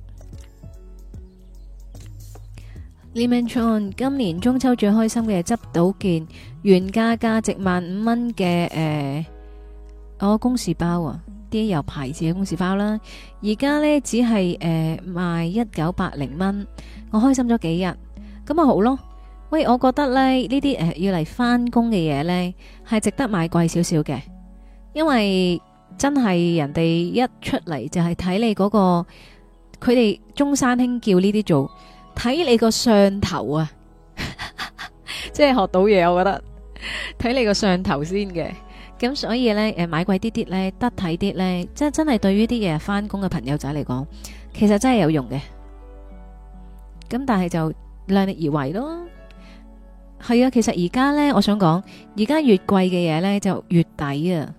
李敏聰今年中秋最開心嘅係執到件原價價值萬五蚊嘅誒，我公事包啊，啲有牌子嘅公事包啦，而家呢只係誒賣一九八零蚊，我開心咗幾日，咁啊好咯。喂，我覺得呢呢啲誒要嚟翻工嘅嘢呢係值得買貴少少嘅，因為真係人哋一出嚟就係睇你嗰個，佢哋中山兄叫呢啲做。睇你個上頭啊，即係學到嘢，我覺得睇 <laughs> 你個上頭先嘅。咁所以呢，誒買貴啲啲呢，得體啲呢，即係真係對於啲嘢返工嘅朋友仔嚟講，其實真係有用嘅。咁但係就量力而為咯。係啊，其實而家呢，我想講，而家越貴嘅嘢呢就越抵啊。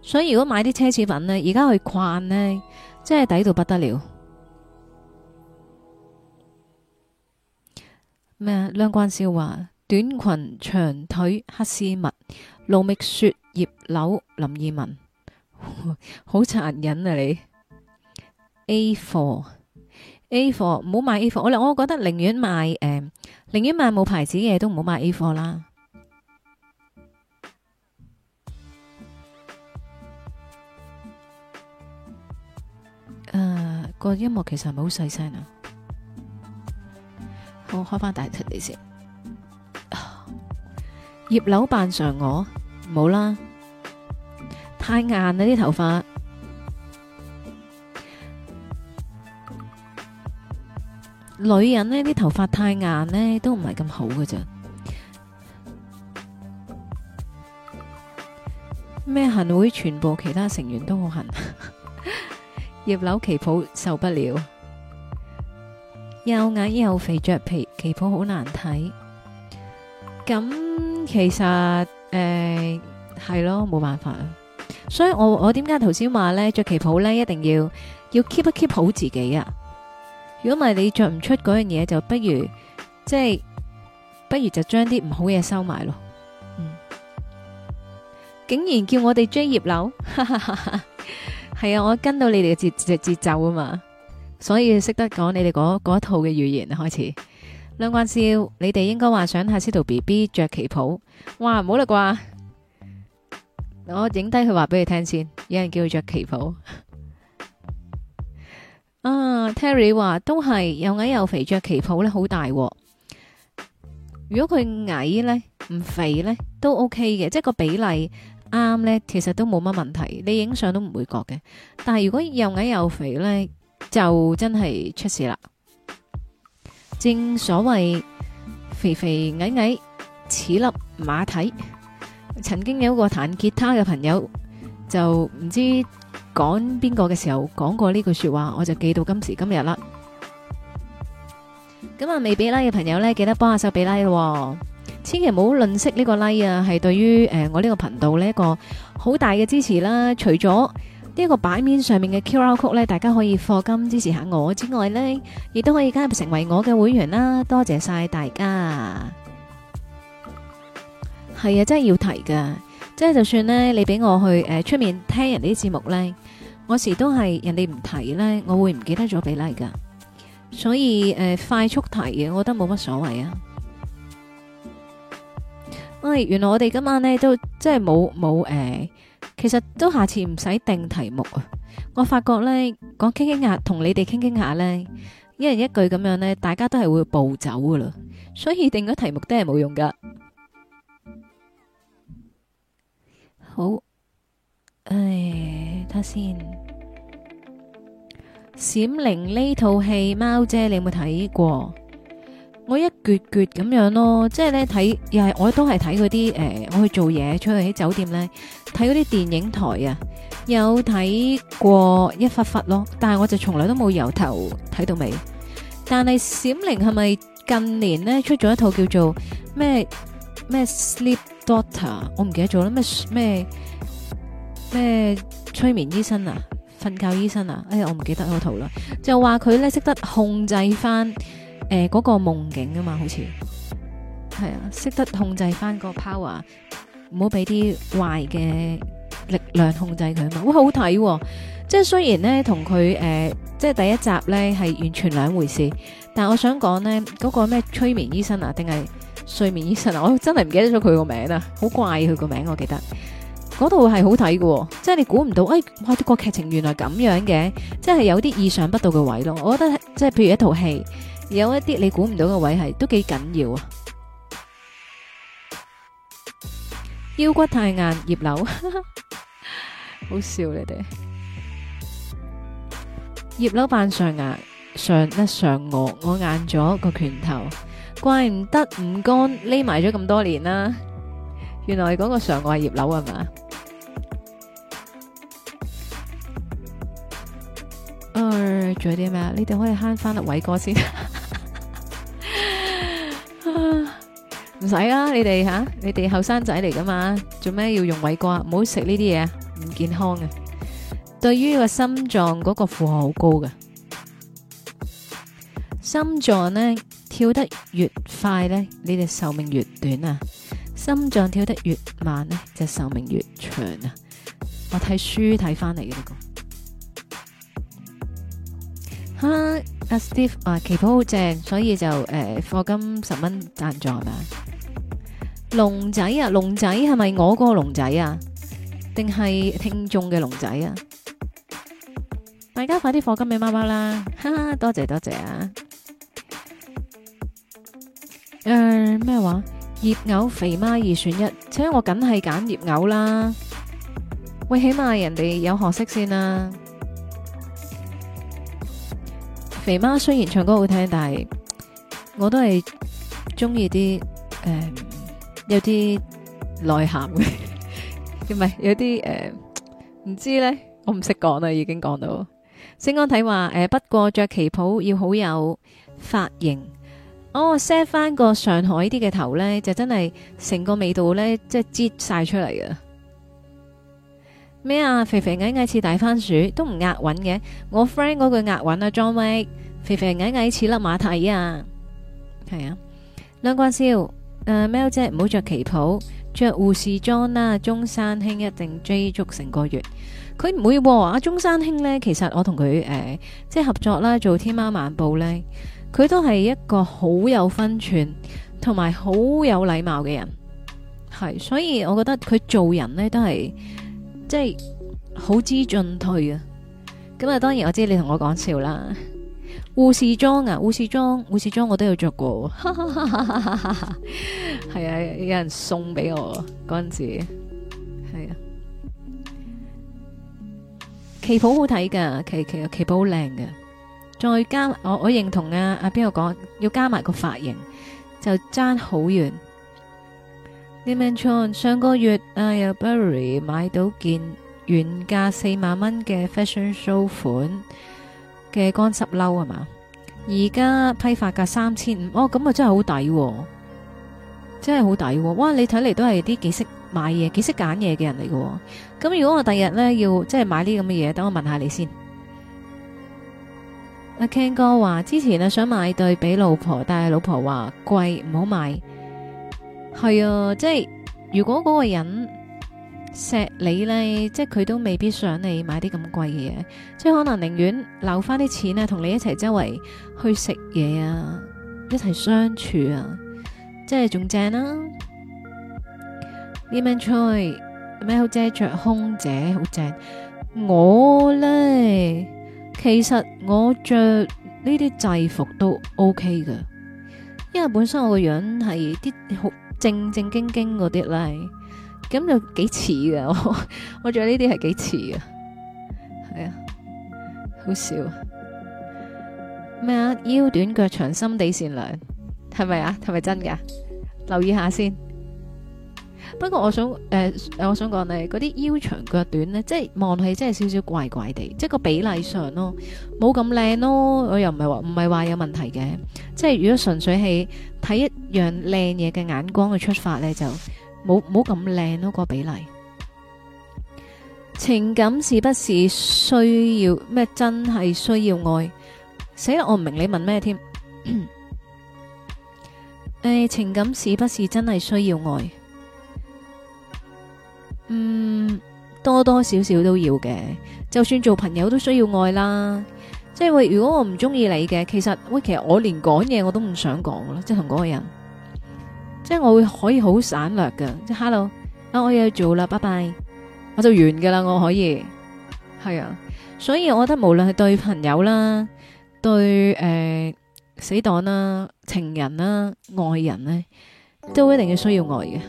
所以如果買啲奢侈品呢，而家去逛呢，真係抵到不得了。咩？兩關笑話，短裙長腿黑絲襪，路覓雪葉柳林二汶，好殘忍啊！你 A 貨 A 貨唔好買 A 貨，我我覺得寧願買誒，寧、呃、願買冇牌子嘅嘢都唔好買 A 貨啦。誒，個音樂其實係咪好細聲啊？好開翻大出嚟先，葉柳扮嫦娥，冇啦，太硬啦啲頭髮，女人咧啲頭髮太硬咧都唔係咁好嘅啫。咩行會全部其他成員都好痕，葉柳旗袍受不了。又矮又肥，着皮旗袍好難睇。咁其實誒係咯，冇、呃、辦法啊。所以我我點解頭先話咧着旗袍咧一定要要 keep 一 keep 好自己啊。如果唔係你着唔出嗰樣嘢，就不如即係、就是、不如就將啲唔好嘢收埋咯。嗯，竟然叫我哋追葉柳，係 <laughs> 啊，我跟到你哋嘅節節奏啊嘛。所以識得講你哋嗰套嘅語言開始。梁關少，你哋應該話想下司徒 BB 着旗袍哇，唔好啦啩。我影低佢話俾你聽先。有人叫佢着旗袍啊。Terry 話都係又矮又肥着旗袍呢，好大鑊啊。如果佢矮呢，唔肥呢，都 O K 嘅，即係個比例啱呢，其實都冇乜問題。你影相都唔會覺嘅。但係如果又矮又肥呢？就真係出事啦！正所謂肥肥矮矮似粒馬蹄，曾經有個彈吉他嘅朋友就唔知講邊個嘅時候講過呢句說話，我就記到今時今日啦。咁啊，未俾 like 嘅朋友呢，記得幫下手俾 like 喎。咯，千祈唔好吝嗇呢個 like 呀，係對啊！係對於誒、呃、我呢個頻道呢一個好大嘅支持啦。除咗呢、這、一個版面上面嘅 QR code 咧，大家可以課金支持下我之外呢，亦都可以加入成為我嘅會員啦。多謝晒大家，係啊，真係要提噶，即係就算呢，你俾我去誒出、呃、面聽人哋啲節目呢，我時都係人哋唔提呢，我會唔記得咗畀你噶，所以誒、呃、快速提嘅，我覺得冇乜所謂啊。哎，原來我哋今晚呢，都即係冇冇誒。其實都下次唔使定題目啊！我發覺咧，講傾傾下，同你哋傾傾下咧，一人一句咁樣咧，大家都係會暴走噶啦，所以定咗題目都係冇用噶。好，唉，睇下先。《閃靈》呢套戲，貓姐你有冇睇過？我一撅撅咁樣咯，即係咧睇，又係我都係睇嗰啲誒，我去做嘢出去啲酒店咧，睇嗰啲電影台啊，有睇過一忽忽咯，但係我就從來都冇由頭睇到尾。但係閃靈係咪近年咧出咗一套叫做咩咩 Sleep Doctor，我唔記得咗啦，咩咩咩催眠醫生啊，瞓覺醫生啊，哎呀，我唔記得嗰套啦，就話佢咧識得控制翻。誒、呃，嗰、那個夢境啊嘛，好似係啊，識得控制翻個 power，唔好俾啲壞嘅力量控制佢啊嘛，會好睇、哦。即係雖然咧同佢誒，即係第一集咧係完全兩回事，但係我想講咧嗰個咩催眠醫生啊，定係睡眠醫生啊，我真係唔記得咗佢個名啊，好怪佢個名，我記得嗰度係好睇嘅、哦，即係你估唔到，哎，開啲、這個劇情原來咁樣嘅，即係有啲意想不到嘅位咯。我覺得即係譬如一套戲。有一啲你估唔到嘅位係都幾緊要啊！腰骨太硬，葉柳好笑你哋。葉柳扮上牙上得上顎，我硬咗個拳頭，怪唔得唔干匿埋咗咁多年啦。原來嗰個上顎係葉柳係嘛？嗯，仲有啲咩啊？你哋可以慳翻粒偉哥先。唔使啦！你哋吓，你哋後生仔嚟噶嘛？做咩要用偉哥啊？唔好食呢啲嘢，唔健康嘅。對於個心臟嗰個負荷好高嘅，心臟呢跳得越快呢，你哋壽命越短啊！心臟跳得越慢呢，就壽命越長啊！我睇書睇翻嚟嘅呢個。哈。阿 Steve 啊，旗袍好正，所以就誒，課金十蚊贊助係咪？龍仔啊，龍仔係咪我個龍仔啊？定係聽眾嘅龍仔啊？大家快啲課金俾貓貓啦哈哈！多謝多謝啊！誒、呃、咩話？葉牛肥媽二選一，所以我梗係揀葉牛啦。喂，起碼人哋有學識先啦！肥媽雖然唱歌好聽，但係我都係中意啲誒，有啲內涵嘅，唔 <laughs> 係有啲誒，唔、嗯、知咧，我唔識講啦，已經講到。星安睇話誒，不過着旗袍要好有髮型，哦 set 翻個上海啲嘅頭咧，就真係成個味道咧，即係擠晒出嚟啊！咩啊？肥肥矮矮似大番薯，都唔押韻嘅。我 friend 嗰句押韻啊，John 裝威。肥肥矮矮似粒馬蹄啊，係啊。梁冠笑。誒、uh,，Mel 姐唔好着旗袍，着護士裝啦。中山兄一定追足成個月。佢唔會喎、哦，中山兄呢，其實我同佢誒，即係合作啦，做天貓晚報呢。佢都係一個好有分寸，同埋好有禮貌嘅人。係，所以我覺得佢做人呢都係。即係好知進退啊！咁啊，當然我知你同我講笑啦。護士裝啊，護士裝，護士裝，我都有着過，係 <laughs> 啊，有人送俾我嗰陣時，係啊。旗袍好睇噶，旗旗旗袍好靚噶。再加我，我認同啊。阿邊個講，要加埋個髮型，就爭好遠。你問錯，上個月啊，由 Burberry 買到件原價四萬蚊嘅 fashion show 款嘅乾濕褸係嘛？而家批發價三千五，哦，咁啊真係好抵，真係好抵。哇！你睇嚟都係啲幾識買嘢、幾識揀嘢嘅人嚟嘅。咁如果我第日呢，要即係買啲咁嘅嘢，等我問下你先。阿 Ken 哥話之前啊想買對俾老婆，但係老婆話貴唔好買。係啊，即係如果嗰個人錫你咧，即係佢都未必想你買啲咁貴嘅嘢，即係可能寧願留翻啲錢啊，同你一齊周圍去食嘢啊，一齊相處啊，即係仲正啦，啊。呢名菜咩好啫？着空姐好正。我咧，其實我着呢啲制服都 OK 噶，因為本身我個樣係啲好。正正經經嗰啲啦，咁就幾似噶。我我仲有呢啲係幾似噶，係啊，好笑咩啊？腰短腳長，心地善良，係咪啊？係咪真噶？留意下先。不過我、呃，我想誒我想講你嗰啲腰長腳短咧，即係望起真係少少怪怪地，即係個比例上咯，冇咁靚咯。我又唔係話唔係話有問題嘅，即係如果純粹係睇一樣靚嘢嘅眼光去出發咧，就冇冇咁靚咯個比例。情感是不是需要咩？真係需要愛？死啦！我唔明你問咩添？誒、 <coughs> 呃，情感是不是真係需要愛？多多少少都要嘅，就算做朋友都需要愛啦。即係喂，如果我唔中意你嘅，其實喂，其實我連講嘢我都唔想講，即係同嗰個人，即係我會可以好省略噶，即係 hello，啊我要去做啦拜拜，bye bye, 我就完噶啦，我可以，係啊，所以我覺得無論係對朋友啦，對誒、呃、死黨啦、情人啦、愛人咧，都一定要需要愛嘅。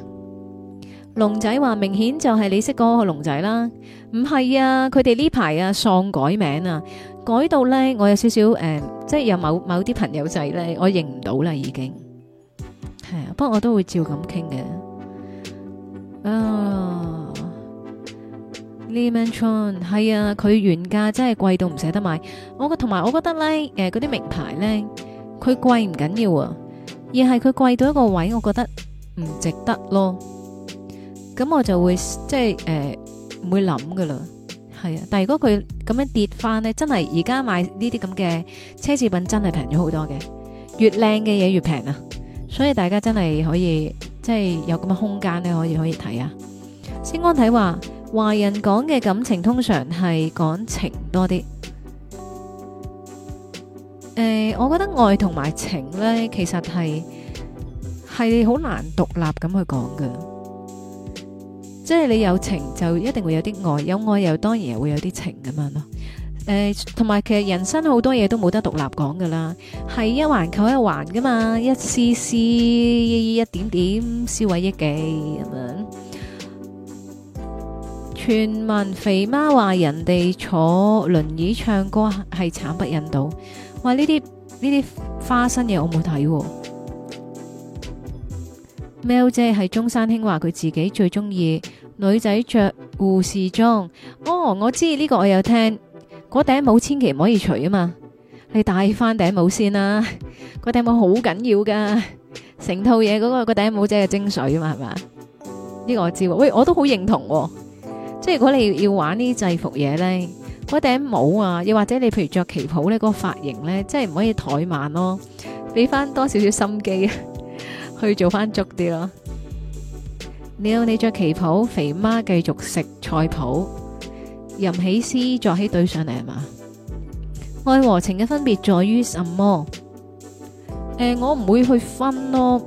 龍仔話：明顯就係你識嗰個龍仔啦，唔係啊。佢哋呢排啊，喪改名啊，改到咧，我有少少誒，即係有某某啲朋友仔咧，我認唔到啦，已經係啊。不過我都會照咁傾嘅啊。Le Man Chun 係啊，佢原價真係貴到唔捨得買。我個同埋，我覺得咧，誒嗰啲名牌咧，佢貴唔緊要啊，而係佢貴到一個位，我覺得唔值得咯。咁我就會即係誒唔會諗噶啦，係啊。但係如果佢咁樣跌翻咧，真係而家買呢啲咁嘅奢侈品真係平咗好多嘅，越靚嘅嘢越平啊！所以大家真係可以即係有咁嘅空間咧，可以可以睇啊。先安睇話，華人講嘅感情通常係講情多啲。誒、呃，我覺得愛同埋情咧，其實係係好難獨立咁去講㗎。即係你有情就一定會有啲愛，有愛又當然會有啲情咁樣咯。誒、呃，同埋其實人生好多嘢都冇得獨立講噶啦，係一環扣一環噶嘛，一絲絲一點點消毀一己咁樣。傳聞肥媽話人哋坐輪椅唱歌係慘不忍睹，哇，呢啲呢啲花生嘢我冇睇喵姐係中山興話佢自己最中意女仔着護士裝。哦，我知呢個我有聽。嗰頂帽千祈唔可以除啊嘛，你戴翻頂帽先啦。個頂帽好緊要噶，成套嘢，嗰個個頂帽即係精髓啊嘛，係嘛？呢個我知喎。喂，我都好認同，即係如果你要玩呢制服嘢咧，嗰頂帽啊，又或者你譬如着旗袍咧，嗰個髮型咧，即係唔可以怠慢咯，俾翻多少少心機。去做翻足啲咯，你有你着旗袍，肥媽繼續食菜譜，吟起詩，作起對上嚟係嘛？愛和情嘅分別在於什麼？誒、呃，我唔會去分咯，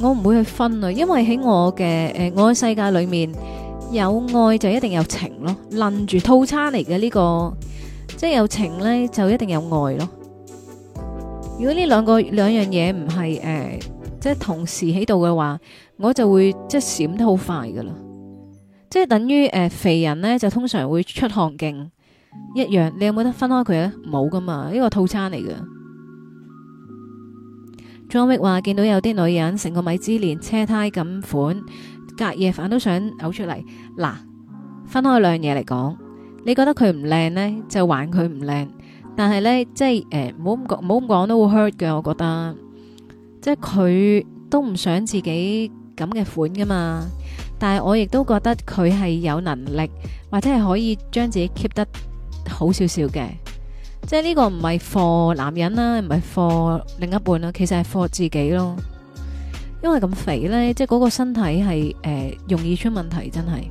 我唔會去分啊，因為喺我嘅誒愛世界裏面，有愛就一定有情咯，輪住套餐嚟嘅呢個，即係有情咧就一定有愛咯。如果呢兩個兩樣嘢唔係誒，即係同時喺度嘅話，我就會即係閃得好快噶啦，即係等於誒、呃、肥人咧就通常會出汗勁一樣，你有冇得分開佢咧？冇噶嘛，呢、呢個套餐嚟嘅。John 話見到有啲女人成個米芝蓮車胎咁款，隔夜飯都想嘔出嚟。嗱，分開兩樣嘢嚟講，你覺得佢唔靚咧，就玩佢唔靚。但係咧，即係誒，唔好咁講，唔好咁講都會 hurt 嘅。我覺得，即係佢都唔想自己咁嘅款噶嘛。但係我亦都覺得佢係有能力，或者係可以將自己 keep 得好少少嘅。即係呢個唔係 for 男人啦，唔係 for 另一半啦，其實係 for 自己咯。因為咁肥咧，即係嗰個身體係誒、呃、容易出問題，真係。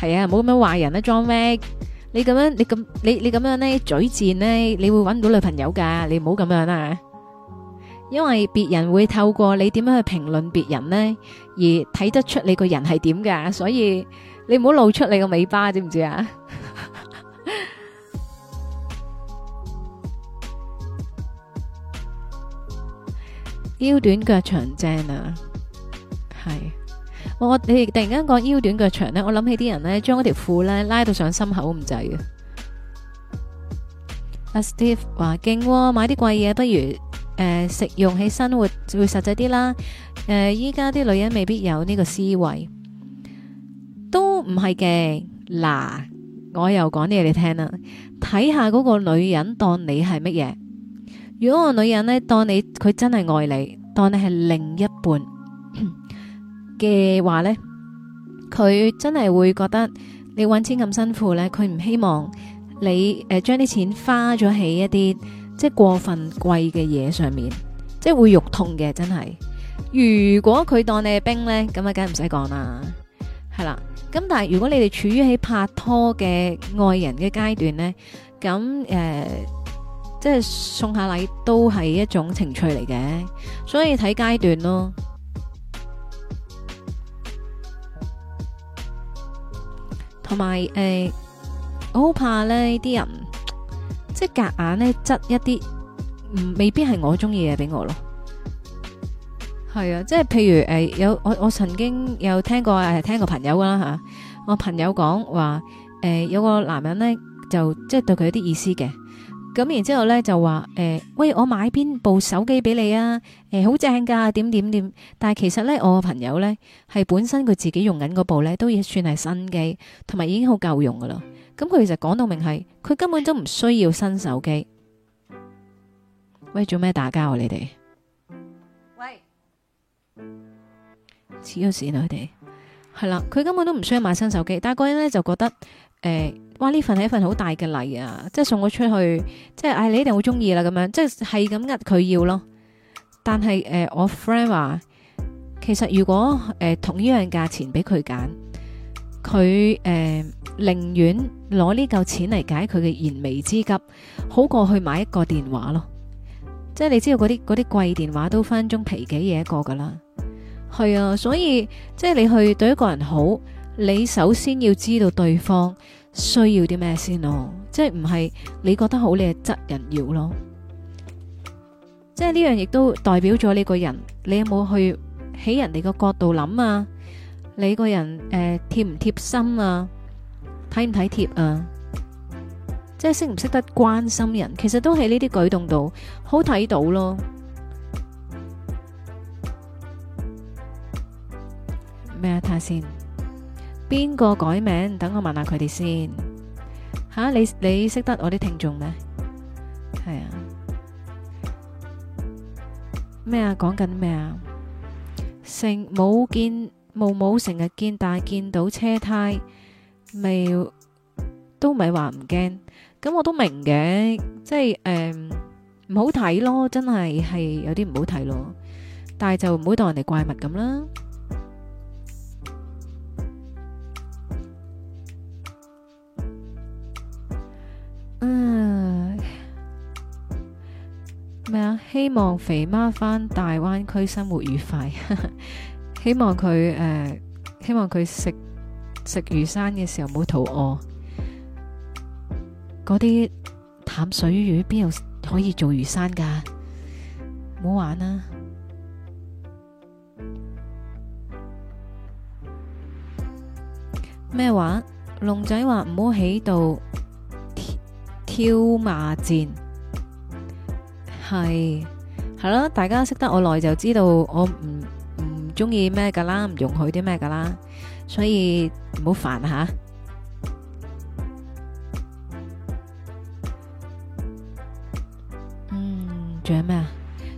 係啊，唔好咁樣話人啦，裝咩？你咁樣，你咁，你你咁樣咧，嘴賤咧，你會揾唔到女朋友噶，你唔好咁樣啊！因為別人會透過你點樣去評論別人咧，而睇得出你個人係點噶，所以你唔好露出你個尾巴，知唔知啊？腰短腳長正啊，係。我、哦、你突然間講腰短腳長咧，我諗起啲人咧將嗰條褲咧拉到上心口唔滯嘅。阿、uh, Steve 話勁、哦，買啲貴嘢不如誒、呃、食用起生活會，會實際啲啦。誒、呃，依家啲女人未必有呢個思維，都唔係嘅。嗱，我又講啲嘢你聽啦，睇下嗰個女人當你係乜嘢？如果個女人咧當你佢真係愛你，當你係另一半。嘅話呢，佢真係會覺得你揾錢咁辛苦呢。佢唔希望你誒將啲錢花咗喺一啲即係過分貴嘅嘢上面，即係會肉痛嘅，真係。如果佢當你係兵呢，咁啊梗係唔使講啦，係啦。咁但係如果你哋處於喺拍拖嘅愛人嘅階段呢，咁誒、呃、即係送下禮都係一種情趣嚟嘅，所以睇階段咯。同埋誒，我好怕咧，呢啲人即係隔硬咧，執一啲未必係我中意嘅嘢俾我咯。係啊，即係譬如誒、欸，有我我曾經有聽過誒，聽過朋友㗎啦吓、啊，我朋友講話誒，有個男人咧就即係對佢有啲意思嘅。咁然之後呢就話誒、哎，喂，我買邊部手機俾你啊？誒、哎，好正噶，點點點。但係其實呢，我個朋友呢，係本身佢自己用緊嗰部呢，都已算係新機，同埋已經好夠用噶啦。咁佢其實講到明係，佢根本都唔需要新手機。喂，做咩打交啊？你哋喂黐咗線啊！佢哋係啦，佢、啊、根本都唔需要買新手機，但係個人呢，就覺得誒。哎哇！呢份係一份好大嘅禮啊，即係送我出去，即係唉、哎，你一定好中意啦。咁樣即係係咁，呃佢要咯。但係誒、呃，我 friend 話其實如果誒、呃、同一樣價錢俾佢揀，佢誒、呃、寧願攞呢嚿錢嚟解佢嘅燃眉之急，好過去買一個電話咯。即係你知道嗰啲嗰啲貴電話都分分鐘皮幾嘢一個噶啦。係啊，所以即係你去對一個人好，你首先要知道對方。需要啲咩先咯？即係唔係你覺得好你係執人要咯？即係呢樣亦都代表咗你個人，你有冇去喺人哋個角度諗啊？你個人誒貼唔貼心啊？體唔體貼啊？即係識唔識得關心人？其實都喺呢啲舉動度好睇到咯。咩啊？睇先。邊個改名？等我問下佢哋先。吓，你你識得我啲聽眾咩？係啊。咩啊？講緊咩啊？成冇見冇冇成日見，但係見到車胎，咪都咪話唔驚。咁我都明嘅，即係誒唔好睇咯，真係係有啲唔好睇咯。但係就唔好當人哋怪物咁啦。咩啊？希望肥媽返大灣區生活愉快。 <laughs> 希望佢誒、呃，希望佢食食魚生嘅時候唔好肚餓。嗰啲淡水魚邊度可以做魚生噶？唔好玩啦、啊！咩話？龍仔話唔好喺度。挑罵戰係係啦，大家識得我耐就知道我唔唔中意咩㗎啦，唔容許啲咩㗎啦，所以唔好煩吓。嗯，仲有咩啊？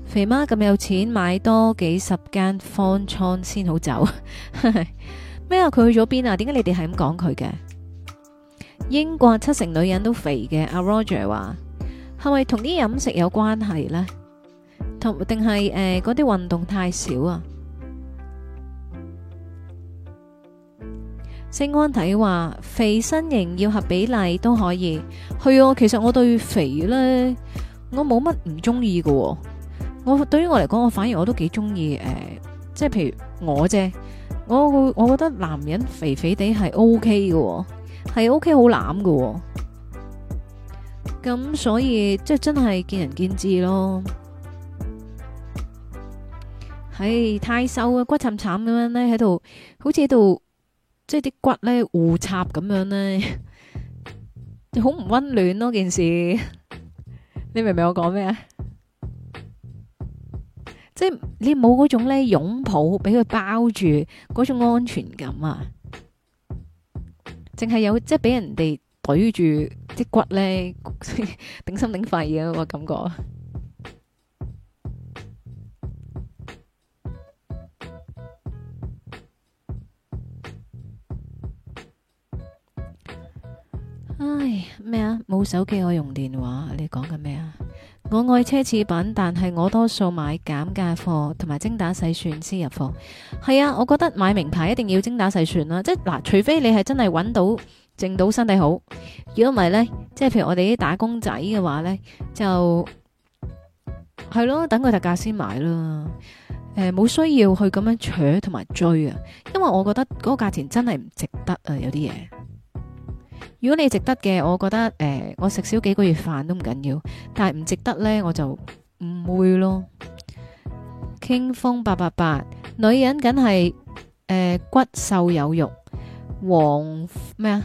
肥媽咁有錢，買多幾十間方艙，先好走。咩 <laughs> 啊？佢去咗邊啊？點解你哋係咁講佢嘅？英國七成女人都肥嘅，阿 Roger 話係咪同啲飲食有關係呢？同定係誒嗰啲運動太少啊？聖安體話肥身形要合比例都可以，係哦、啊。其實我對肥咧，我冇乜唔中意嘅。我對於我嚟講，我反而我都幾中意誒，即係譬如我啫，我我覺得男人肥肥哋係 OK 嘅、哦。係 OK，好攬嘅，咁所以即係真係見仁見智咯。係太瘦啊，骨慘慘咁樣咧，喺度好似喺度即係啲骨咧互插咁樣咧，就好唔温暖咯。件事，你明唔明我講咩啊？即係你冇嗰種咧擁抱，俾佢包住嗰種安全感啊！淨係有即係俾人哋懟住啲骨咧，頂心頂肺嘅個感覺。唉，咩啊？冇手機我用電話，你講緊咩啊？我愛奢侈品，但係我多數買減價貨，同埋精打細算先入貨。係啊，我覺得買名牌一定要精打細算啦，即係嗱，除非你係真係揾到，淨到身體好。如果唔係呢，即係譬如我哋啲打工仔嘅話呢，就係咯，啊，等佢特價先買啦。欸，冇需要去咁樣搶同埋追啊，因為我覺得嗰個價錢真係唔值得啊，有啲嘢。如果你值得嘅，我覺得誒、呃，我食少幾個月飯都唔緊要。但係唔值得呢，我就唔會咯。傾風八八八，女人梗係、呃、骨瘦有肉，黃咩啊？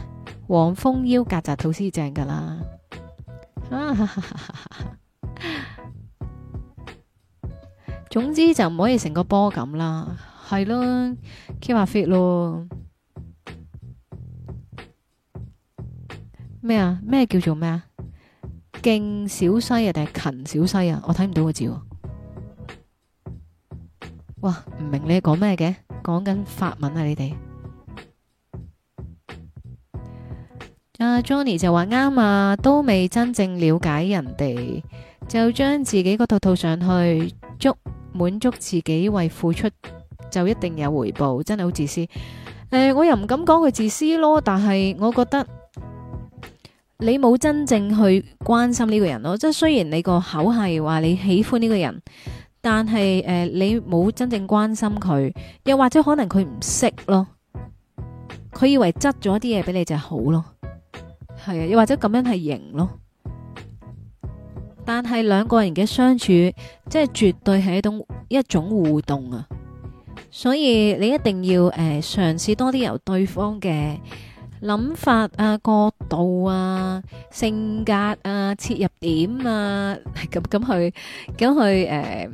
黃蜂腰、曱甴肚先正噶啦。啊，總之就唔可以成個波咁啦，係咯，keep 下 fit 咯。咩啊？咩叫做咩啊？勁小西啊？定係勤小西啊？我睇唔到個字、啊。哇！唔明你講咩嘅？講緊法文啊？你哋阿、啊、Johnny 就話啱啊！都未真正了解人哋，就將自己嗰套套上去，足滿足自己為付出，就一定有回報。真係好自私。誒、呃，我又唔敢講佢自私咯，但係我覺得。你冇真正去關心呢個人咯，即係雖然你個口係話你喜歡呢個人，但係誒、呃、你冇真正關心佢，又或者可能佢唔識咯，佢以為執咗啲嘢俾你就好咯，係啊，又或者咁樣係型咯。但係兩個人嘅相處，即係絕對係一種一種互動啊，所以你一定要誒嘗試多啲由對方嘅。諗法啊，角度啊，性格啊，切入點啊，咁咁去咁去誒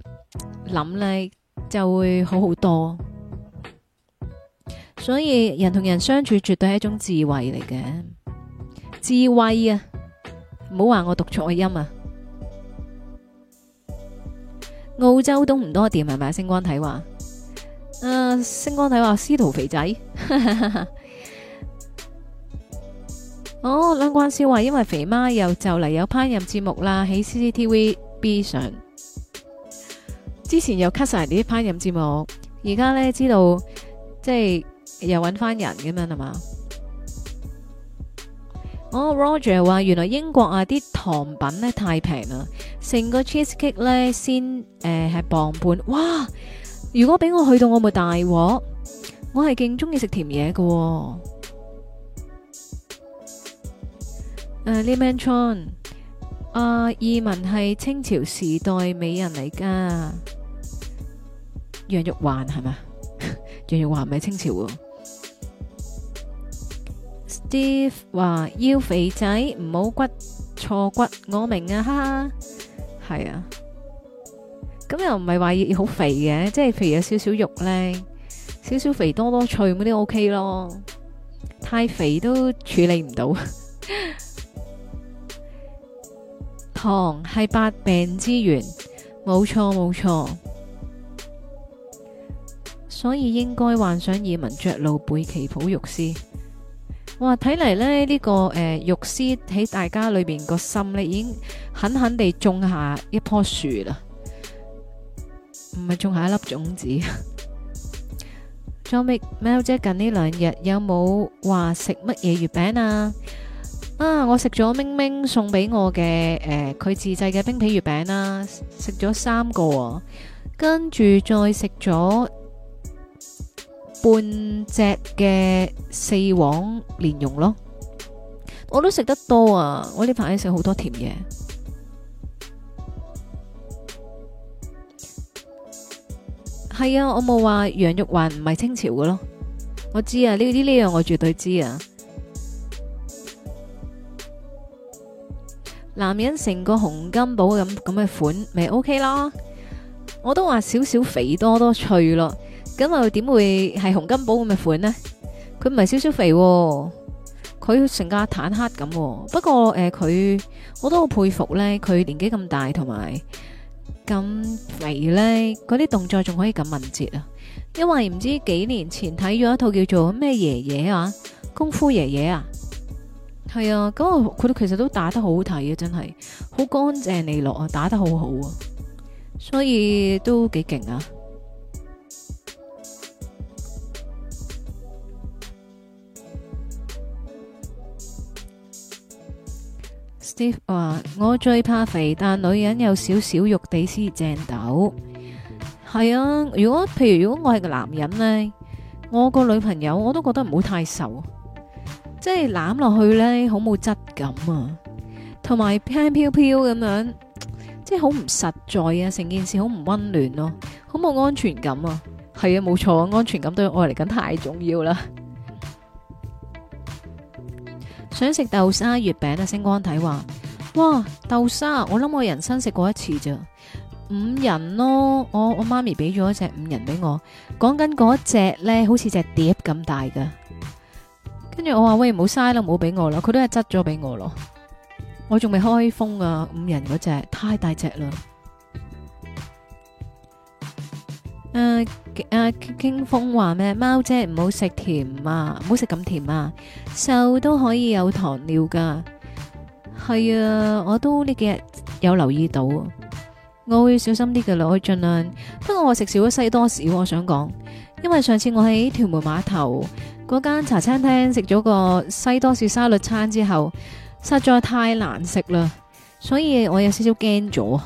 諗咧，就會好好多。所以人同人相處絕對係一種智慧，嚟嘅。智慧啊！唔好話我讀錯個音啊！澳洲都唔多掂係咪啊？星光體話，誒，星光體話，司徒肥仔。哦，梁冠超話，因為肥媽又就嚟有烹飪節目啦，喺 CCTV B 上，之前又 cut 晒人哋啲烹飪節目，而家咧知道即係又揾翻人咁樣係嘛？我、哦、Roger 話，原來英國啊啲糖品咧太平啦，成個 cheesecake 咧先誒係、呃、磅半，哇！如果俾我去到我沒大，我咪大鑊，我係勁中意食甜嘢噶。誒，你 mention 啊，二汶係清朝時代美人嚟噶，楊玉環係咪？楊 <laughs> 玉環唔係清朝喎。Steve 話腰肥仔唔好骨錯骨，我明啊，哈哈，係啊，咁又唔係話要好肥嘅，即係肥有少少肉咧，少少肥多多脆咁都 OK 咯，太肥都處理唔到。糖係百病之源，冇錯冇錯，所以應該幻想以民着露背旗袍肉絲。哇，睇嚟咧呢、這個誒肉、呃、絲喺大家裏邊個心咧，已經狠狠地種下一棵樹啦，唔係種下一粒種子。Joey <laughs> 喵姐近呢兩日有冇話食乜嘢月餅啊？啊！我食咗明明送俾我嘅誒，佢、呃、自製嘅冰皮月餅啦，食咗三個，跟住再食咗半隻嘅四黃蓮蓉咯。我都食得多啊！我呢排食好多甜嘢。係啊，我冇話楊玉環唔係清朝嘅咯。我知啊，呢啲呢樣我絕對知啊。男人成個洪金寶咁咁嘅款咪 O K 咯，我都話少少肥多多脆咯，咁又點會係洪金寶咁嘅款呢？佢唔係少少肥，佢成個坦克咁。不過誒，佢、呃、我都好佩服咧，佢年紀咁大同埋咁肥咧，嗰啲動作仲可以咁敏捷啊！因為唔知幾年前睇咗一套叫做咩爺爺啊，《功夫爺爺》啊。係啊，咁啊，佢哋其實都打得好好睇啊，真係好乾淨利落啊，打得好好啊，所以都幾勁啊。Steve 話：我最怕肥，但女人有少少肉地先至正斗。係啊，如果譬如如果我係個男人呢，我個女朋友我都覺得唔好太瘦。即係攬落去咧，好冇質感啊，同埋輕飄飄咁樣，即係好唔實在啊，成件事好唔溫暖咯、啊，好冇安全感啊，係啊，冇錯安全感對我嚟緊太重要啦。想食豆沙月餅啊，星光睇話，哇豆沙，我諗我人生食過一次咋，五仁咯，我我媽咪俾咗一隻五仁俾我，講緊嗰隻咧，好似隻碟咁大噶。跟住我話喂，唔好嘥啦，唔好俾我啦，佢都係執咗俾我咯。我仲未開封啊，五人嗰隻太大隻啦。誒、uh, 啊，誒，京風話咩？貓姐唔好食甜啊，唔好食咁甜啊，瘦都可以有糖尿噶。係啊，我都呢幾日有留意到，我會小心啲嘅咯，我會盡量。不過我食少咗西多士，我想講，因為上次我喺屯門碼頭。嗰間茶餐廳食咗個西多士沙律餐之後，實在太難食啦，所以我有少少驚咗。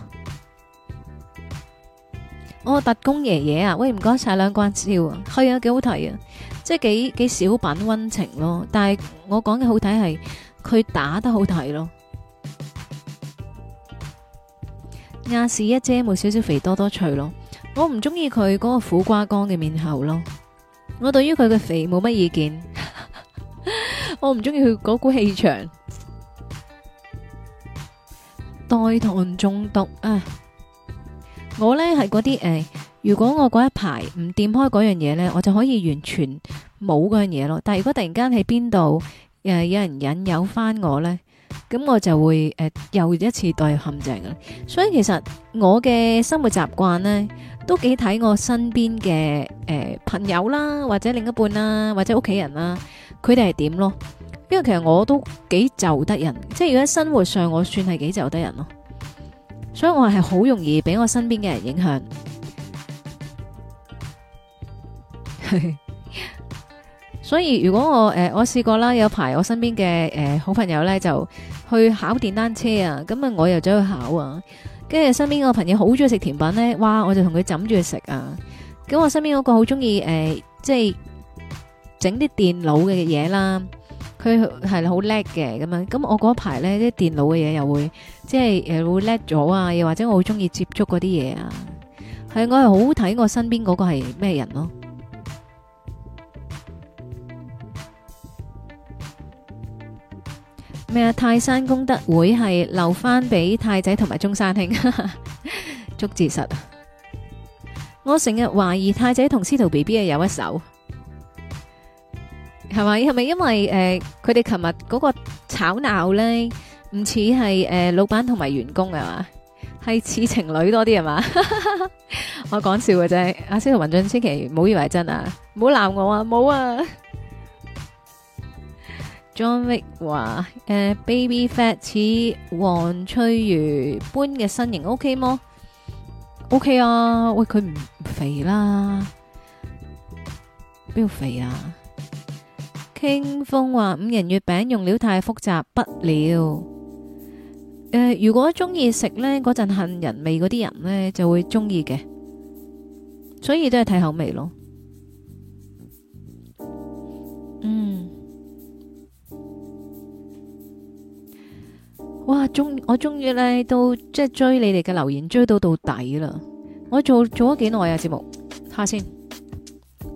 我個特工爺爺啊，喂，唔該晒兩關照啊，係啊，幾好睇啊，即係幾幾小品溫情咯。但係我講嘅好睇係佢打得好睇咯。亞視一姐冇少少肥多多脆咯，我唔中意佢嗰個苦瓜乾嘅面口咯。我對於佢嘅肥冇乜意見， <laughs> 我唔中意佢嗰股氣場。代糖中毒啊！我呢係嗰啲誒，如果我嗰一排唔掂開嗰樣嘢呢，我就可以完全冇嗰樣嘢咯。但係如果突然間喺邊度誒有人引誘翻我呢，咁我就會誒又、呃、一次代糖陷阱啦。所以其實我嘅生活習慣呢，都幾睇我身邊嘅誒朋友啦，或者另一半啦，或者屋企人啦，佢哋係點咯？因為其實我都幾就得人，即係而家生活上我算係幾就得人咯，所以我係好容易俾我身邊嘅人影響。 <laughs> 所以如果我誒、呃、我試過啦，有排我身邊嘅誒好朋友咧就去考電單車啊，咁啊我又走去考啊。跟住身邊個朋友好中意食甜品咧，哇！我就同佢枕住去食啊。咁我身邊嗰個好中意誒，即係整啲電腦嘅嘢啦。佢係好叻嘅咁樣。咁我嗰排咧啲電腦嘅嘢又會即係誒會叻咗啊！又或者我好中意接觸嗰啲嘢啊。係我係好睇我身邊嗰個係咩人咯。咩？泰山功德會係留翻俾太仔同埋中山兄捉字實。我成日懷疑太仔同司徒 B B 係有一手，係咪？係咪因為誒，佢哋琴日嗰個吵鬧咧，唔似係誒老闆同埋員工係嘛，係似情侶多啲係嘛？我講笑嘅啫，阿司徒文進千祈，唔好以為真啊，唔好鬧我啊，冇啊！John Wick 話：誒、uh，Baby Fat 似黃翠如般嘅身形，OK 麼？OK 啊，喂，佢唔肥啦，邊度肥啊？傾風話：五仁月餅用料太複雜不了，誒、uh，如果中意食咧嗰陣杏仁味嗰啲人咧，就會中意嘅，所以都係睇口味咯。哇，終我終於咧都即係追你哋嘅留言，追到到底啦！我做做咗幾耐啊？節目，睇下先，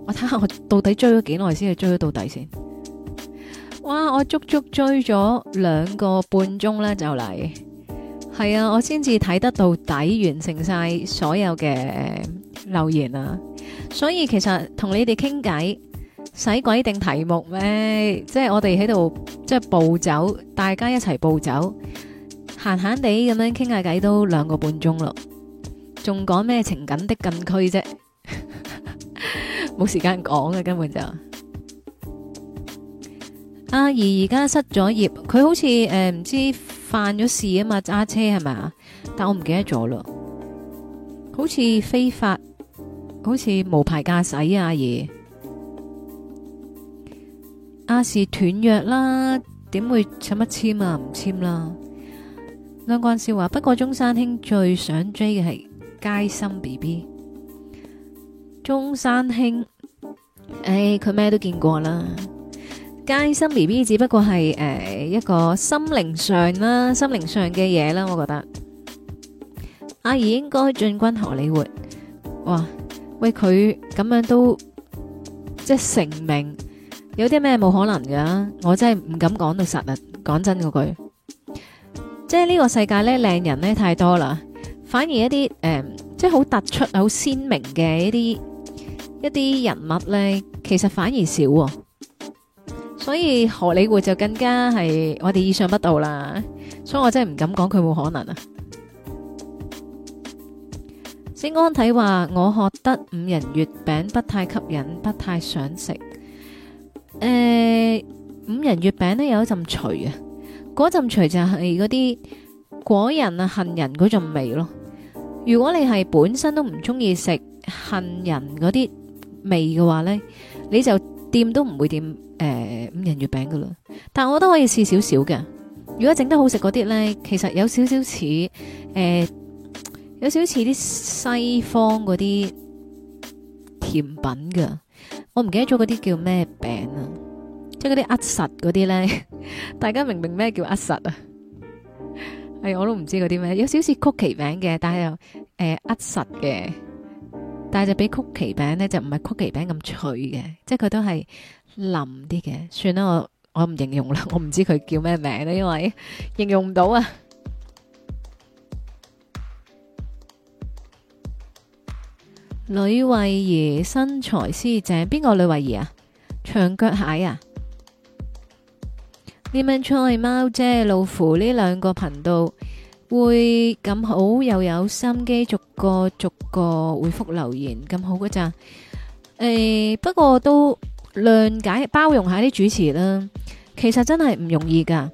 我睇下我到底追咗幾耐先至追得到底先。哇，我足足追咗兩個半鐘咧就嚟，係啊，我先至睇得到底完成晒所有嘅留言啊！所以其實同你哋傾偈。使鬼定題目咩？即係我哋喺度即係步走，大家一齊步走，閒閒地咁樣傾下偈都兩個半鐘咯，仲講咩情感的禁區啫？冇時間講嘅，根本就阿姨而家失咗業，佢好似誒唔知犯咗事啊嘛，揸車係咪啊？但我唔記得咗咯，好似非法，好似無牌駕駛啊，阿姨亞視斷約啦，點會使乜簽啊？唔簽啦！梁冠笑話，不過中山兄最想追嘅係佳心 B B。中山兄，誒，佢咩都見過啦。佳心 B B 只不過係誒一個心靈上啦，心靈上嘅嘢啦，我覺得。阿姨應該進軍荷里活。哇！喂，佢咁樣都即係成名。有啲咩冇可能㗎？我真係唔敢講到實嘞。講真嗰句，即係呢個世界咧，靚人咧太多啦，反而一啲誒、嗯，即係好突出、好鮮明嘅一啲一啲人物咧，其實反而少。所以荷里活就更加係我哋意想不到啦。所以我真係唔敢講佢冇可能啊。先安睇話：我覺得五仁月餅不太吸引，不太想食。誒、呃，五仁月餅咧有一陣除啊，嗰陣除就係嗰啲果仁啊、杏仁嗰陣味咯。如果你係本身都唔中意食杏仁嗰啲味嘅話咧，你就掂都唔會掂誒、呃、五仁月餅噶啦。但我都可以試少少嘅。如果整得好食嗰啲咧，其實有少少似誒，有少少似啲西方嗰啲甜品嘅。我唔記得咗嗰啲叫咩餅啊，即係嗰啲壓實嗰啲咧，大家明唔明咩叫壓實啊？係我都唔知嗰啲咩，有少少曲奇餅嘅，但係又誒，壓實嘅，但係就比曲奇餅咧就唔係曲奇餅咁脆嘅，即係佢都係腍啲嘅。算啦，我我唔形容啦，我唔知佢叫咩名啦，因為形容唔到啊。呂慧儀身材思靜，邊個呂慧儀啊？長腳蟹啊？呢名菜貓姐、老虎呢兩個頻道會咁好又有心機，逐個逐個回覆留言咁好㗎咋？誒、欸，不過都諒解包容下啲主持啦。其實真係唔容易噶。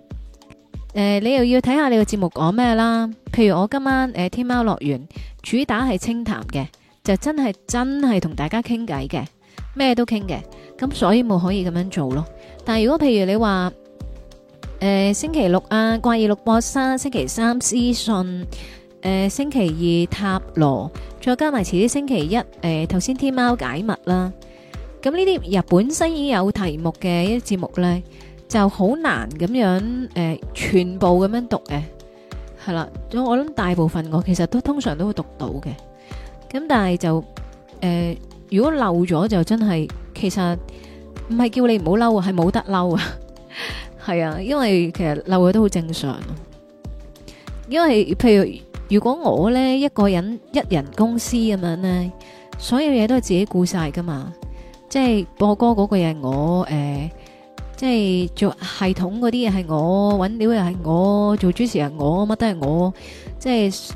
誒、欸，你又要睇下你個節目講咩啦？譬如我今晚誒、呃、天喵樂園主打係清談嘅。就真係真係同大家傾偈嘅，咩都傾嘅，咁所以冇可以咁樣做咯。但係如果譬如你話，誒星期六啊，怪異錄播三，星期三屍訊，誒星期二塔羅，再加埋遲啲星期一，誒頭先天喵解密啦。咁呢啲日本身已經有題目嘅一節目呢，就好難咁樣誒全部咁樣讀嘅，係啦。我諗大部分我其實都通常都會讀到嘅。咁、嗯、但係就誒、呃，如果漏咗就真係，其實唔係叫你唔好嬲啊，係冇得嬲啊，係 <laughs> 啊，因為其實漏嘅都好正常。因為譬如如果我咧一個人一人公司咁樣咧，所有嘢都係自己顧晒噶嘛，即係播歌嗰個人係我誒、呃，即係做系統嗰啲嘢係我搵料係我做主持人係我乜都係我，即係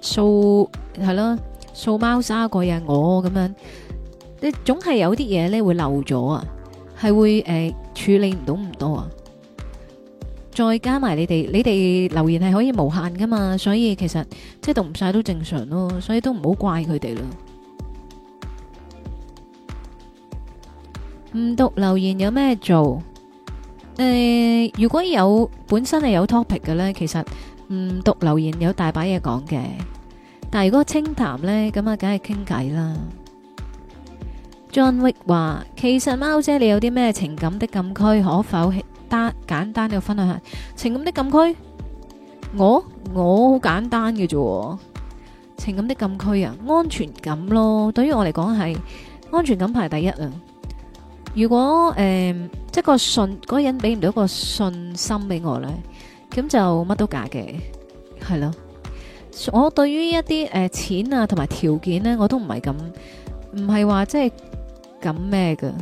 數係咯。掃貓砂嗰樣，我咁樣，你總係有啲嘢咧會漏咗啊，係會誒、呃、處理唔到唔多啊。再加埋你哋，你哋留言係可以無限噶嘛，所以其實即係讀唔晒都正常咯，所以都唔好怪佢哋咯。唔讀留言有咩做？誒、呃，如果有本身係有 topic 嘅咧，其實唔讀留言有大把嘢講嘅。但係如果清談呢，咁啊，梗係傾偈啦。John Wick 話，其實貓姐你有啲咩情感的禁區？可否單簡單嘅分享下情感的禁區？我我好簡單嘅啫，情感的禁區啊，安全感咯。對於我嚟講係安全感排第一啊。如果誒，即係個信嗰人俾唔到個信心俾我呢，咁就乜都假嘅，係咯。我對於一啲誒錢啊，同埋條件咧，我都唔係咁唔係話即係咁咩㗎。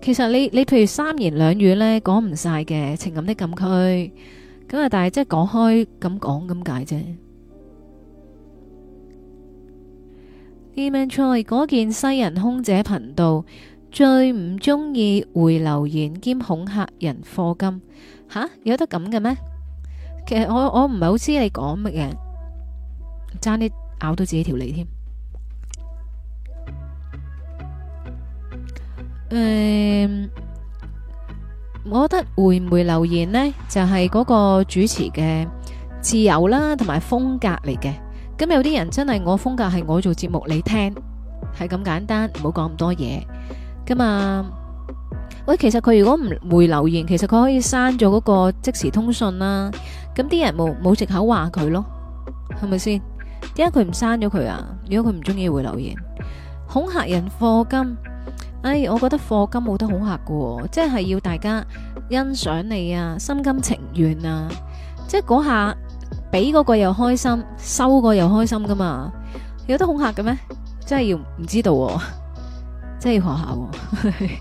其實你你譬如三言兩語咧講唔晒嘅情感的禁區咁啊，但係即係講開咁講咁解啫。Demontry 嗰件西人空姐頻道最唔中意回留言兼恐嚇人，課金，吓？有得咁嘅咩？其實我我唔係好知你講乜嘢，差啲咬到自己條脷添。誒，我覺得會唔會留言呢，就係嗰個主持嘅自由啦，同埋風格嚟嘅。咁有啲人真係我風格係我做節目，你聽係咁簡單，唔好講咁多嘢。咁啊，喂，其實佢如果唔會留言，其實佢可以刪咗嗰個即時通訊啦。咁啲人冇冇借口話佢咯，係咪先？點解佢唔刪咗佢啊？如果佢唔中意會留言，恐嚇人課金。哎，我覺得課金冇得恐嚇噶，即係要大家欣賞你啊，心甘情願啊，即係嗰下俾嗰個又開心，收個又開心噶嘛，有得恐嚇嘅咩？真係要唔知道，真係要學下。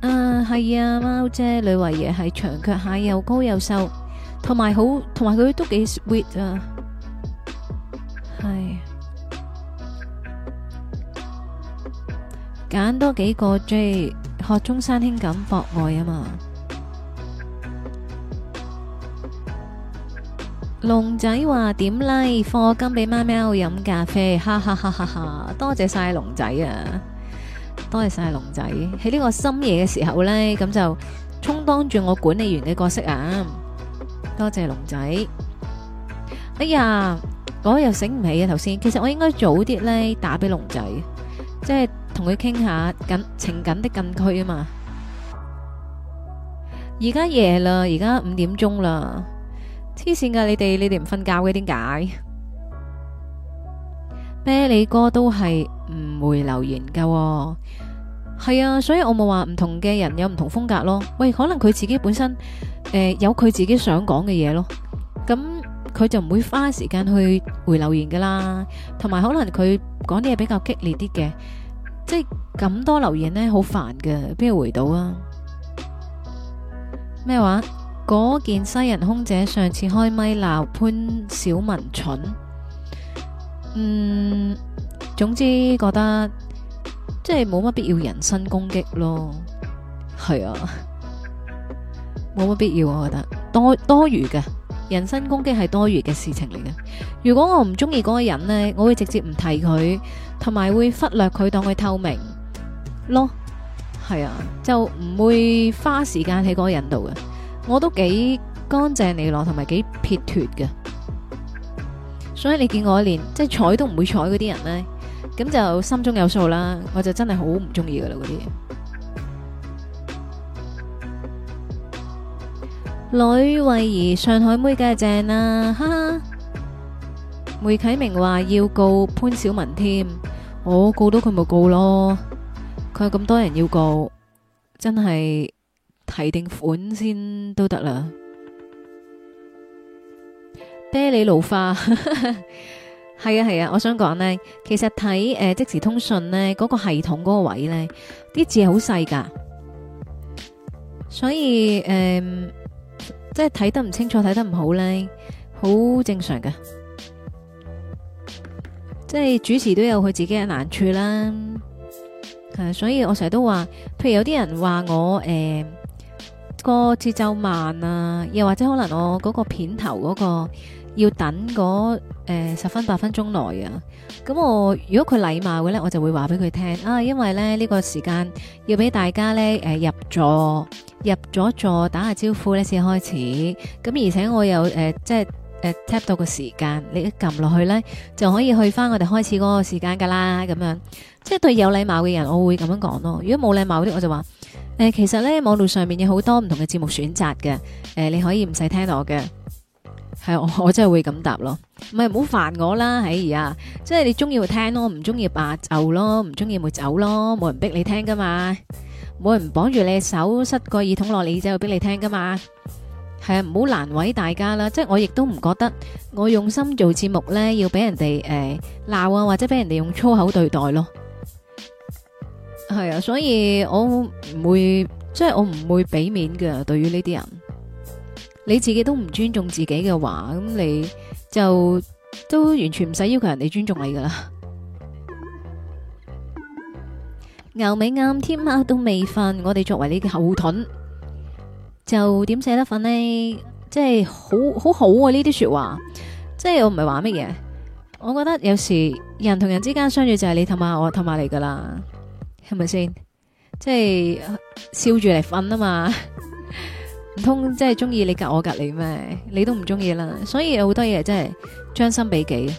啊，係啊，貓姐女維爺係長腳蟹，又高又瘦，同埋好，同埋佢都幾 sweet 啊，係，揀多幾個，即係學中山兄咁博愛啊嘛，龍仔話點 like 課金俾貓貓飲咖啡，哈哈哈哈哈，多謝晒龍仔啊！多謝晒龍仔喺呢個深夜嘅時候呢，咁就充當住我管理員嘅角色啊！多謝龍仔。哎呀，我又醒唔起啊！頭先其實我應該早啲呢打俾龍仔，即係同佢傾下緊情感的禁區啊嘛。而家夜啦，而家五點鐘啦，黐線噶你哋，你哋唔瞓覺嘅點解？啤你哥都係。唔回留言噶，係啊，所以我冇話唔同嘅人有唔同風格咯。喂，可能佢自己本身誒有佢自己想講嘅嘢咯，咁佢就唔會花時間去回留言噶啦。同埋可能佢講啲嘢比較激烈啲嘅，即係咁多留言呢，好煩噶，邊度回到啊？咩話？嗰件西人空姐上次開咪鬧潘小文蠢，嗯。總之覺得即係冇乜必要人身攻擊咯，係啊，冇乜必要我覺得多多餘嘅人身攻擊係多餘嘅事情嚟嘅。如果我唔中意嗰個人呢，我會直接唔提佢，同埋會忽略佢當佢透明咯。係啊，就唔會花時間喺嗰個人度嘅。我都幾乾淨利落，同埋幾撇脫嘅。所以你見我連即係睬都唔會睬嗰啲人呢。咁就心中有數啦，我就真係好唔中意噶啦，嗰啲女，慧兒、上海妹梗係正啦，哈哈！梅啟明話要告潘小文添，我告到佢咪告咯，佢有咁多人要告，真係提定款先都得啦。啤梨老花。係啊係啊，我想講咧，其實睇誒、呃、即時通訊咧嗰個系統嗰個位咧，啲字係好細噶，所以誒、呃、即係睇得唔清楚，睇得唔好咧，好正常噶。即係主持都有佢自己嘅難處啦，呃、所以我成日都話，譬如有啲人話我誒個節奏慢啊，又或者可能我嗰個片頭嗰、嗰個。要等嗰、呃、十分八分鐘內啊！咁我如果佢禮貌嘅呢，我就會話俾佢聽啊，因為呢呢、呢個時間要俾大家呢、呃、入座，入咗座打下招呼呢先開始。咁、嗯、而且我有誒、呃、即係、呃、tap 到個時間，你一撳落去呢，就可以去翻我哋開始嗰個時間噶啦。咁樣即係對有禮貌嘅人，我會咁樣講咯。如果冇禮貌啲，我就話、呃、其實呢網絡上面有好多唔同嘅節目選擇嘅、呃、你可以唔使聽我嘅。係 <music> 我真係會咁答咯，唔係唔好煩我啦，哎呀，即係你中意就聽咯，唔中意就罷就咯，唔中意咪走咯，冇人逼你聽噶嘛，冇人綁住你手塞個耳筒落你耳仔俾你聽噶嘛，係啊，唔好難為大家啦，即係我亦都唔覺得我用心做節目咧要俾人哋誒鬧啊或者俾人哋用粗口對待咯，係啊，所以我唔會即係我唔會俾面㗎對於呢啲人。你自己都唔尊重自己嘅話，咁你就都完全唔使要求人哋尊重你噶啦。牛尾啱天喵都未瞓，我哋作為你嘅後盾，就點捨得瞓呢？即係好好好啊！呢啲說話，即係我唔係話乜嘢。我覺得有時人同人之間相處就係你氹下我，我，氹下你噶啦，係咪先？即係笑住嚟瞓啊嘛～唔通即係中意你隔我隔你咩？你都唔中意啦，所以有好多嘢真係將心比己。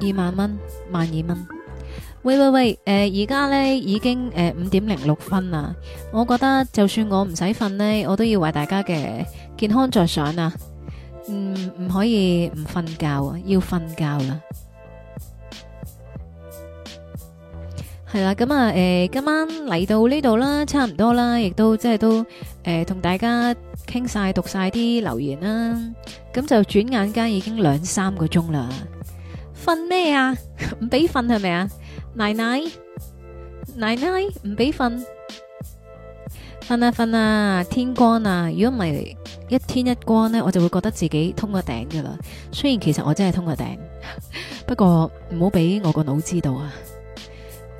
二萬蚊，萬二蚊。喂喂喂，誒而家咧已經誒五點零六分啦。我覺得就算我唔使瞓呢，我都要為大家嘅健康着想啦。唔、嗯、唔可以唔瞓覺啊，要瞓覺啦。係啦，咁啊，誒、嗯，今晚嚟到呢度啦，差唔多啦，亦都即係都誒，同、呃、大家傾晒、讀晒啲留言啦。咁、嗯、就轉眼間已經兩三個鐘啦。瞓咩啊？唔俾瞓係咪啊？奶奶，奶奶，唔俾瞓。瞓啊瞓啊，天光啊！如果唔係一天一光咧，我就會覺得自己通個頂噶啦。雖然其實我真係通個頂，不過唔好俾我個腦知道啊。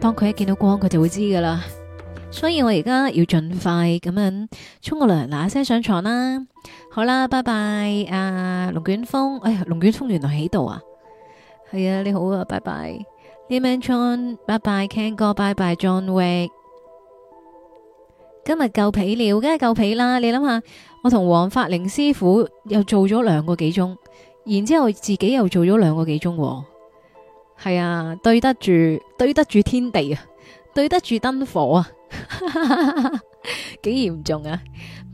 當佢一見到光，佢就會知噶啦。所以我而家要盡快咁樣沖個涼，嗱一聲上床啦。好啦，拜拜。阿、啊、龍捲風，哎呀，龍捲風原來喺度啊。係啊，你好啊，拜拜。Leon m John，拜拜。Ken 哥，拜拜。John Wick，今日夠皮了，梗係夠皮啦。你諗下，我同黃髮玲師傅又做咗兩個幾鐘，然之後自己又做咗兩個幾鐘。係啊，對得住，對得住天地啊，對得住燈火啊，幾哈嚴重啊！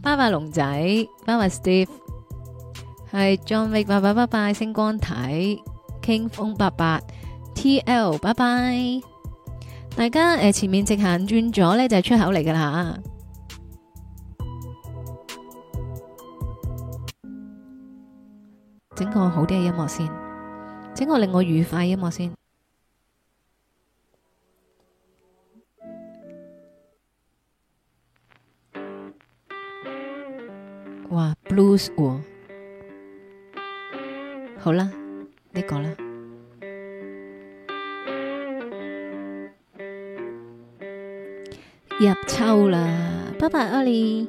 拜拜龍仔，拜拜 Steve，係 John Wick，拜拜拜拜，星光體，King 風，拜拜，TL，拜拜。大家誒、呃，前面直行轉左呢就係出口嚟噶啦，整個好啲嘅音樂先。請我令我愉快音樂先。哇，Blues 喎，好啦，呢個啦，入秋啦，拜拜，阿利。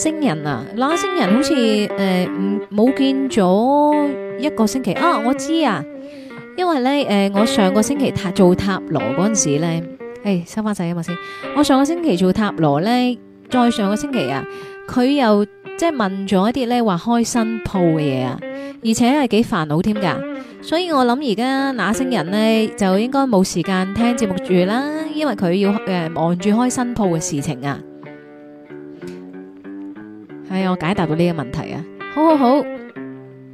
星人啊，那星人好似誒唔冇見咗一個星期啊！我知啊，因為咧誒、呃，我上個星期塔做塔羅嗰陣時咧，誒、哎、收翻曬啊嘛先。我上個星期做塔羅咧，再上個星期啊，佢又即係問咗一啲咧，話開新鋪嘅嘢啊，而且係幾煩惱添㗎。所以我諗而家那星人咧就應該冇時間聽節目住啦，因為佢要誒忙住開新鋪嘅事情啊。係啊，我解答到呢個問題啊！好好好，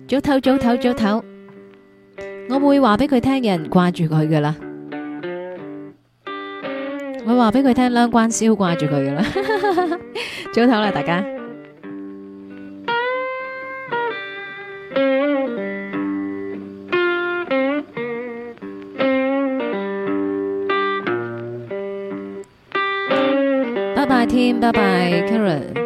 早唞早唞早唞，我會話俾佢聽，有人掛住佢噶啦。我話俾佢聽啦，關少掛住佢噶啦，早唞啦，大家。拜拜，添，拜拜，Karen。